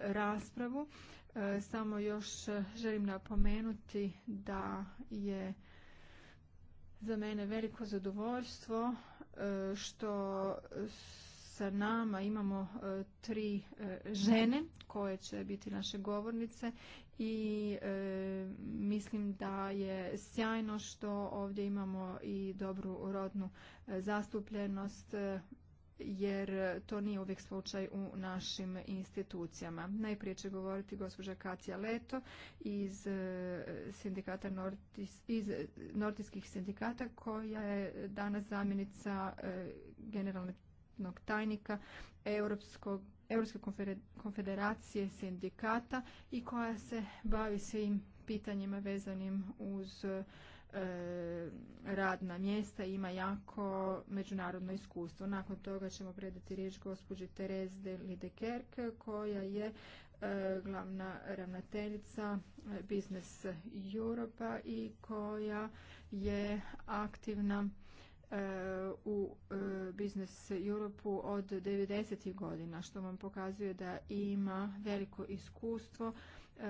[SPEAKER 4] raspravu. Samo još želim napomenuti da je za mene veliko zadovoljstvo što nama imamo e, tri e, žene koje će biti naše govornice i e, mislim da je sjajno što ovdje imamo i dobru rodnu zastupljenost jer to nije uvijek slučaj u našim institucijama. Najprije će govoriti gospođa Kacija Leto iz sindikata iz nordijskih sindikata koja je danas zamjenica generalne tajnika Europske konfederacije sindikata i koja se bavi svim pitanjima vezanim uz e, radna mjesta ima jako međunarodno iskustvo. Nakon toga ćemo predati riječ gospođi terez de Lidekerk koja je e, glavna ravnateljica Business Europa i koja je aktivna E, u e, Business Europu od 90. godina, što vam pokazuje da ima veliko iskustvo e,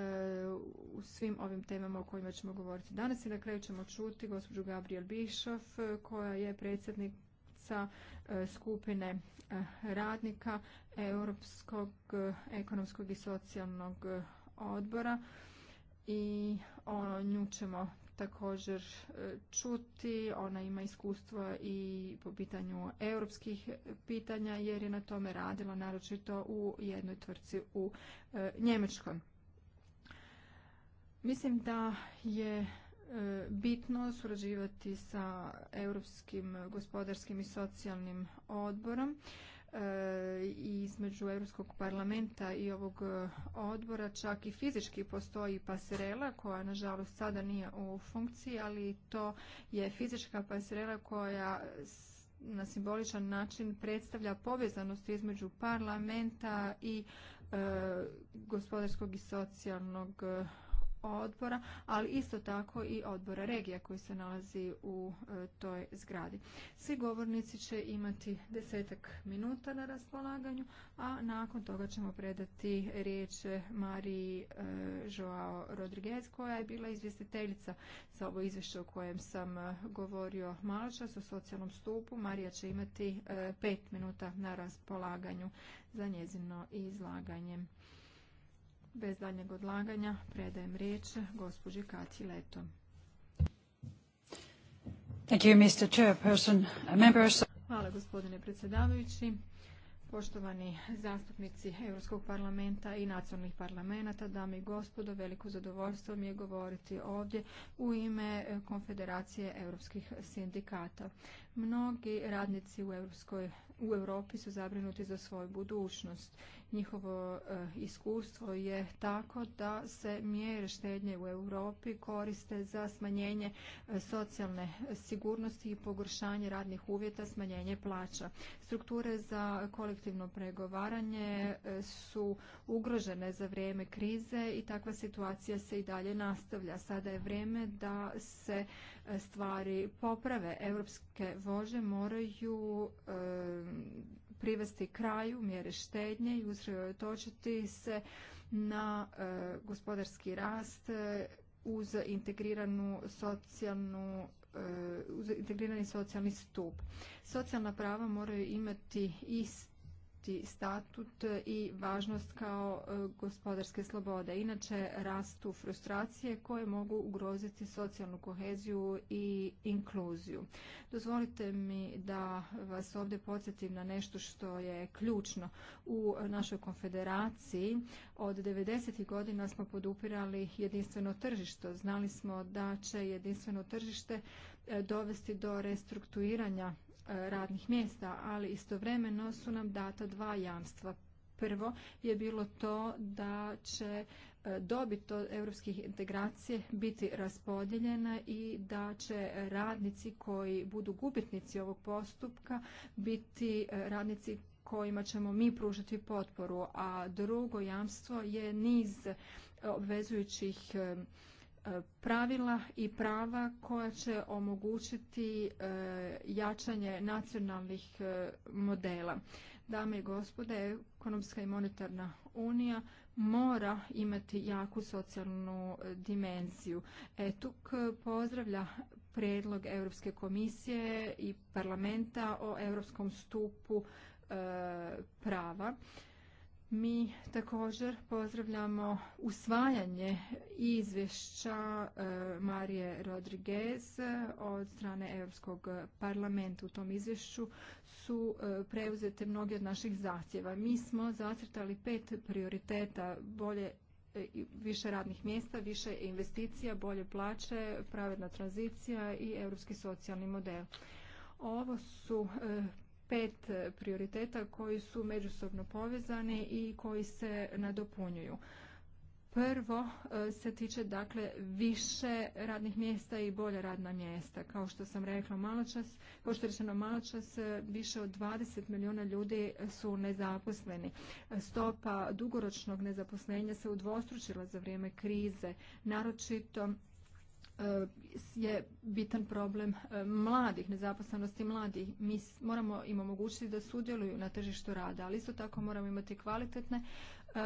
[SPEAKER 4] u svim ovim temama o kojima ćemo govoriti danas. I na kraju ćemo čuti gospođu Gabriel Bišov, koja je predsjednica skupine radnika Europskog ekonomskog i socijalnog odbora i o nju ćemo također e, čuti. Ona ima iskustva i po pitanju europskih pitanja jer je na tome radila naročito u jednoj tvrci u e, Njemačkoj. Mislim da je e, bitno surađivati sa Europskim gospodarskim i socijalnim odborom i između Europskog parlamenta i ovog e, odbora čak i fizički postoji pasrela koja nažalost sada nije u funkciji, ali to je fizička pasrela koja na simboličan način predstavlja povezanost između parlamenta i e, gospodarskog i socijalnog e, odbora, ali isto tako i odbora regija koji se nalazi u e, toj zgradi. Svi govornici će imati desetak minuta na raspolaganju, a nakon toga ćemo predati riječ Mariji e, Joao Rodriguez koja je bila izvjestiteljica za ovo izvješće o kojem sam e, govorio malo čas o socijalnom stupu. Marija će imati pet minuta na raspolaganju za njezino izlaganje. Bez daljnjeg odlaganja predajem riječ gospođi Kati Leto. Thank Hvala gospodine predsjedavajući. Poštovani zastupnici Europskog parlamenta i nacionalnih parlamenta, dame i gospodo, veliko zadovoljstvo mi je govoriti ovdje u ime Konfederacije europskih sindikata. Mnogi radnici u Europskoj u Europi su zabrinuti za svoju budućnost. Njihovo e, iskustvo je tako da se mjere štednje u Europi koriste za smanjenje e, socijalne sigurnosti i pogoršanje radnih uvjeta, smanjenje plaća. Strukture za kolektivno pregovaranje e, su ugrožene za vrijeme krize i takva situacija se i dalje nastavlja. Sada je vrijeme da se stvari poprave. Europske vože moraju e, privesti kraju mjere štednje i usredotočiti se na e, gospodarski rast e, uz integriranu socijalnu uz integrirani socijalni stup. Socijalna prava moraju imati isti statut i važnost kao e, gospodarske slobode. Inače rastu frustracije koje mogu ugroziti socijalnu koheziju i inkluziju. Dozvolite mi da vas ovdje podsjetim na nešto što je ključno. U našoj konfederaciji od 90. godina smo podupirali jedinstveno tržište. Znali smo da će jedinstveno tržište e, dovesti do restrukturiranja E, radnih mjesta, ali istovremeno su nam data dva jamstva. Prvo je bilo to da će e, dobit od europskih integracije biti raspodijeljena i da će radnici koji budu gubitnici ovog postupka biti e, radnici kojima ćemo mi pružiti potporu, a drugo jamstvo je niz obvezujućih pravila i prava koja će omogućiti e, jačanje nacionalnih e, modela. Dame i gospode, ekonomska i monetarna unija mora imati jaku socijalnu e, dimenziju. ETUK pozdravlja predlog Europske komisije i parlamenta o europskom stupu prava mi također pozdravljamo usvajanje izvješća e, Marije Rodriguez od strane Europskog parlamenta. U tom izvješću su e, preuzete mnoge od naših zahtjeva. Mi smo zacrtali pet prioriteta bolje e, više radnih mjesta, više investicija, bolje plaće, pravedna tranzicija i europski socijalni model. Ovo su pet prioriteta koji su međusobno povezani i koji se nadopunjuju. Prvo e, se tiče dakle više radnih mjesta i bolje radna mjesta. Kao što sam rekla malo kao što je rečeno maločas, e, više od 20 milijuna ljudi su nezaposleni. Stopa dugoročnog nezaposlenja se udvostručila za vrijeme krize, naročito je bitan problem e, mladih, nezaposlenosti mladih. Mi moramo im omogućiti da sudjeluju na tržištu rada, ali isto tako moramo imati kvalitetne e,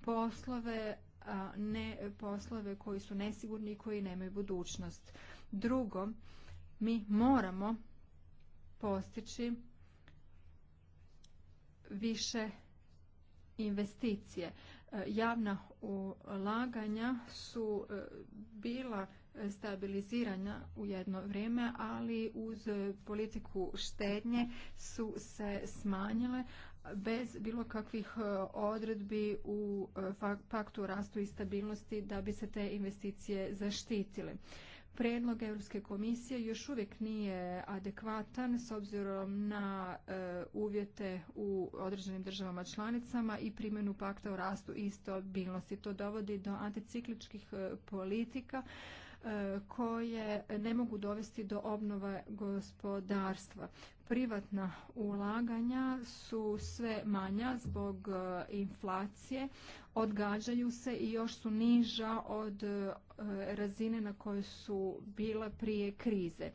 [SPEAKER 4] poslove, a ne poslove koji su nesigurni i koji nemaju budućnost. Drugo, mi moramo postići više investicije. E, javna ulaganja su bila stabilizirana u jedno vrijeme, ali uz politiku štednje su se smanjile bez bilo kakvih e, odredbi u e, paktu rastu i stabilnosti da bi se te investicije zaštitile. Predlog Europske komisije još uvijek nije adekvatan s obzirom na e, uvjete u određenim državama članicama i primjenu pakta o rastu i stabilnosti. To dovodi do anticikličkih politika E, koje ne mogu dovesti do obnova gospodarstva. Privatna ulaganja su sve manja zbog e, inflacije, odgađaju se i još su niža od e, razine na kojoj su bila prije krize.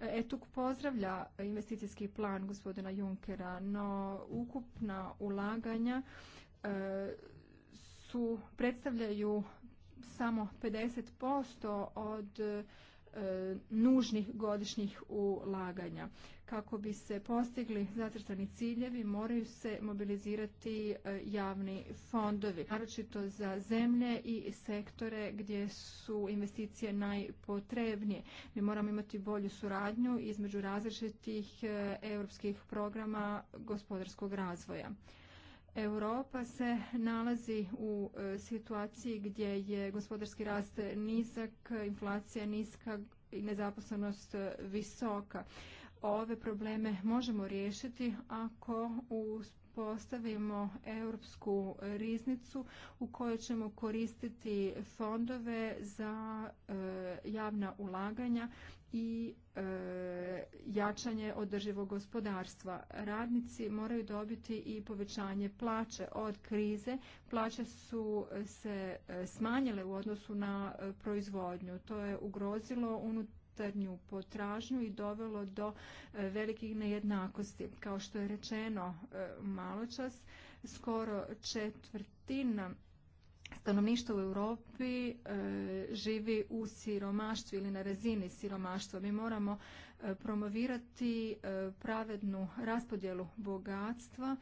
[SPEAKER 4] Etuk pozdravlja investicijski plan gospodina Junkera, no ukupna ulaganja su predstavljaju samo 50% od e, nužnih godišnjih ulaganja. Kako bi se postigli zacrtani ciljevi moraju se mobilizirati e, javni fondovi, naročito za zemlje i sektore gdje su investicije najpotrebnije. Mi moramo imati bolju suradnju između različitih e, europskih programa gospodarskog razvoja. Europa se nalazi u e, situaciji gdje je gospodarski rast nizak, inflacija niska i nezaposlenost e, visoka. Ove probleme možemo riješiti ako postavimo europsku riznicu u kojoj ćemo koristiti fondove za e, javna ulaganja i e, jačanje održivog gospodarstva. Radnici moraju dobiti i povećanje plaće od krize. Plaće su se e, smanjile u odnosu na proizvodnju. To je ugrozilo unutar unutarnju potražnju i dovelo do e, velikih nejednakosti. Kao što je rečeno e, čas, skoro četvrtina stanovništva u Europi e, živi u siromaštvu ili na razini siromaštva. Mi moramo promovirati pravednu raspodjelu bogatstva,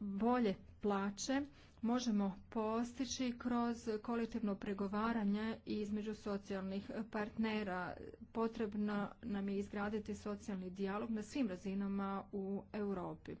[SPEAKER 4] bolje plaće možemo postići kroz kolektivno pregovaranje između socijalnih partnera. Potrebno nam je izgraditi socijalni dijalog na svim razinama u Europi.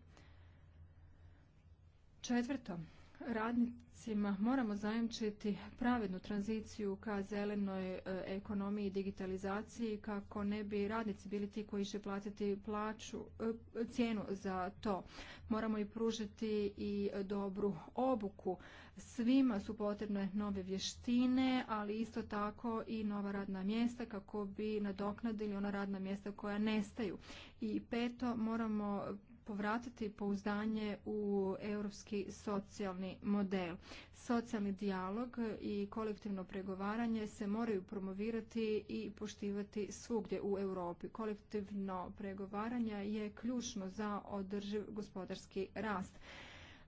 [SPEAKER 4] Četvrto, radnicima moramo zajamčiti pravednu tranziciju ka zelenoj e, ekonomiji i digitalizaciji kako ne bi radnici bili ti koji će platiti plaću, e, cijenu za to. Moramo i pružiti i dobru obuku. Svima su potrebne nove vještine, ali isto tako i nova radna mjesta kako bi nadoknadili ona radna mjesta koja nestaju. I peto, moramo povratiti pouzdanje u europski socijalni model. Socijalni dijalog i kolektivno pregovaranje se moraju promovirati i poštivati svugdje u Europi. Kolektivno pregovaranje je ključno za održiv gospodarski rast.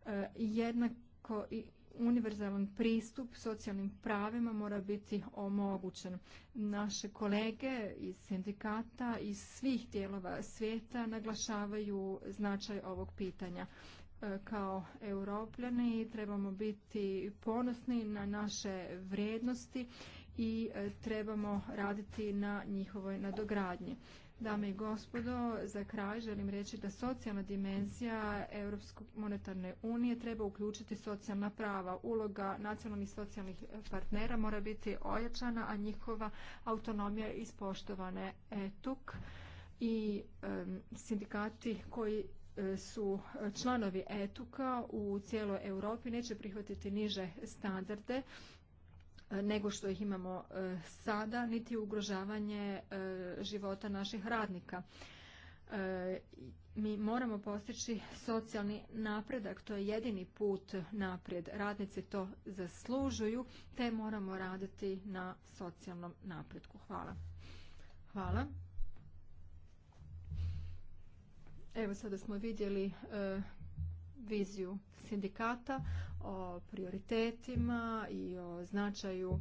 [SPEAKER 4] E, jednako i univerzalan pristup socijalnim pravima mora biti omogućen. Naše kolege iz sindikata iz svih dijelova svijeta naglašavaju značaj ovog pitanja. E, kao europljani trebamo biti ponosni na naše vrijednosti i e, trebamo raditi na njihovoj nadogradnji. Dame i gospodo, za kraj želim reći da socijalna dimenzija Europske monetarne unije treba uključiti socijalna prava. Uloga nacionalnih socijalnih partnera mora biti ojačana, a njihova autonomija ispoštovane ETUK i sindikati koji e, su članovi etuk u cijeloj Europi neće prihvatiti niže standarde E, nego što ih imamo e, sada, niti ugrožavanje e, života naših radnika. Mi moramo postići socijalni napredak, to je jedini put naprijed. Radnici to zaslužuju, te moramo raditi na socijalnom napredku. Hvala. Hvala. Evo sada smo vidjeli viziju sindikata o prioritetima i o značaju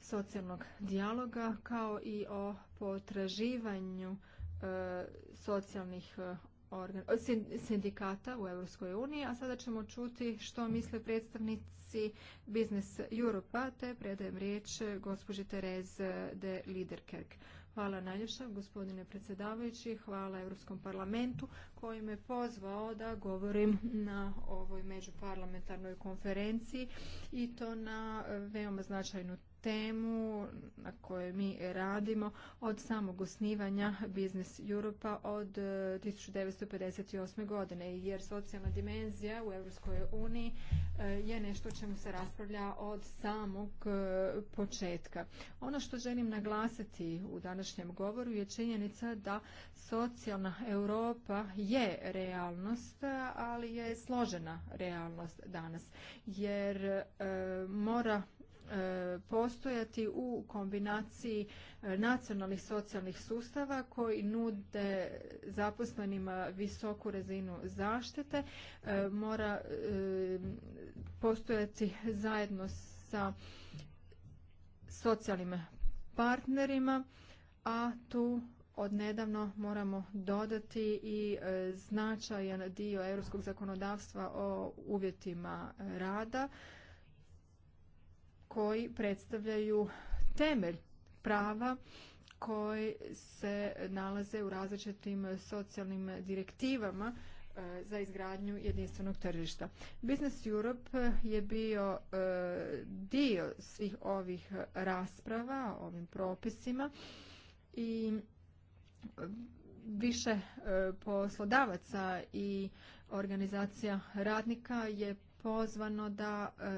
[SPEAKER 4] socijalnog dijaloga kao i o potraživanju e, socijalnih e, sindikata u Europskoj uniji, a sada ćemo čuti što misle predstavnici Business Europa, te predajem riječ gospođi Tereze de Liderkerk. Hvala najljepša gospodine predsjedavajući, hvala Europskom parlamentu koji me pozvao da govorim na ovoj međuparlamentarnoj konferenciji i to na veoma značajnu temu na kojoj mi radimo od samog osnivanja Business Europa od 1958. E, godine jer socijalna dimenzija u Europskoj uniji e, je nešto o čemu se raspravlja od samog e, početka. Ono što želim naglasiti u današnjem govoru je činjenica da socijalna Europa je realnost, ali je složena realnost danas jer mora E, postojati u kombinaciji e, nacionalnih socijalnih sustava koji nude zaposlenima visoku razinu zaštite, e, mora postojati zajedno sa socijalnim partnerima, a tu odnedavno moramo dodati i značajan dio europskog zakonodavstva o uvjetima rada koji predstavljaju temelj prava koji se nalaze u različitim socijalnim direktivama e, za izgradnju jedinstvenog tržišta. Business Europe je bio e, dio svih ovih rasprava ovim propisima i e, više poslodavaca i organizacija radnika je pozvano da e,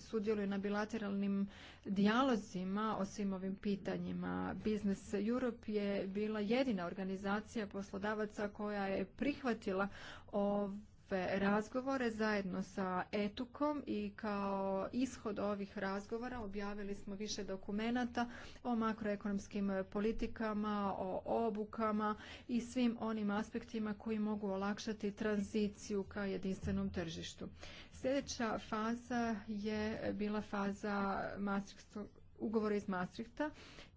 [SPEAKER 4] sudjeluje na bilateralnim dijalozima o svim ovim pitanjima. Business Europe je bila jedina organizacija poslodavaca koja je prihvatila ove razgovore zajedno sa Etukom i kao ishod ovih razgovora objavili smo više dokumenata o makroekonomskim politikama, o obukama i svim onim aspektima koji mogu olakšati tranziciju ka jedinstvenom tržištu. Sljedeća faza je bila faza ugovora iz Maastrichta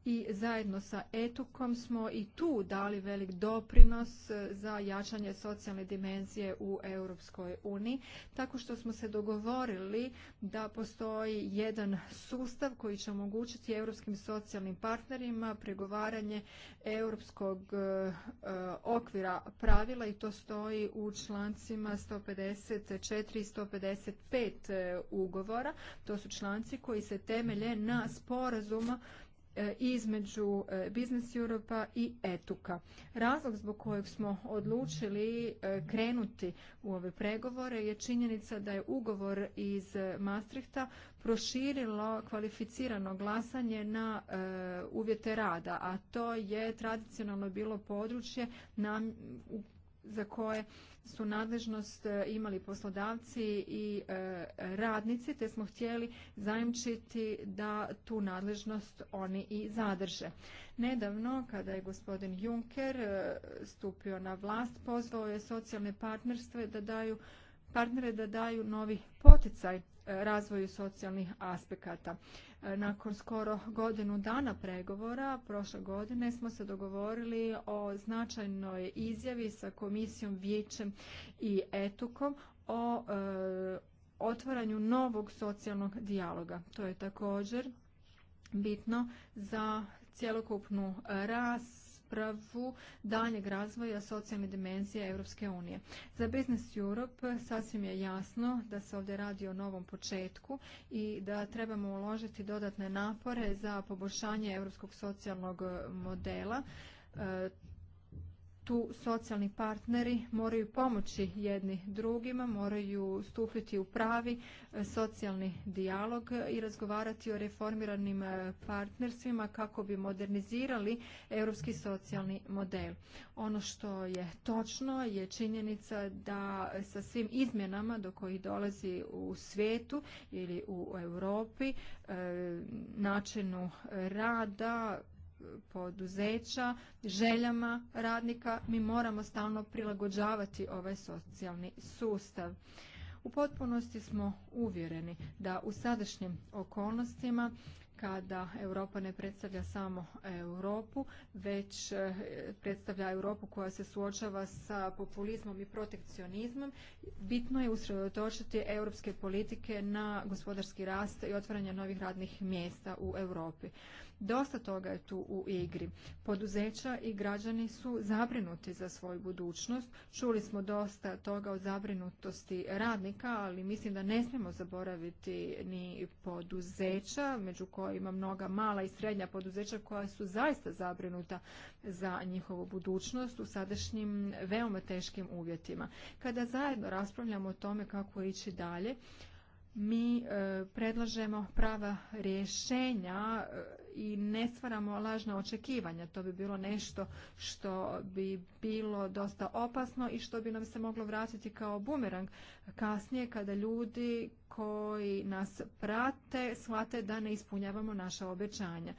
[SPEAKER 4] i zajedno sa Etukom smo i tu dali velik doprinos e, za jačanje socijalne dimenzije u Europskoj uniji, tako što smo se dogovorili da postoji jedan sustav koji će omogućiti europskim socijalnim partnerima pregovaranje europskog e, e, okvira pravila i to stoji u člancima 154 i 155 ugovora. To su članci koji se temelje na sporazuma E, između e, Business Europa i Etuka. Razlog zbog kojeg smo odlučili e, krenuti u ove pregovore je činjenica da je ugovor iz Maastrichta proširilo kvalificirano glasanje na uvjete rada, a to je tradicionalno bilo područje na, u za koje su nadležnost e, imali poslodavci i e, radnici, te smo htjeli zajamčiti da tu nadležnost oni i zadrže. Nedavno, kada je gospodin Juncker e, stupio na vlast, pozvao je socijalne partnerstve da daju partnere da daju novi poticaj e, razvoju socijalnih aspekata. E, nakon skoro godinu dana pregovora, prošle godine smo se dogovorili o značajnoj izjavi sa komisijom, vijećem i etukom o e, otvaranju novog socijalnog dijaloga. To je također bitno za cjelokupnu rast, raspravu daljnjeg razvoja socijalne dimenzije Europske unije. Za Business Europe sasvim je jasno da se ovdje radi o novom početku i da trebamo uložiti dodatne napore za poboljšanje europskog socijalnog modela e, tu socijalni partneri moraju pomoći jedni drugima, moraju stupiti u pravi e, socijalni dijalog i razgovarati o reformiranim e, partnerstvima kako bi modernizirali europski socijalni model. Ono što je točno je činjenica da sa svim izmjenama do kojih dolazi u svijetu ili u Europi, e, načinu rada, poduzeća, željama radnika. Mi moramo stalno prilagođavati ovaj socijalni sustav. U potpunosti smo uvjereni da u sadašnjim okolnostima kada Europa ne predstavlja samo Europu, već e, predstavlja Europu koja se suočava sa populizmom i protekcionizmom, bitno je usredotočiti europske politike na gospodarski rast i otvaranje novih radnih mjesta u Europi. Dosta toga je tu u igri. Poduzeća i građani su zabrinuti za svoju budućnost. Čuli smo dosta toga o zabrinutosti radnika, ali mislim da ne smijemo zaboraviti ni poduzeća, među kojima mnoga mala i srednja poduzeća koja su zaista zabrinuta za njihovu budućnost u sadašnjim veoma teškim uvjetima. Kada zajedno raspravljamo o tome kako ići dalje, mi e, predlažemo prava rješenja e, i ne stvaramo lažna očekivanja. To bi bilo nešto što bi bilo dosta opasno i što bi nam se moglo vratiti kao bumerang kasnije kada ljudi koji nas prate shvate da ne ispunjavamo naša obećanja.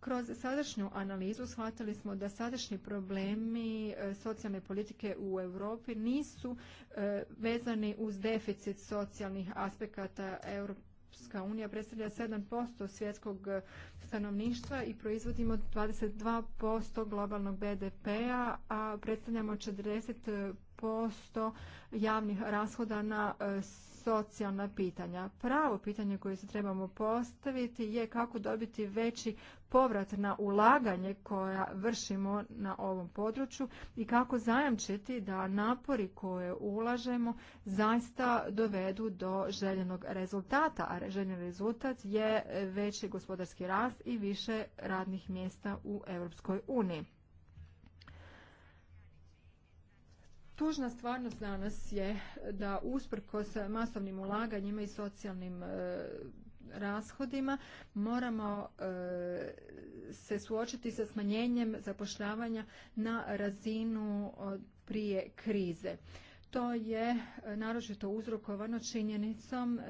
[SPEAKER 4] Kroz sadašnju analizu shvatili smo da sadašnji problemi e, socijalne politike u Europi nisu e, vezani uz deficit socijalnih aspekata EU. Evropska unija predstavlja 7% svjetskog eh, stanovništva i proizvodimo 22% globalnog BDP-a, a predstavljamo 40% javnih rashoda na eh, socijalna pitanja. Pravo pitanje koje se trebamo postaviti je kako dobiti veći povrat na ulaganje koja vršimo na ovom području i kako zajamčiti da napori koje ulažemo zaista dovedu do željenog rezultata, a željen rezultat je veći gospodarski rast i više radnih mjesta u Europskoj uniji. Tužna stvarnost danas je da usprkos masovnim ulaganjima i socijalnim e, rashodima moramo e, se suočiti sa smanjenjem zapošljavanja na razinu prije krize. To je naročito uzrokovano činjenicom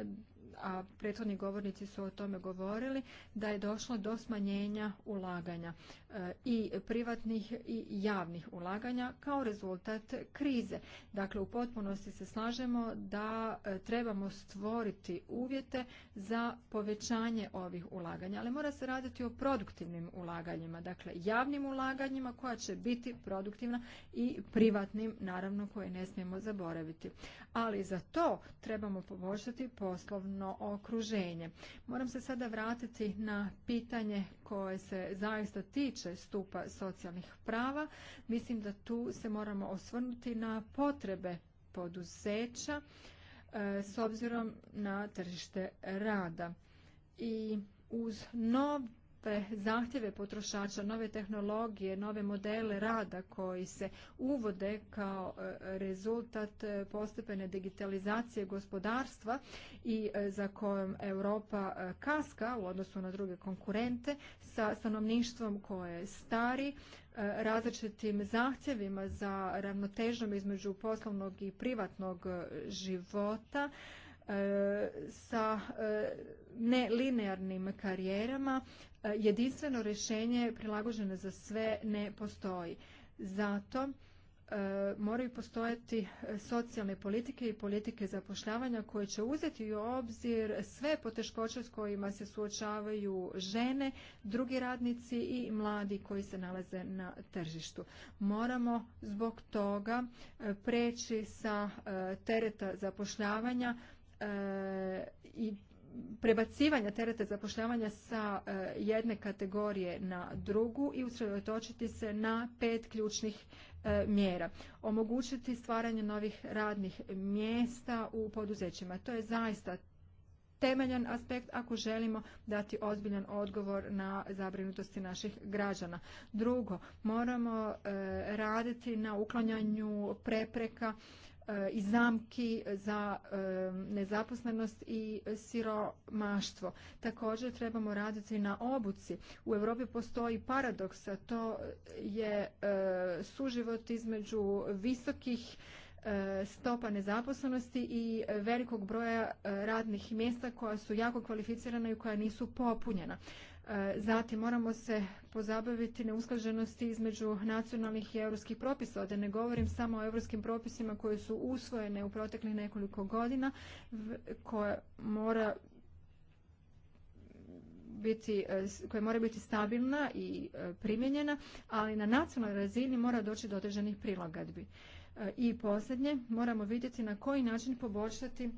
[SPEAKER 4] a prethodni govornici su o tome govorili, da je došlo do smanjenja ulaganja e, i privatnih i javnih ulaganja kao rezultat krize. Dakle, u potpunosti se slažemo da e, trebamo stvoriti uvjete za povećanje ovih ulaganja, ali mora se raditi o produktivnim ulaganjima, dakle javnim ulaganjima koja će biti produktivna i privatnim, naravno, koje ne smijemo zaboraviti ali za to trebamo poboljšati poslovno okruženje. Moram se sada vratiti na pitanje koje se zaista tiče stupa socijalnih prava. Mislim da tu se moramo osvrnuti na potrebe poduzeća e, s obzirom na tržište rada. I uz nov zahtjeve potrošača, nove tehnologije, nove modele rada koji se uvode kao e, rezultat e, postepene digitalizacije gospodarstva i e, za kojom Europa kaska u odnosu na druge konkurente sa stanovništvom koje je stari, različitim zahtjevima za ravnotežom između poslovnog i privatnog života, E, sa e, nelinearnim karijerama e, jedinstveno rješenje prilagođeno za sve ne postoji. Zato moraju postojati socijalne politike i politike zapošljavanja koje će uzeti u obzir sve poteškoće s kojima se suočavaju žene, drugi radnici i mladi koji se nalaze na tržištu. Moramo zbog toga preći sa tereta zapošljavanja i prebacivanja tereta zapošljavanja sa e, jedne kategorije na drugu i usredotočiti se na pet ključnih e, mjera. Omogućiti stvaranje novih radnih mjesta u poduzećima. To je zaista temeljan aspekt ako želimo dati ozbiljan odgovor na zabrinutosti naših građana. Drugo, moramo e, raditi na uklanjanju prepreka E, i zamki za e, nezaposlenost i siromaštvo. Također trebamo raditi na obuci. U Europi postoji paradoks, a to je e, suživot između visokih stopa nezaposlenosti i velikog broja radnih mjesta koja su jako kvalificirana i koja nisu popunjena. Zatim moramo se pozabaviti neusklađenosti između nacionalnih i europskih propisa. Da ne govorim samo o europskim propisima koje su usvojene u proteklih nekoliko godina, koje mora biti, e, mora biti stabilna i e, primjenjena, ali na nacionalnoj razini mora doći do određenih prilagadbi. E, I posljednje, moramo vidjeti na koji način poboljšati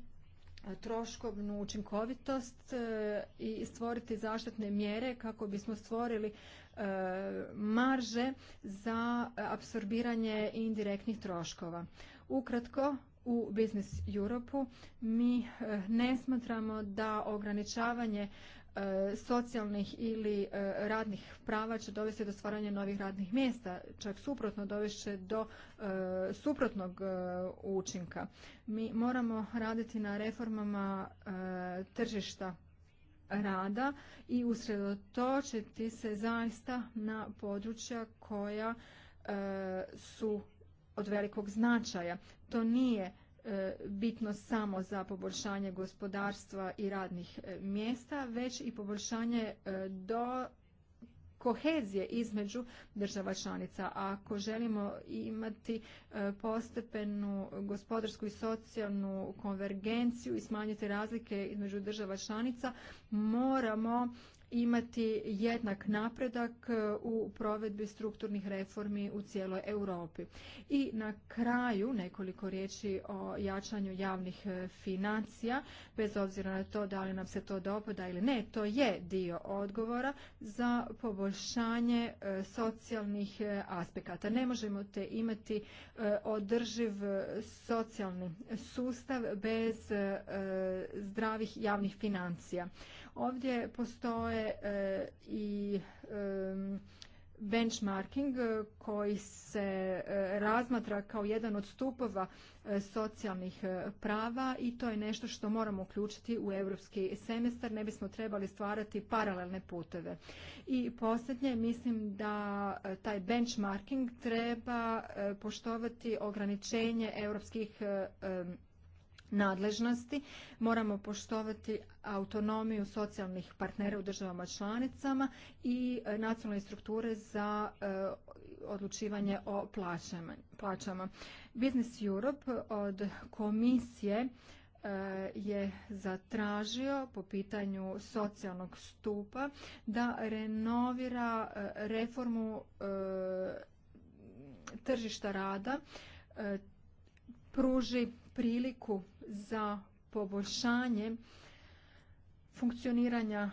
[SPEAKER 4] troškovnu učinkovitost e, i stvoriti zaštitne mjere kako bismo stvorili e, marže za apsorbiranje indirektnih troškova. Ukratko, u Business Europu mi e, ne smatramo da ograničavanje E, socijalnih ili e, radnih prava će dovesti do stvaranja novih radnih mjesta, čak suprotno dovešće do e, suprotnog učinka. Mi moramo raditi na reformama tržišta rada i usredotočiti se zaista na područja koja su od velikog značaja. To nije E, bitno samo za poboljšanje gospodarstva i radnih e, mjesta, već i poboljšanje e, do kohezije između država članica. ako želimo imati postepenu gospodarsku i socijalnu konvergenciju i smanjiti razlike između država članica, moramo imati jednak napredak e, u provedbi strukturnih reformi u cijeloj Europi. I na kraju nekoliko riječi o jačanju javnih e, financija, bez obzira na to da li nam se to dopada ili ne, to je dio odgovora za poboljšanje e, socijalnih aspekata. Ne možemo te imati održiv socijalni sustav bez zdravih javnih financija. Ovdje postoje e, i e, benchmarking e, koji se razmatra kao jedan od stupova socijalnih prava i to je nešto što moramo uključiti u europski semestar. Ne bismo trebali stvarati paralelne puteve. I posljednje, mislim da taj benchmarking treba poštovati ograničenje europskih nadležnosti, moramo poštovati autonomiju socijalnih partnera u državama članicama i e, nacionalne strukture za e, odlučivanje o plaćama. Business Europe e, od komisije je zatražio po pitanju socijalnog stupa da renovira reformu tržišta rada, pruži priliku za poboljšanje funkcioniranja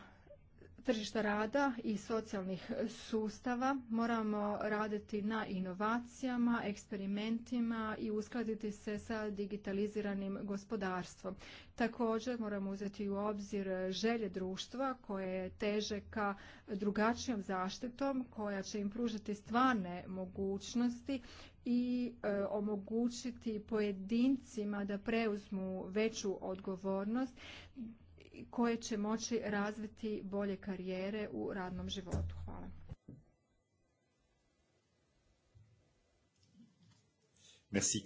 [SPEAKER 4] tržišta rada i socijalnih sustava moramo raditi na inovacijama, eksperimentima i uskladiti se sa digitaliziranim gospodarstvom. Također moramo uzeti u obzir želje društva koje teže ka drugačijom zaštitom koja će im pružiti stvarne mogućnosti i e, omogućiti pojedincima da preuzmu veću odgovornost koje će moći razviti bolje karijere u radnom životu. Hvala.
[SPEAKER 1] Merci.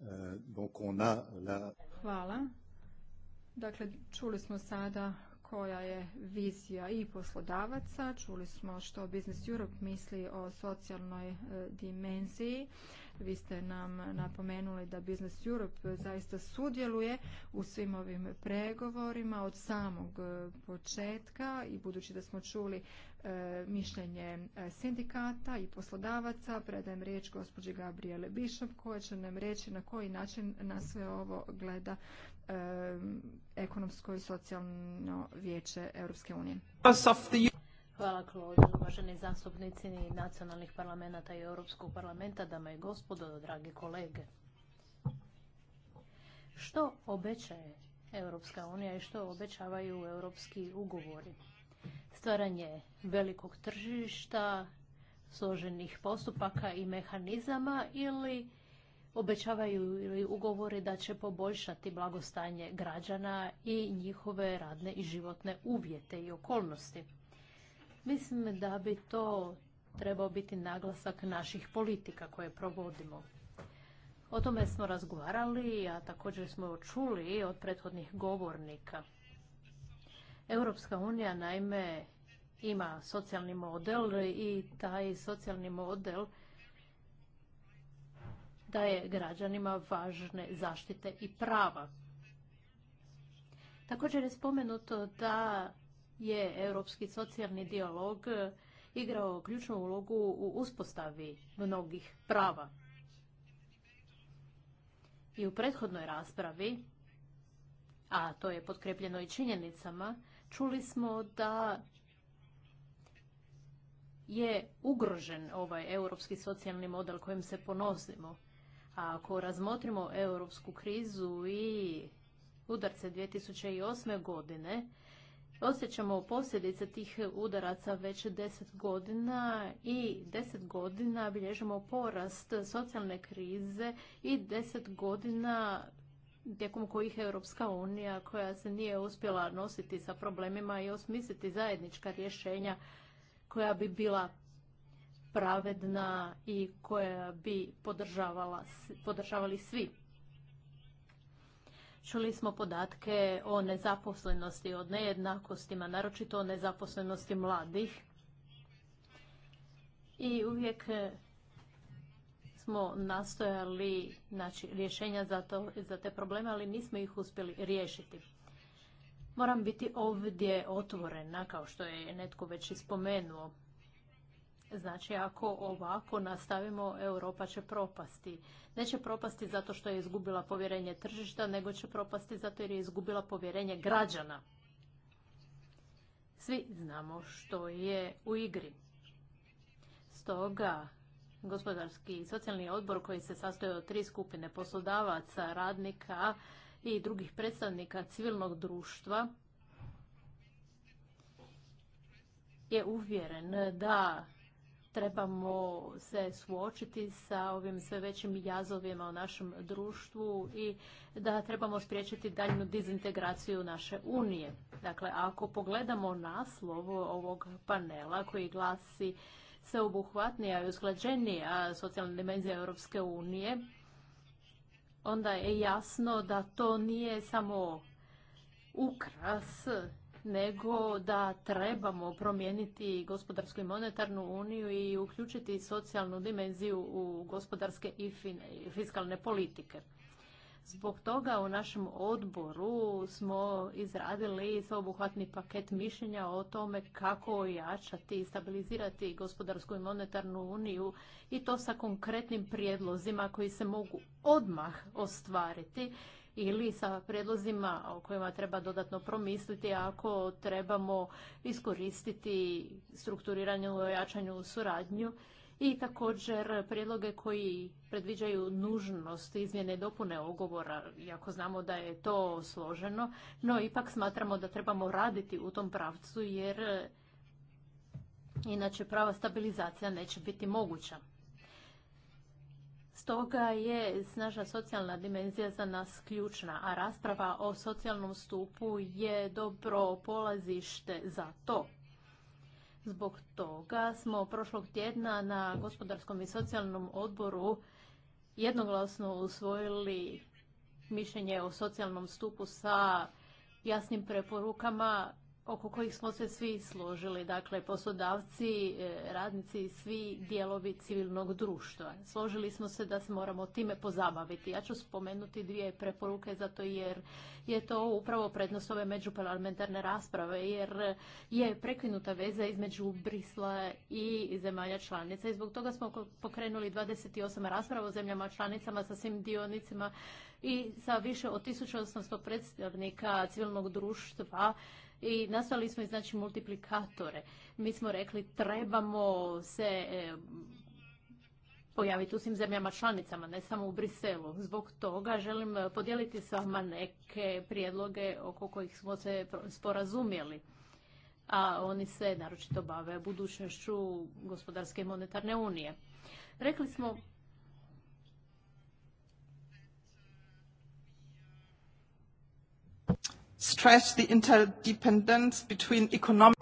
[SPEAKER 1] Euh, donc on a la...
[SPEAKER 4] Hvala. Dakle, čuli smo sada koja je vizija i poslodavaca. Čuli smo što Business Europe misli o socijalnoj e, dimenziji. Vi ste nam napomenuli da Business Europe zaista sudjeluje u svim ovim pregovorima od samog e, početka i budući da smo čuli e, mišljenje sindikata i poslodavaca, predajem riječ gospođi Gabriele Bišop koja će nam reći na koji način na sve ovo gleda ekonomsko i socijalno vijeće Europske unije.
[SPEAKER 3] Hvala Klođu, uvaženi zastupnici nacionalnih parlamenta i Europskog parlamenta, dame i gospodo, dragi kolege. Što obećaje Europska unija i što obećavaju europski ugovori? Stvaranje velikog tržišta, složenih postupaka i mehanizama ili obećavaju ugovori da će poboljšati blagostanje građana i njihove radne i životne uvjete i okolnosti. Mislim da bi to trebao biti naglasak naših politika koje provodimo. O tome smo razgovarali, a također smo čuli od prethodnih govornika. Europska unija naime ima socijalni model i taj socijalni model je građanima važne zaštite i prava. Također je spomenuto da je europski socijalni dijalog igrao ključnu ulogu u uspostavi mnogih prava. I u prethodnoj raspravi, a to je potkrepljeno i činjenicama, čuli smo da je ugrožen ovaj europski socijalni model kojim se ponosimo. A ako razmotrimo europsku krizu i udarce 2008. godine, osjećamo posljedice tih udaraca već deset godina i deset godina bilježimo porast socijalne krize i deset godina tijekom kojih Europska unija koja se nije uspjela nositi sa problemima i osmisliti zajednička rješenja koja bi bila pravedna i koja bi podržavali svi. Čuli smo podatke o nezaposlenosti, o nejednakostima, naročito o nezaposlenosti mladih. I uvijek eh, smo nastojali znači, rješenja za, za te probleme, ali nismo ih uspjeli riješiti. Moram biti ovdje otvorena, kao što je netko već spomenuo. Znači, ako ovako nastavimo, Europa će propasti. Neće propasti zato što je izgubila povjerenje tržišta, nego će propasti zato jer je izgubila povjerenje građana. Svi znamo što je u igri. Stoga, gospodarski i socijalni odbor koji se sastoji od tri skupine poslodavaca, radnika i drugih predstavnika civilnog društva, je uvjeren da trebamo se suočiti sa ovim sve većim jazovima u našem društvu i da trebamo spriječiti daljnu dizintegraciju naše unije. Dakle, ako pogledamo naslov ovog panela koji glasi sveobuhvatnija i usklađenija socijalna dimenzija Europske unije, onda je jasno da to nije samo ukras nego da trebamo promijeniti gospodarsku i monetarnu uniju i uključiti socijalnu dimenziju u gospodarske i fiskalne politike. Zbog toga u našem odboru smo izradili sveobuhvatni paket mišljenja o tome kako ojačati i stabilizirati gospodarsku i monetarnu uniju i to sa konkretnim prijedlozima koji se mogu odmah ostvariti ili sa predlozima o kojima treba dodatno promisliti ako trebamo iskoristiti strukturiranje u ojačanju suradnju i također prijedloge koji predviđaju nužnost izmjene i dopune ugovora, iako znamo da je to složeno, no ipak smatramo da trebamo raditi u tom pravcu jer inače prava stabilizacija neće biti moguća. Stoga je naša socijalna dimenzija za nas ključna, a rasprava o socijalnom stupu je dobro polazište za to. Zbog toga smo prošlog tjedna na gospodarskom i socijalnom odboru jednoglasno usvojili mišljenje o socijalnom stupu sa jasnim preporukama oko kojih smo se svi složili, dakle poslodavci, e, radnici, svi dijelovi civilnog društva. Složili smo se da se moramo time pozabaviti. Ja ću spomenuti dvije preporuke zato jer je to upravo prednost ove međuparlamentarne rasprave jer je prekinuta veza između Brisla i zemalja članica i zbog toga smo pokrenuli 28 rasprava o zemljama članicama sa svim dionicima i sa više od 1800 predstavnika civilnog društva i nastali smo znači multiplikatore. Mi smo rekli trebamo se e, pojaviti u svim zemljama članicama, ne samo u Briselu. Zbog toga želim e, podijeliti s vama neke prijedloge oko kojih smo se sporazumjeli. A oni se naročito bave budućnošću gospodarske i monetarne unije. Rekli smo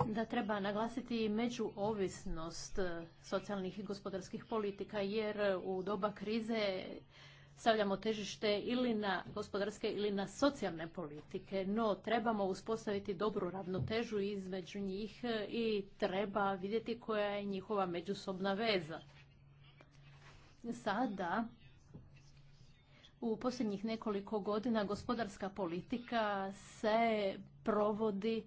[SPEAKER 3] Da treba naglasiti međuovisnost e, socijalnih i gospodarskih politika jer e, u doba krize stavljamo težište ili na gospodarske ili na socijalne politike, no trebamo uspostaviti dobru ravnotežu između njih e, i treba vidjeti koja je njihova međusobna veza. Sada u posljednjih nekoliko godina gospodarska politika se provodi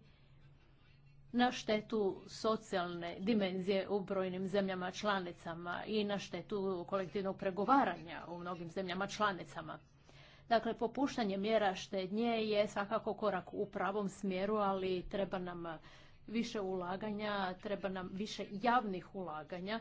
[SPEAKER 3] na štetu socijalne dimenzije u brojnim zemljama članicama i na štetu kolektivnog pregovaranja u mnogim zemljama članicama. Dakle, popuštanje mjera štednje je svakako korak u pravom smjeru, ali treba nam više ulaganja, treba nam više javnih ulaganja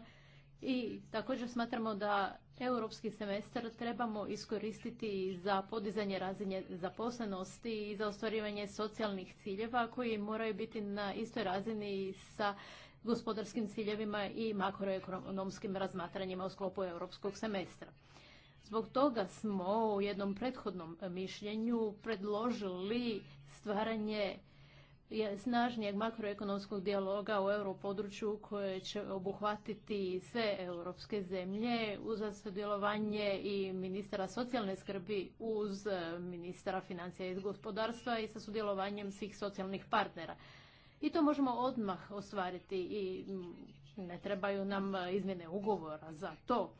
[SPEAKER 3] i također smatramo da europski semestar trebamo iskoristiti za podizanje razine zaposlenosti i za ostvarivanje socijalnih ciljeva koji moraju biti na istoj razini sa gospodarskim ciljevima i makroekonomskim razmatranjima u sklopu europskog semestra. Zbog toga smo u jednom prethodnom mišljenju predložili stvaranje snažnijeg makroekonomskog dijaloga u europodručju koje će obuhvatiti sve europske zemlje uz sudjelovanje i ministra socijalne skrbi uz ministra financija i gospodarstva i sa sudjelovanjem svih socijalnih partnera. I to možemo odmah ostvariti i ne trebaju nam izmjene ugovora za to.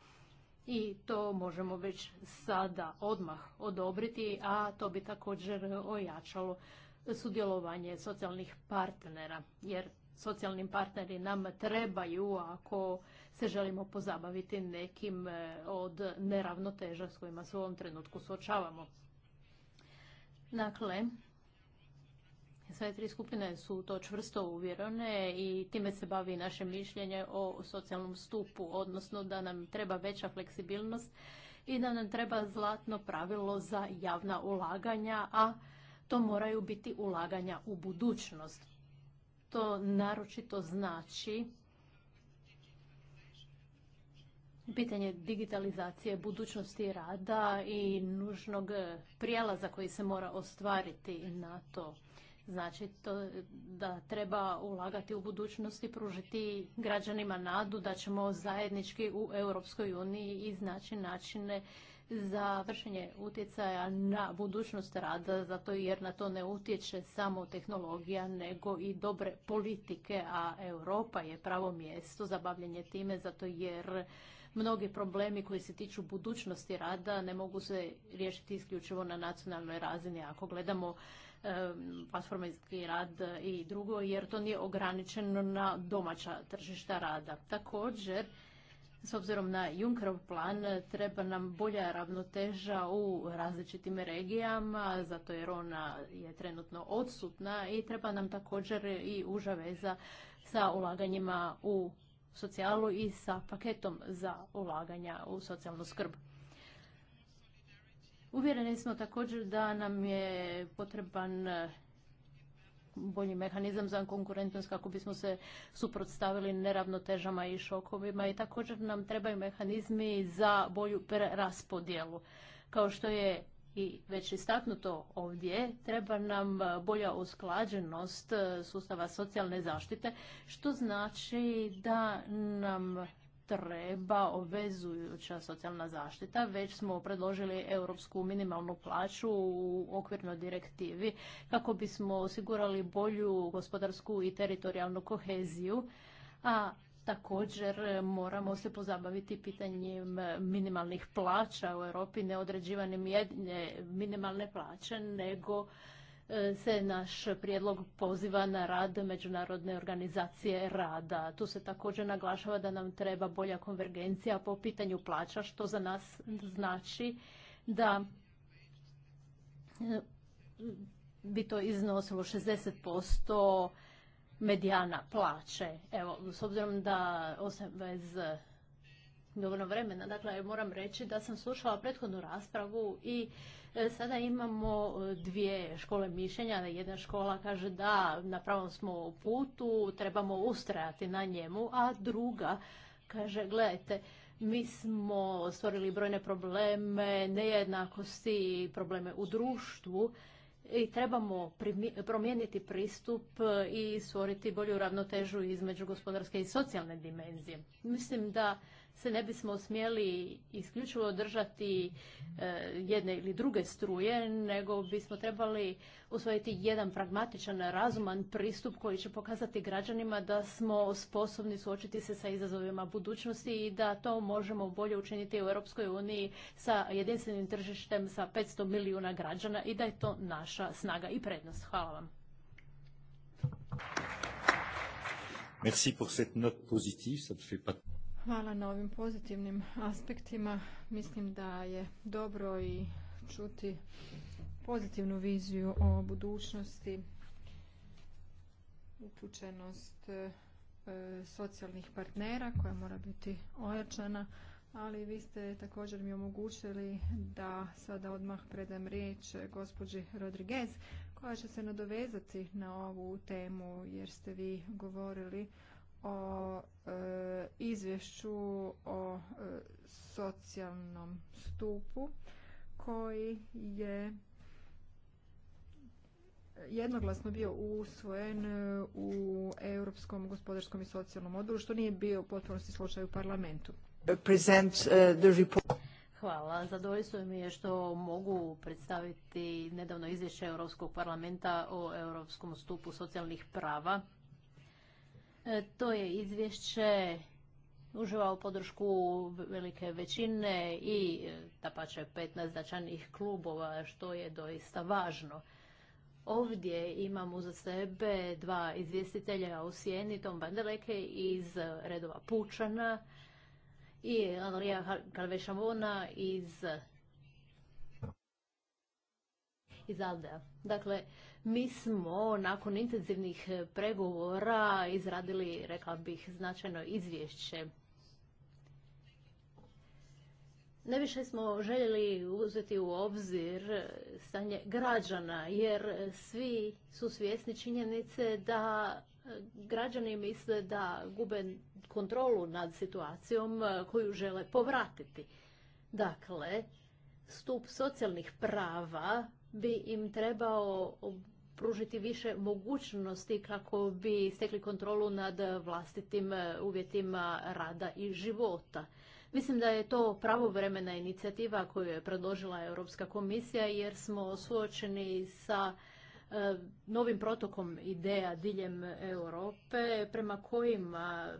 [SPEAKER 3] I to možemo već sada odmah odobriti, a to bi također ojačalo sudjelovanje socijalnih partnera, jer socijalni partneri nam trebaju ako se želimo pozabaviti nekim e, od neravnoteža s kojima se u ovom trenutku suočavamo. Dakle, sve tri skupine su to čvrsto uvjerene i time se bavi naše mišljenje o socijalnom stupu, odnosno da nam treba veća fleksibilnost i da nam treba zlatno pravilo za javna ulaganja, a to moraju biti ulaganja u budućnost. To naročito znači pitanje digitalizacije budućnosti rada i nužnog prijelaza koji se mora ostvariti na to. Znači to da treba ulagati u budućnost i pružiti građanima nadu da ćemo zajednički u Europskoj uniji iznaći načine za vršenje utjecaja na budućnost rada, zato jer na to ne utječe samo tehnologija, nego i dobre politike, a Europa je pravo mjesto za bavljanje time, zato jer mnogi problemi koji se tiču budućnosti rada ne mogu se riješiti isključivo na nacionalnoj razini. Ako gledamo platformski rad i drugo, jer to nije ograničeno na domaća tržišta rada. Također, s obzirom na Junkerov plan treba nam bolja ravnoteža u različitim regijama, zato jer ona je trenutno odsutna i treba nam također i uža veza sa ulaganjima u socijalu i sa paketom za ulaganja u socijalnu skrb. Uvjereni smo također da nam je potreban bolji mehanizam za konkurentnost kako bismo se suprotstavili neravnotežama i šokovima i također nam trebaju mehanizmi za bolju preraspodjelu. Kao što je i već istaknuto ovdje, treba nam bolja usklađenost sustava socijalne zaštite, što znači da nam treba obvezujuća socijalna zaštita, već smo predložili europsku minimalnu plaću u okvirnoj direktivi kako bismo osigurali bolju gospodarsku i teritorijalnu koheziju, a Također moramo se pozabaviti pitanjem minimalnih plaća u Europi, ne određivanjem minimalne plaće, nego E, se naš prijedlog poziva na rad Međunarodne organizacije rada. Tu se također naglašava da nam treba bolja konvergencija po pitanju plaća, što za nas znači da e, bi to iznosilo 60% medijana plaće. Evo, s obzirom da osim bez dovoljno vremena, dakle moram reći da sam slušala prethodnu raspravu i E, sada imamo e, dvije škole mišljenja. Jedna škola kaže da na pravom smo putu, trebamo ustrajati na njemu, a druga kaže gledajte, mi smo stvorili brojne probleme, nejednakosti, probleme u društvu i trebamo promijeniti pristup e, i stvoriti bolju ravnotežu između gospodarske i socijalne dimenzije. Mislim da se ne bismo smjeli isključivo držati e, jedne ili druge struje, nego bismo trebali usvojiti jedan pragmatičan, razuman pristup koji će pokazati građanima da smo sposobni suočiti se sa izazovima budućnosti i da to možemo bolje učiniti u Europskoj uniji sa jedinstvenim tržištem sa 500 milijuna građana i da je to naša snaga i prednost. Hvala vam.
[SPEAKER 1] Merci pour cette note positive, ça fait pas
[SPEAKER 4] Hvala na ovim pozitivnim aspektima. Mislim da je dobro i čuti pozitivnu viziju o budućnosti, upućenost e, socijalnih partnera koja mora biti ojačana, ali vi ste također mi omogućili da sada odmah predam riječ gospođi Rodriguez koja će se nadovezati na ovu temu jer ste vi govorili o e, izvješću o e, socijalnom stupu koji je jednoglasno bio usvojen u Europskom gospodarskom i socijalnom odboru, što nije bio u potpunosti slučaj
[SPEAKER 3] u parlamentu. E, Hvala. Zadovoljstvo mi je što mogu predstaviti nedavno izvješće Europskog parlamenta o Europskom stupu socijalnih prava E, to je izvješće uživao podršku velike većine i tapače e, 15 značajnih klubova, što je doista važno. Ovdje imam uza sebe dva izvjestitelja u Sijeni, Tom Bandeleke iz redova Pučana i anorija Kalvešamona iz iz Aldea. Dakle, mi smo nakon intenzivnih e, pregovora izradili, rekla bih, značajno izvješće. Najviše smo željeli uzeti u obzir e, stanje građana, jer svi su svjesni činjenice da
[SPEAKER 1] e, građani
[SPEAKER 3] misle da gube kontrolu nad situacijom koju žele povratiti. Dakle, stup socijalnih prava bi im trebao pružiti više mogućnosti kako bi stekli kontrolu nad vlastitim e, uvjetima rada i života. Mislim da je to pravovremena inicijativa koju je predložila Europska komisija jer smo suočeni sa e, novim protokom ideja diljem Europe prema kojim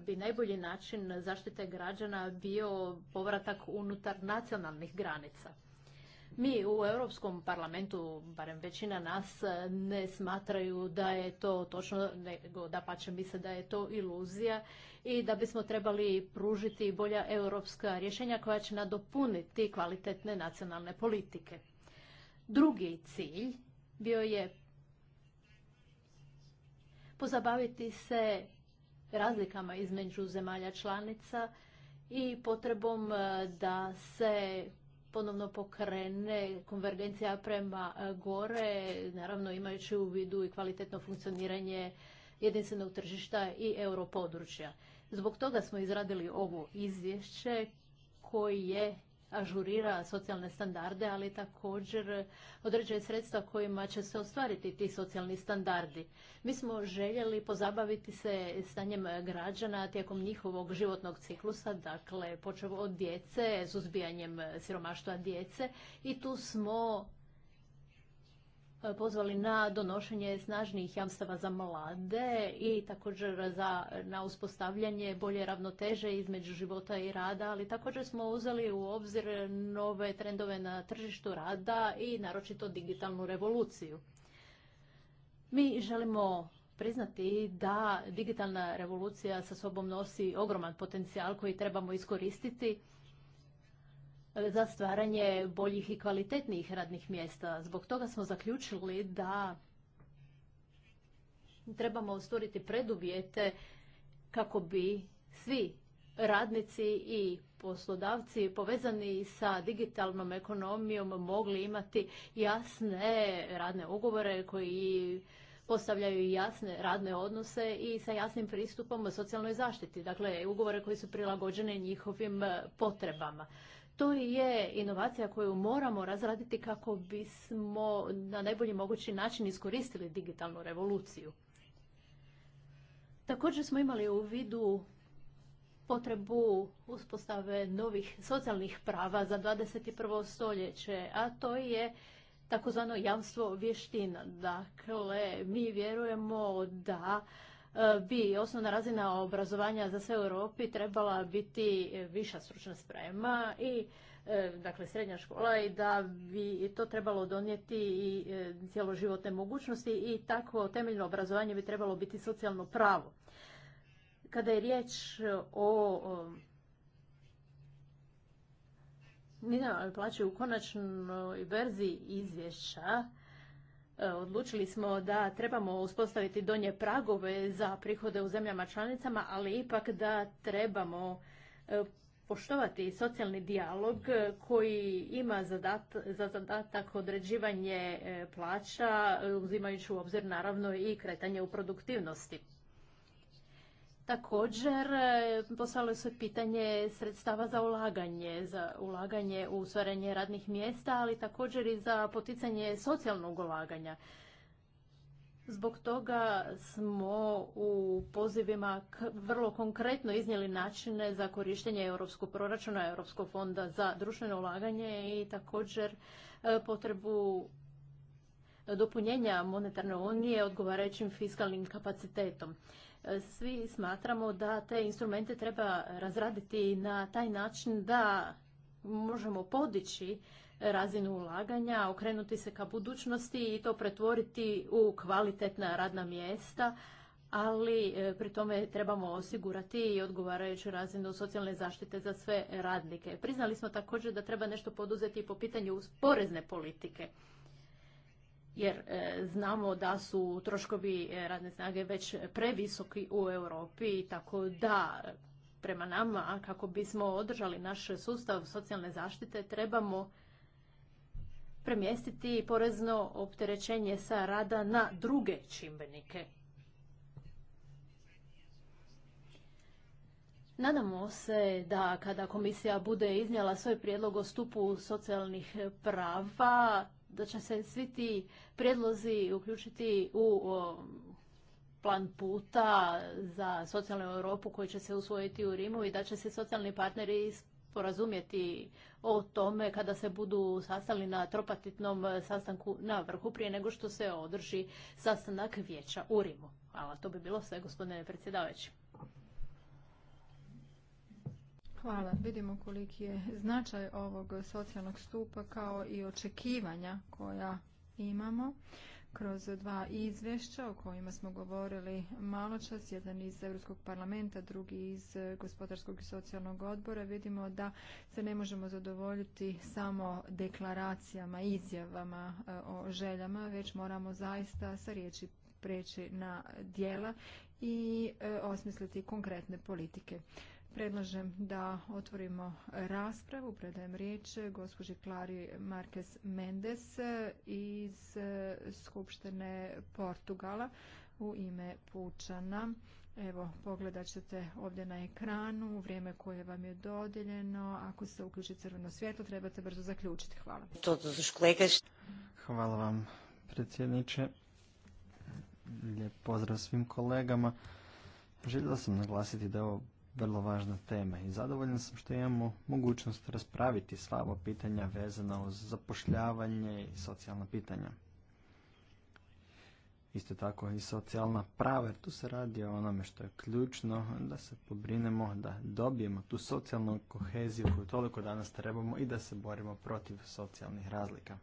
[SPEAKER 3] bi najbolji način zaštite građana bio povratak unutar nacionalnih granica. Mi u Europskom parlamentu, barem većina nas, ne smatraju da je to točno, nego da pače misle da je to iluzija i da bismo trebali pružiti bolja europska rješenja koja će nadopuniti kvalitetne nacionalne politike. Drugi cilj bio je pozabaviti se razlikama između zemalja članica i potrebom eh, da se ponovno pokrene konvergencija prema e, gore, naravno imajući u vidu i kvalitetno funkcioniranje jedinstvenog tržišta i europodručja. Zbog toga smo izradili ovo izvješće koje je ažurira socijalne standarde, ali također određuje sredstva kojima će se ostvariti ti socijalni standardi. Mi smo željeli pozabaviti se stanjem građana tijekom njihovog životnog ciklusa, dakle počevo od djece, suzbijanjem siromaštva djece i tu smo E, pozvali na donošenje snažnijih jamstava za mlade i također za, na uspostavljanje bolje ravnoteže između života i rada, ali također smo uzeli u obzir nove trendove na tržištu rada i naročito digitalnu revoluciju. Mi želimo priznati da digitalna revolucija sa sobom nosi ogroman potencijal koji trebamo iskoristiti za stvaranje boljih i kvalitetnijih radnih mjesta. Zbog toga smo zaključili da trebamo stvoriti preduvjete kako bi svi radnici i poslodavci povezani sa digitalnom ekonomijom mogli imati jasne radne ugovore koji postavljaju jasne radne odnose i sa jasnim pristupom socijalnoj zaštiti. Dakle, ugovore koji su prilagođene njihovim potrebama. To je inovacija koju moramo razraditi kako bismo na najbolji mogući način iskoristili digitalnu revoluciju. Također smo imali u vidu potrebu uspostave novih socijalnih prava za 21. stoljeće, a to je takozvano jamstvo vještina. Dakle, mi vjerujemo da bi osnovna razina obrazovanja za sve u Europi trebala biti e, viša stručna sprema i e, dakle srednja škola i da bi to trebalo donijeti i e, cjeloživotne mogućnosti i takvo temeljno obrazovanje bi trebalo biti socijalno pravo. Kada je riječ o minimalnoj plaći u konačnoj verziji izvješća, E, odlučili smo da trebamo uspostaviti donje pragove za prihode u zemljama članicama, ali ipak da trebamo e, poštovati socijalni dijalog e, koji ima za zadatak određivanje plaća, uzimajući u obzir naravno i kretanje u produktivnosti. Također, e, postavilo se pitanje sredstava za ulaganje, za ulaganje u stvaranje radnih mjesta, ali također i za poticanje socijalnog ulaganja. Zbog toga smo u pozivima vrlo konkretno iznijeli načine za korištenje europskog proračuna, europskog fonda za društveno ulaganje i također e, potrebu dopunjenja monetarne unije odgovarajućim fiskalnim kapacitetom svi smatramo da te instrumente treba razraditi na taj način da možemo podići razinu ulaganja, okrenuti se ka budućnosti i to pretvoriti u kvalitetna radna mjesta, ali e, pri tome trebamo osigurati i odgovarajuću razinu socijalne zaštite za sve radnike. Priznali smo također da treba nešto poduzeti po pitanju porezne politike jer e, znamo da su troškovi e, radne snage već previsoki u Europi, tako da prema nama, kako bismo održali naš sustav socijalne zaštite, trebamo premjestiti porezno opterećenje sa rada na druge čimbenike. Nadamo se da kada komisija bude iznijela svoj prijedlog o stupu socijalnih prava, da će se svi ti prijedlozi uključiti u plan puta za socijalnu Europu koji će se usvojiti u Rimu i da će se socijalni partneri porazumjeti o tome kada se budu sastali na tropatitnom sastanku na vrhu prije nego što se održi sastanak vijeća u Rimu. Hvala, to bi bilo sve gospodine predsjedavajući.
[SPEAKER 4] Hvala. Vidimo koliki je značaj ovog socijalnog stupa kao i očekivanja koja imamo kroz dva izvješća o kojima smo govorili malo čas, jedan iz Europskog parlamenta, drugi iz Gospodarskog i socijalnog odbora, vidimo da se ne možemo zadovoljiti samo deklaracijama, izjavama e, o željama, već moramo zaista sa riječi preći na dijela i e, osmisliti konkretne politike. Predlažem da otvorimo raspravu. Predajem riječ gospođi Klari Marques Mendes iz Skupštine Portugala u ime Pučana. Evo, pogledat ćete ovdje na ekranu vrijeme koje vam je dodijeljeno. Ako se uključi crveno svjetlo, trebate brzo zaključiti. Hvala.
[SPEAKER 2] Hvala vam, predsjedniče. Lijep pozdrav svim kolegama. Željela sam naglasiti da je ovo vrlo važna tema i zadovoljan sam što imamo mogućnost raspraviti sva ova pitanja vezana uz zapošljavanje i socijalna pitanja. Isto tako i socijalna prava, jer tu se radi o onome što je ključno, da se pobrinemo, da dobijemo tu socijalnu koheziju koju toliko danas trebamo i da se borimo protiv socijalnih razlika.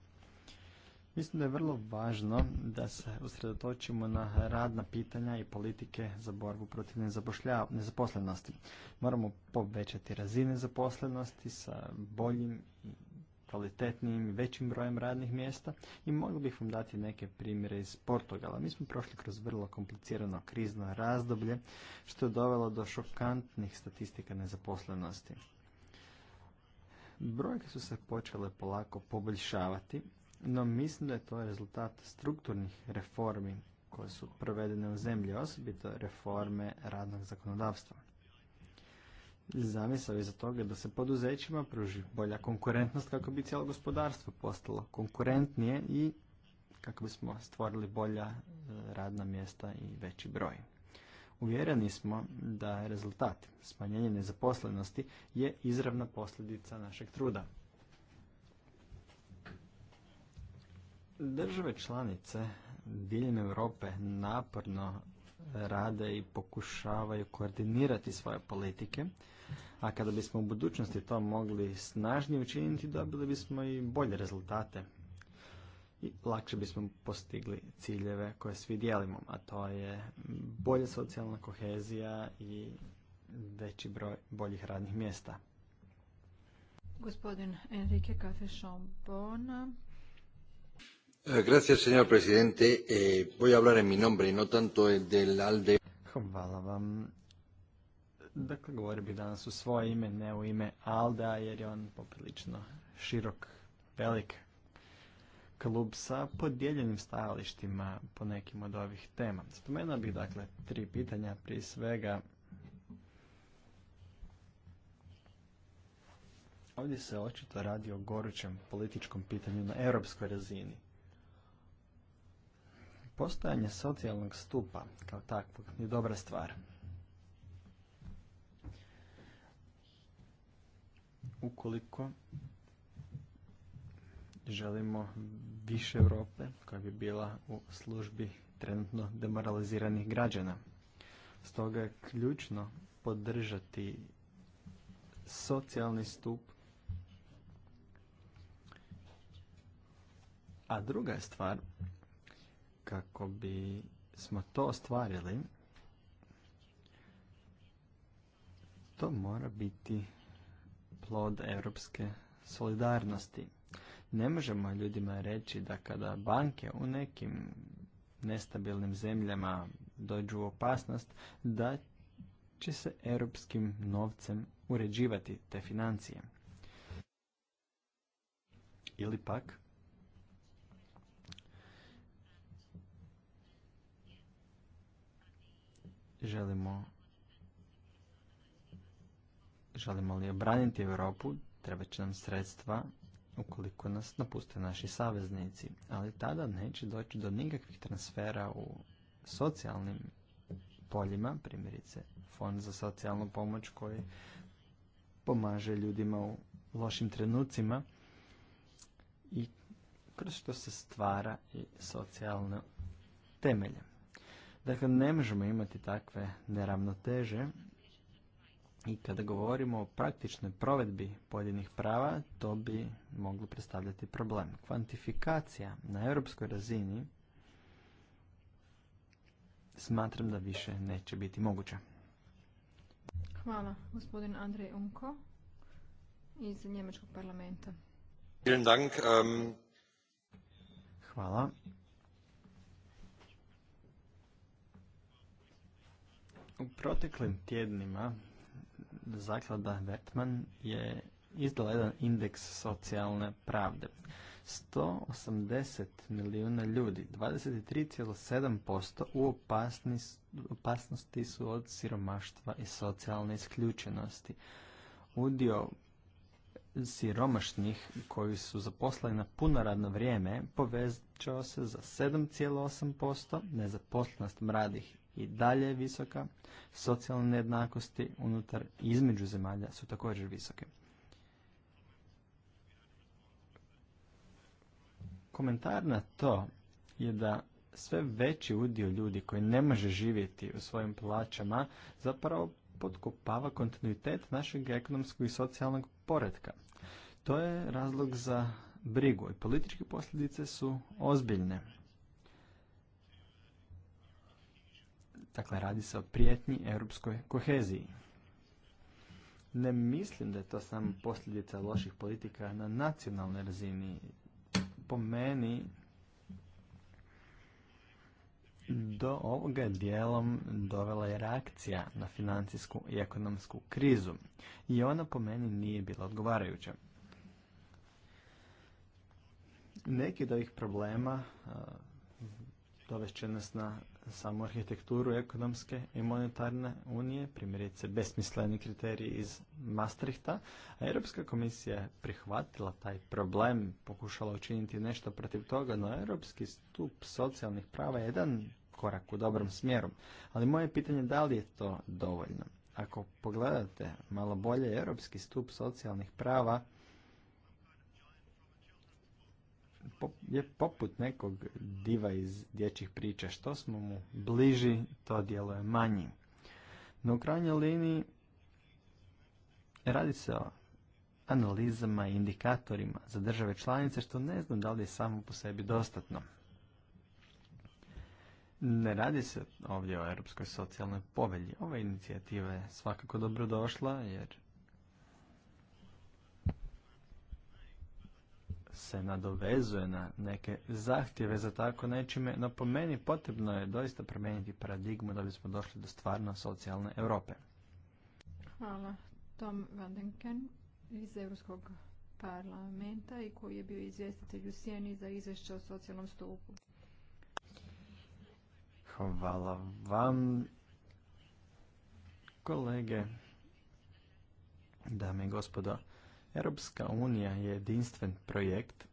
[SPEAKER 2] Mislim da je vrlo važno da se usredotočimo na radna pitanja i politike za borbu protiv nezaposlenosti. Moramo povećati razine zaposlenosti sa boljim, kvalitetnijim i većim brojem radnih mjesta i mogli bih vam dati neke primjere iz Portugala. Mi smo prošli kroz vrlo komplicirano krizno razdoblje što je dovelo do šokantnih statistika nezaposlenosti. Brojke su se počele polako poboljšavati, no mislim da je to rezultat strukturnih reformi koje su provedene u zemlji, osobito reforme radnog zakonodavstva. Zamisao je za toga da se poduzećima pruži bolja konkurentnost kako bi cijelo gospodarstvo postalo konkurentnije i kako bismo stvorili bolja e, radna mjesta i veći broj. Uvjereni smo da rezultat smanjenja nezaposlenosti je izravna posljedica našeg truda. Države članice diljem Europe naporno rade i pokušavaju koordinirati svoje politike, a kada bismo u budućnosti to mogli snažnije učiniti, dobili bismo i bolje rezultate i lakše bismo postigli ciljeve koje svi dijelimo, a to je bolja socijalna kohezija i veći broj boljih radnih mjesta.
[SPEAKER 4] Gospodin Enrique Cafe Chambona,
[SPEAKER 2] Eh, gracias, señor Hvala vam. Dakle, govorio bih danas u svoje ime, ne u ime Alda, jer je on poprilično širok, velik klub sa podijeljenim stajalištima po nekim od ovih tema. Spomenuo bih, dakle, tri pitanja. Prije svega, ovdje se očito radi o gorućem političkom pitanju na europskoj razini postojanje socijalnog stupa kao takvog je dobra stvar. Ukoliko želimo više Europe koja bi bila u službi trenutno demoraliziranih građana. Stoga je ključno podržati socijalni stup. A druga je stvar kako bi smo to ostvarili, to mora biti plod europske solidarnosti. Ne možemo ljudima reći da kada banke u nekim nestabilnim zemljama dođu u opasnost, da će se europskim novcem uređivati te financije. Ili pak želimo želimo li obraniti Europu, treba će nam sredstva ukoliko nas napuste naši saveznici, ali tada neće doći do nikakvih transfera u socijalnim poljima, primjerice Fond za socijalnu pomoć koji pomaže ljudima u lošim trenucima i kroz što se stvara i socijalno temelje. Dakle, ne možemo imati takve neravnoteže i kada govorimo o praktičnoj provedbi pojedinih prava, to bi moglo predstavljati problem. Kvantifikacija na europskoj razini smatram da više neće biti moguća.
[SPEAKER 4] Hvala, gospodin Andrej Unko iz Njemačkog parlamenta.
[SPEAKER 2] Ähm, Hvala. U proteklim tjednima zaklada Vetman je izdala jedan indeks socijalne pravde. 180 milijuna ljudi, 23,7% u opasnosti su od siromaštva i socijalne isključenosti. Udio siromašnih koji su zaposleni na puno radno vrijeme povećao se za 7,8%, nezaposlenost mladih i dalje je visoka, socijalne nejednakosti unutar i između zemalja su također visoke. Komentar na to je da sve veći udio ljudi koji ne može živjeti u svojim plaćama zapravo podkopava kontinuitet našeg ekonomskog i socijalnog poretka. To je razlog za brigu i političke posljedice su ozbiljne. Dakle, radi se o prijetnji europskoj koheziji. Ne mislim da je to samo posljedica loših politika na nacionalnoj razini. Po meni, do ovoga dijelom dovela je reakcija na financijsku i ekonomsku krizu i ona po meni nije bila odgovarajuća. Neki od ovih problema će nas na samu arhitekturu ekonomske i monetarne unije, primjerice besmisleni kriteriji iz Maastrichta, a Europska komisija je prihvatila taj problem, pokušala učiniti nešto protiv toga, no Europski stup socijalnih prava je jedan korak u dobrom smjeru. Ali moje pitanje je da li je to dovoljno? Ako pogledate malo bolje, Europski stup socijalnih prava je poput nekog diva iz dječjih priča. Što smo mu bliži, to djeluje manji. No u krajnjoj liniji radi se o analizama i indikatorima za države članice, što ne znam da li je samo po sebi dostatno. Ne radi se ovdje o Europskoj socijalnoj povelji. Ova inicijativa je svakako dobrodošla, jer se nadovezuje na neke zahtjeve za tako nečime, no po meni potrebno je doista promijeniti paradigmu da bismo došli do stvarno socijalne Europe.
[SPEAKER 4] Hvala. Tom Vandenken iz Europskog parlamenta i koji je bio izvjestitelj u Sjeni za izvješće o socijalnom stupu.
[SPEAKER 2] Hvala vam, kolege, dame i gospodo. Europska unija je jedinstven projekt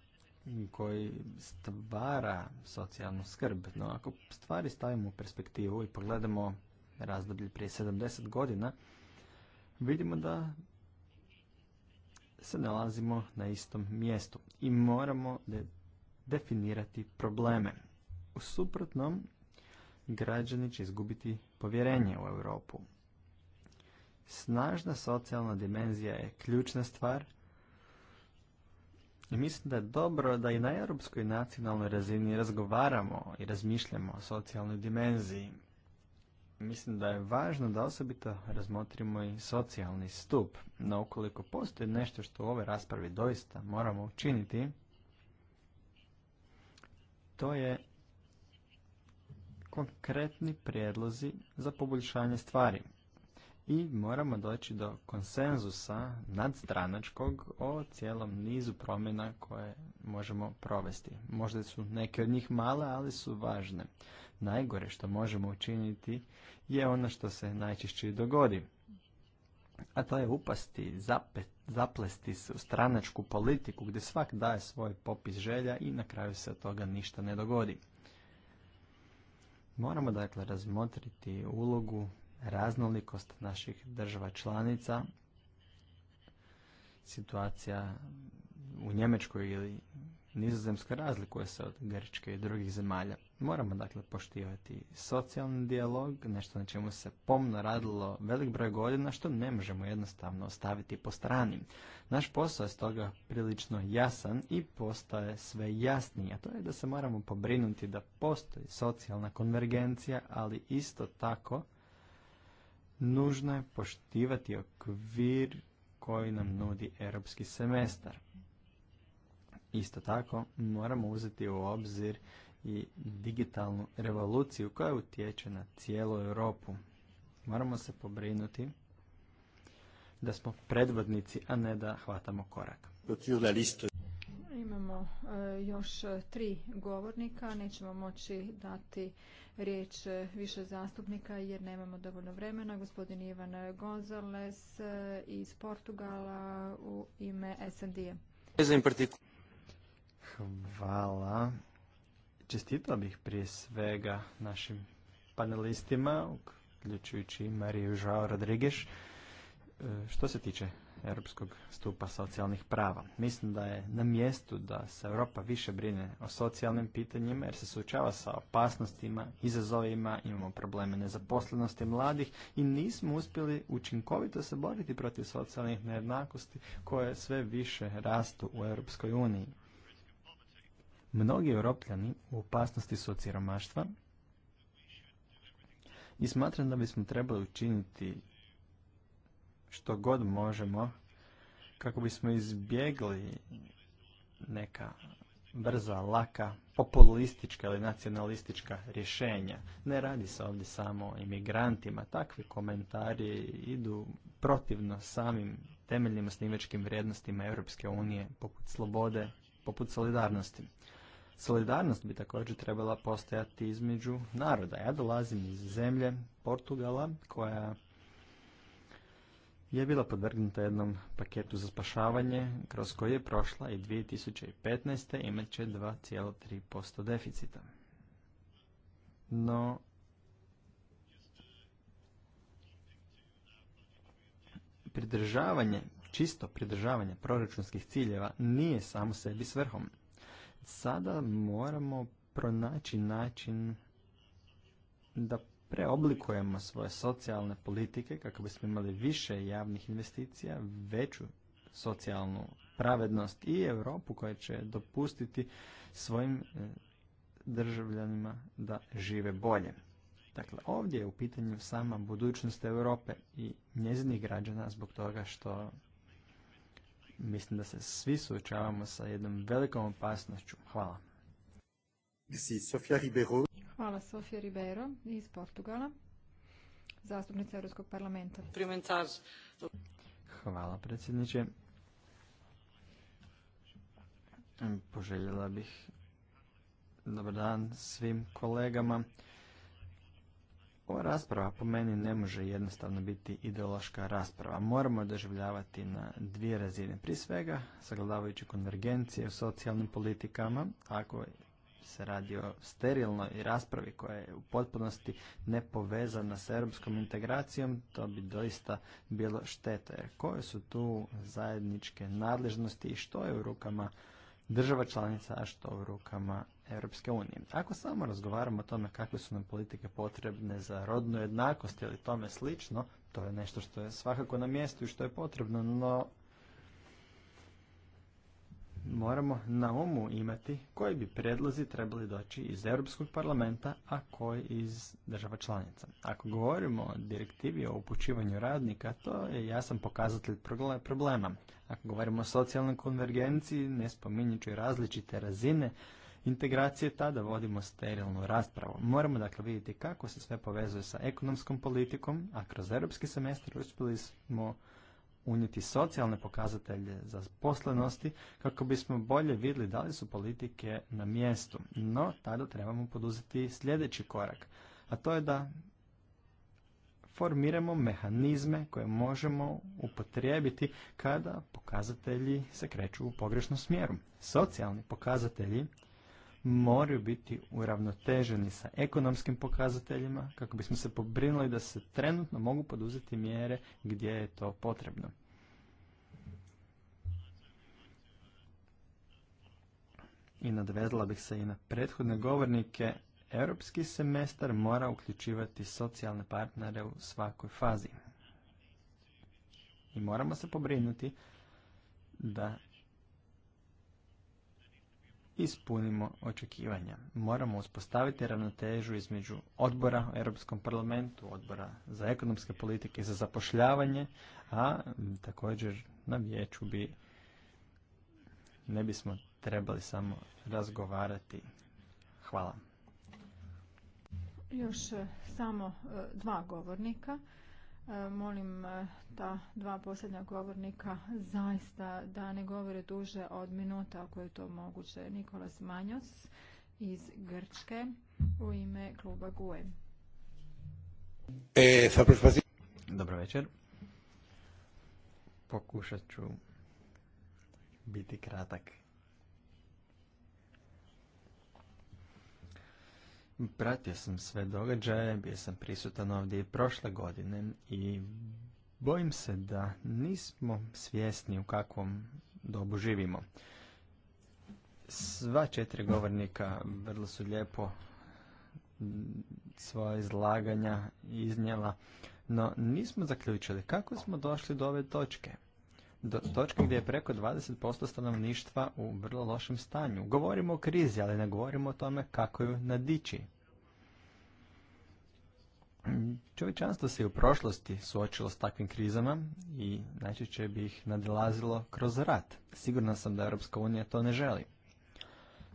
[SPEAKER 2] koji stvara socijalnu skrb, no ako stvari stavimo u perspektivu i pogledamo razdoblje prije 70 godina, vidimo da se nalazimo na istom mjestu i moramo de definirati probleme. U suprotnom, građani će izgubiti povjerenje u Europu. Snažna socijalna dimenzija je ključna stvar i mislim da je dobro da i na europskoj nacionalnoj razini razgovaramo i razmišljamo o socijalnoj dimenziji. Mislim da je važno da osobito razmotrimo i socijalni stup, no ukoliko postoji nešto što u ovoj raspravi doista moramo učiniti, to je konkretni prijedlozi za poboljšanje stvari i moramo doći do konsenzusa nadstranačkog o cijelom nizu promjena koje možemo provesti. Možda su neke od njih male, ali su važne. Najgore što možemo učiniti je ono što se najčešće dogodi. A to je upasti, zapet, zaplesti se u stranačku politiku gdje svak daje svoj popis želja i na kraju se od toga ništa ne dogodi. Moramo dakle razmotriti ulogu raznolikost naših država članica, situacija u Njemečkoj ili Nizozemskoj razlikuje se od Grčke i drugih zemalja. Moramo dakle poštivati socijalni dijalog, nešto na čemu se pomno radilo velik broj godina što ne možemo jednostavno ostaviti po strani. Naš posao je stoga prilično jasan i postaje sve jasniji, a to je da se moramo pobrinuti da postoji socijalna konvergencija, ali isto tako nužno je poštivati okvir koji nam nudi europski semestar. Isto tako moramo uzeti u obzir i digitalnu revoluciju koja utječe na cijelu Europu. Moramo se pobrinuti da smo predvodnici, a ne da hvatamo korak.
[SPEAKER 4] E, još tri govornika. Nećemo moći dati riječ više zastupnika jer nemamo dovoljno vremena. Gospodin Ivan Gonzales e, iz Portugala u ime SND-a.
[SPEAKER 1] Hvala.
[SPEAKER 2] Čestitao bih prije svega našim panelistima, uključujući Mariju Žao Rodrigeš. E, što se tiče europskog stupa socijalnih prava. Mislim da je na mjestu da se Europa više brine o socijalnim pitanjima jer se suočava sa opasnostima, izazovima, imamo probleme nezaposlenosti mladih i nismo uspjeli učinkovito se boriti protiv socijalnih nejednakosti koje sve više rastu u Europskoj uniji. Mnogi europljani u opasnosti su od siromaštva i smatram da bismo trebali učiniti što god možemo kako bismo izbjegli neka brza, laka, populistička ili nacionalistička rješenja. Ne radi se ovdje samo o imigrantima. Takvi komentari idu protivno samim temeljnim osnivačkim vrijednostima Europske unije, poput slobode, poput solidarnosti. Solidarnost bi također trebala postojati između naroda. Ja dolazim iz zemlje Portugala koja je bila podvrgnuta jednom paketu za spašavanje, kroz koje je prošla i 2015. imat će 2,3% deficita. No, pridržavanje, čisto pridržavanje proračunskih ciljeva nije samo sebi svrhom. Sada moramo pronaći način da preoblikujemo svoje socijalne politike kako bismo imali više javnih investicija, veću socijalnu pravednost i Europu koja će dopustiti svojim e, državljanima da žive bolje. Dakle, ovdje je u pitanju sama budućnost Europe i njezinih građana zbog toga što mislim da se svi suočavamo sa jednom velikom opasnošću. Hvala. Sofia Ribeiro.
[SPEAKER 4] Hvala Sofija Ribeiro iz Portugala, zastupnica Europskog parlamenta.
[SPEAKER 2] Hvala predsjedniče. Poželjela bih dobar dan svim kolegama. Ova rasprava po meni ne može jednostavno biti ideološka rasprava. Moramo doživljavati na dvije razine. Prije svega, sagledavajući konvergencije u socijalnim politikama, ako se radi o sterilnoj raspravi koja je u potpunosti nepovezana s europskom integracijom, to bi doista bilo šteta. Jer koje su tu zajedničke nadležnosti i što je u rukama država članica, a što u rukama Europske unije. Ako samo razgovaramo o tome kakve su nam politike potrebne za rodnu jednakost ili tome slično, to je nešto što je svakako na mjestu i što je potrebno, no moramo na umu imati koji bi predlozi trebali doći iz Europskog parlamenta, a koji iz država članica. Ako govorimo o direktivi o upućivanju radnika, to je jasan pokazatelj problema. Ako govorimo o socijalnoj konvergenciji, ne spominjući različite razine, integracije tada vodimo sterilnu raspravu. Moramo dakle vidjeti kako se sve povezuje sa ekonomskom politikom, a kroz europski semestar uspjeli smo unijeti socijalne pokazatelje za poslenosti kako bismo bolje vidjeli da li su politike na mjestu. No, tada trebamo poduzeti sljedeći korak, a to je da formiramo mehanizme koje možemo upotrijebiti kada pokazatelji se kreću u pogrešnom smjeru. Socijalni pokazatelji moraju biti uravnoteženi sa ekonomskim pokazateljima kako bismo se pobrinuli da se trenutno mogu poduzeti mjere gdje je to potrebno. I nadvezla bih se i na prethodne govornike. Europski semestar mora uključivati socijalne partnere u svakoj fazi. I moramo se pobrinuti da ispunimo očekivanja. Moramo uspostaviti ravnotežu između odbora u Europskom parlamentu, odbora za ekonomske politike i za zapošljavanje, a također na vijeću bi ne bismo trebali samo razgovarati. Hvala.
[SPEAKER 4] Još e, samo e, dva govornika. E, molim e, ta dva posljednja govornika zaista da ne govore duže od minuta ako je to moguće. Nikolas Manjos iz Grčke u ime kluba GUE.
[SPEAKER 2] E, Dobar večer. Pokušat ću biti kratak. Pratio sam sve događaje, bio sam prisutan ovdje i prošle godine i bojim se da nismo svjesni u kakvom dobu živimo. Sva četiri govornika vrlo su lijepo svoje izlaganja iznijela, no nismo zaključili kako smo došli do ove točke do točke gdje je preko 20% stanovništva u vrlo lošem stanju. Govorimo o krizi, ali ne govorimo o tome kako ju nadići. Čovječanstvo se i u prošlosti suočilo s takvim krizama i najčešće bi ih nadilazilo kroz rat. Sigurno sam da Europska unija to ne želi.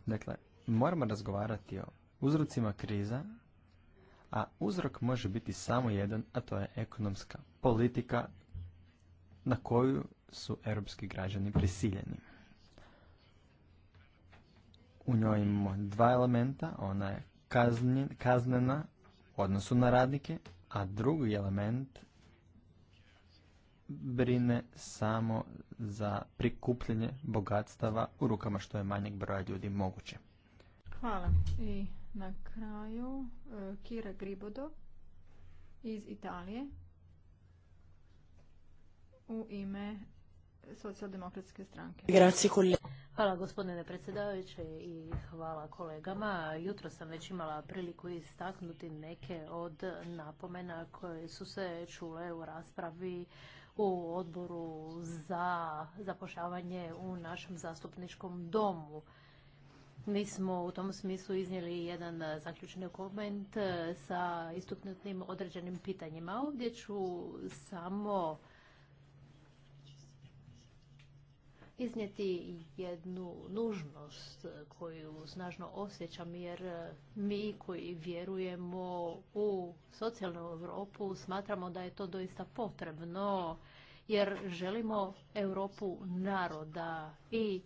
[SPEAKER 2] Dakle, moramo razgovarati o uzrocima kriza, a uzrok može biti samo jedan, a to je ekonomska politika na koju su europski građani prisiljeni. U njoj imamo dva elementa, ona je kaznena u odnosu na radnike, a drugi element brine samo za prikupljanje bogatstava u rukama što je manjeg broja ljudi moguće.
[SPEAKER 4] Hvala. I na kraju e, Kira Gribodo iz Italije u ime
[SPEAKER 3] socijaldemokratske stranke. Hvala gospodine predsjedavajući i hvala kolegama. Jutro sam već imala priliku istaknuti neke od napomena koje su se čule u raspravi u odboru za zapošljavanje u našem zastupničkom domu. Mi smo u tom smislu iznijeli jedan zaključni dokument sa istupnutnim određenim pitanjima. Ovdje ću samo iznijeti jednu nužnost koju snažno osjećam jer e, mi koji vjerujemo u socijalnu Europu smatramo da je to doista potrebno jer želimo Europu naroda i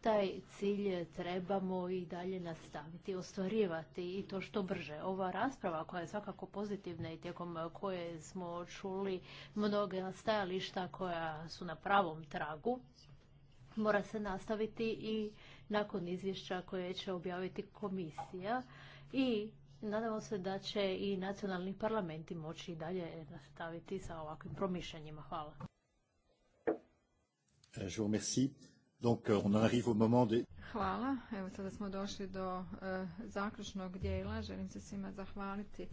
[SPEAKER 3] taj cilj trebamo i dalje nastaviti, ostvarivati i to što brže. Ova rasprava koja je svakako pozitivna i tijekom koje smo čuli mnoge stajališta koja su na pravom tragu, mora se nastaviti i nakon izvješća koje će objaviti komisija i nadamo se da će i nacionalni parlamenti moći i dalje nastaviti sa ovakvim promišljanjima. Hvala.
[SPEAKER 1] Euh, euh,
[SPEAKER 3] Hvala. Evo sada smo došli do
[SPEAKER 4] eh, zaključnog dijela. Želim se svima zahvaliti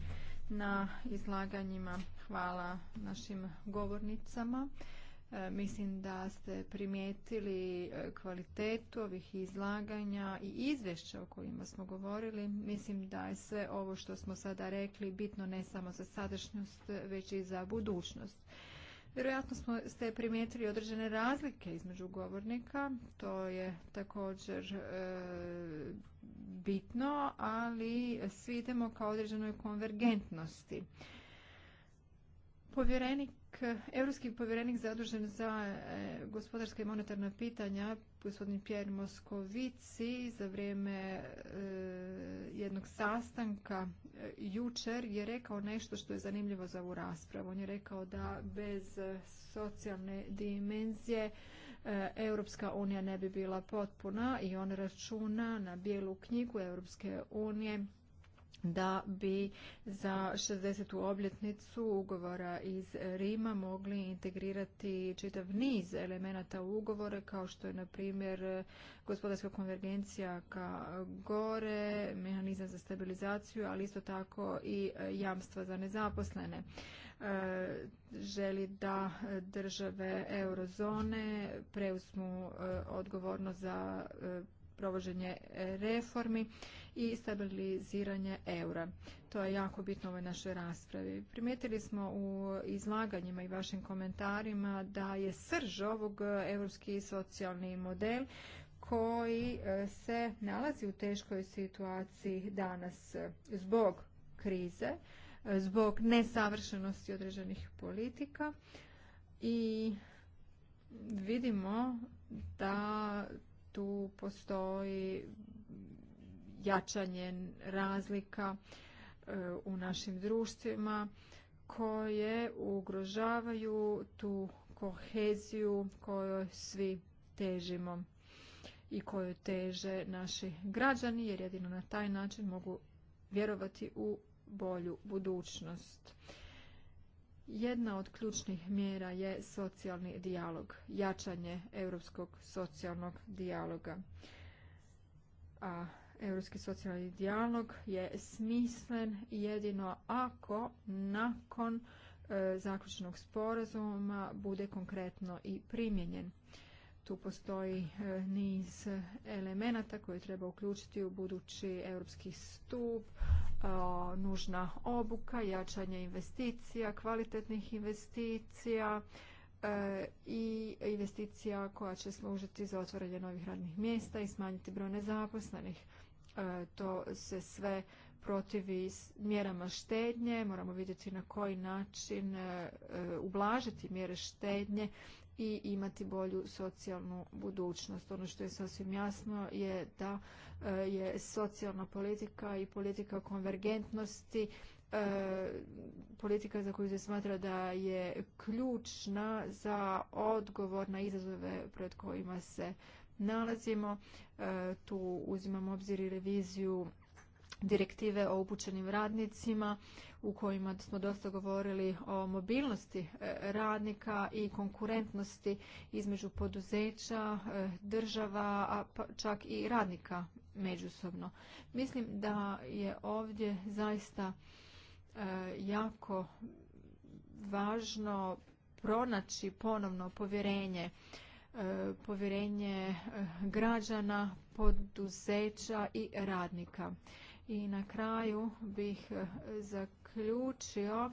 [SPEAKER 4] na izlaganjima. Hvala našim govornicama. E, mislim da ste primijetili e, kvalitetu ovih izlaganja i izvješća o kojima smo govorili. Mislim da je sve ovo što smo sada rekli bitno ne samo za sadašnjost, već i za budućnost. Vjerojatno smo, ste primijetili određene razlike između govornika, to je također e, bitno, ali svi idemo kao određenoj konvergentnosti. Povjerenik, europski povjerenik zadužen za eh, gospodarske i monetarna pitanja, gospodin Pjer Moskovici, za vrijeme eh, jednog sastanka eh, jučer je rekao nešto što je zanimljivo za ovu raspravu. On je rekao da bez socijalne dimenzije Europska unija ne bi bila potpuna i on računa na bijelu knjigu Europske unije da bi za 60. obljetnicu ugovora iz Rima mogli integrirati čitav niz elemenata ugovore kao što je na primjer gospodarska konvergencija ka gore, mehanizam za stabilizaciju, ali isto tako i jamstva za nezaposlene. E, želi da države eurozone preuzmu odgovorno e, odgovornost za provoženje provođenje reformi i stabiliziranje eura. To je jako bitno u ovoj našoj raspravi. Primijetili smo u izlaganjima i vašim komentarima da je srž ovog europski socijalni model koji e, se nalazi u teškoj situaciji danas zbog krize, e, zbog nesavršenosti određenih politika i vidimo da tu postoji jačanje razlika e, u našim društvima koje ugrožavaju tu koheziju kojoj svi težimo i koju teže naši građani jer jedino na taj način mogu vjerovati u bolju budućnost. Jedna od ključnih mjera je socijalni dijalog, jačanje europskog socijalnog dijaloga. A Europski socijalni dijalog je smislen jedino ako nakon e, zaključenog sporazuma bude konkretno i primjenjen. Tu postoji e, niz elemenata koje treba uključiti u budući europski stup, e, nužna obuka, jačanje investicija, kvalitetnih investicija i investicija koja će služiti za otvaranje novih radnih mjesta i smanjiti broj nezaposlenih. E, to se sve protivi mjerama štednje, moramo vidjeti na koji način e, e, ublažiti mjere štednje i imati bolju socijalnu budućnost. Ono što je sasvim jasno je da je socijalna politika i politika konvergentnosti politika za koju se smatra da je ključna za odgovor na izazove pred kojima se nalazimo. E, tu uzimam obzir i reviziju direktive o upućenim radnicima u kojima smo dosta govorili o mobilnosti e, radnika i konkurentnosti između poduzeća, e, država, a pa čak i radnika međusobno. Mislim da je ovdje zaista jako važno pronaći ponovno povjerenje E, povjerenje e, građana, poduzeća i radnika. I na kraju bih e, zaključio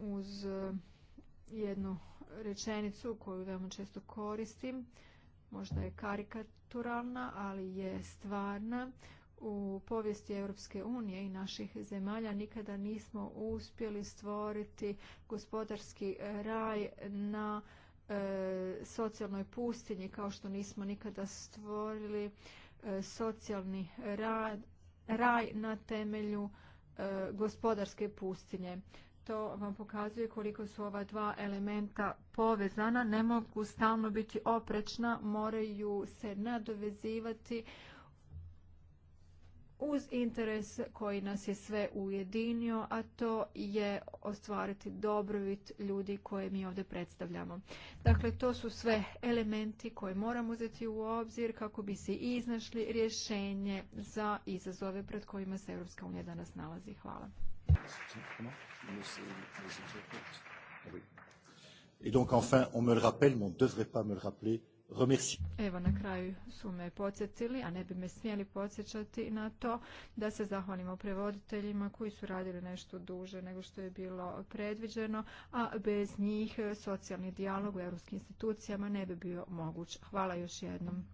[SPEAKER 4] uz jednu rečenicu koju veoma često koristim. Možda je karikaturalna, ali je stvarna u povijesti Europske unije i naših zemalja nikada nismo uspjeli stvoriti gospodarski raj na e, socijalnoj pustinji kao što nismo nikada stvorili e, socijalni raj, na temelju e, gospodarske pustinje. To vam pokazuje koliko su ova dva elementa povezana, ne mogu stalno biti oprečna, moraju se nadovezivati uz interes koji nas je sve ujedinio, a to je ostvariti dobrobit ljudi koje mi ovdje predstavljamo. Dakle, to su sve elementi koje moramo uzeti u obzir kako bi se iznašli rješenje za izazove pred kojima se Europska unija danas nalazi. Hvala.
[SPEAKER 2] on me le rappelle, on ne devrait me
[SPEAKER 4] Evo na kraju su me podsjetili, a ne bi me smjeli podsjećati na to da se zahvalimo prevoditeljima koji su radili nešto duže nego što je bilo predviđeno, a bez njih socijalni dijalog u europskim institucijama ne bi bio moguć. Hvala još jednom.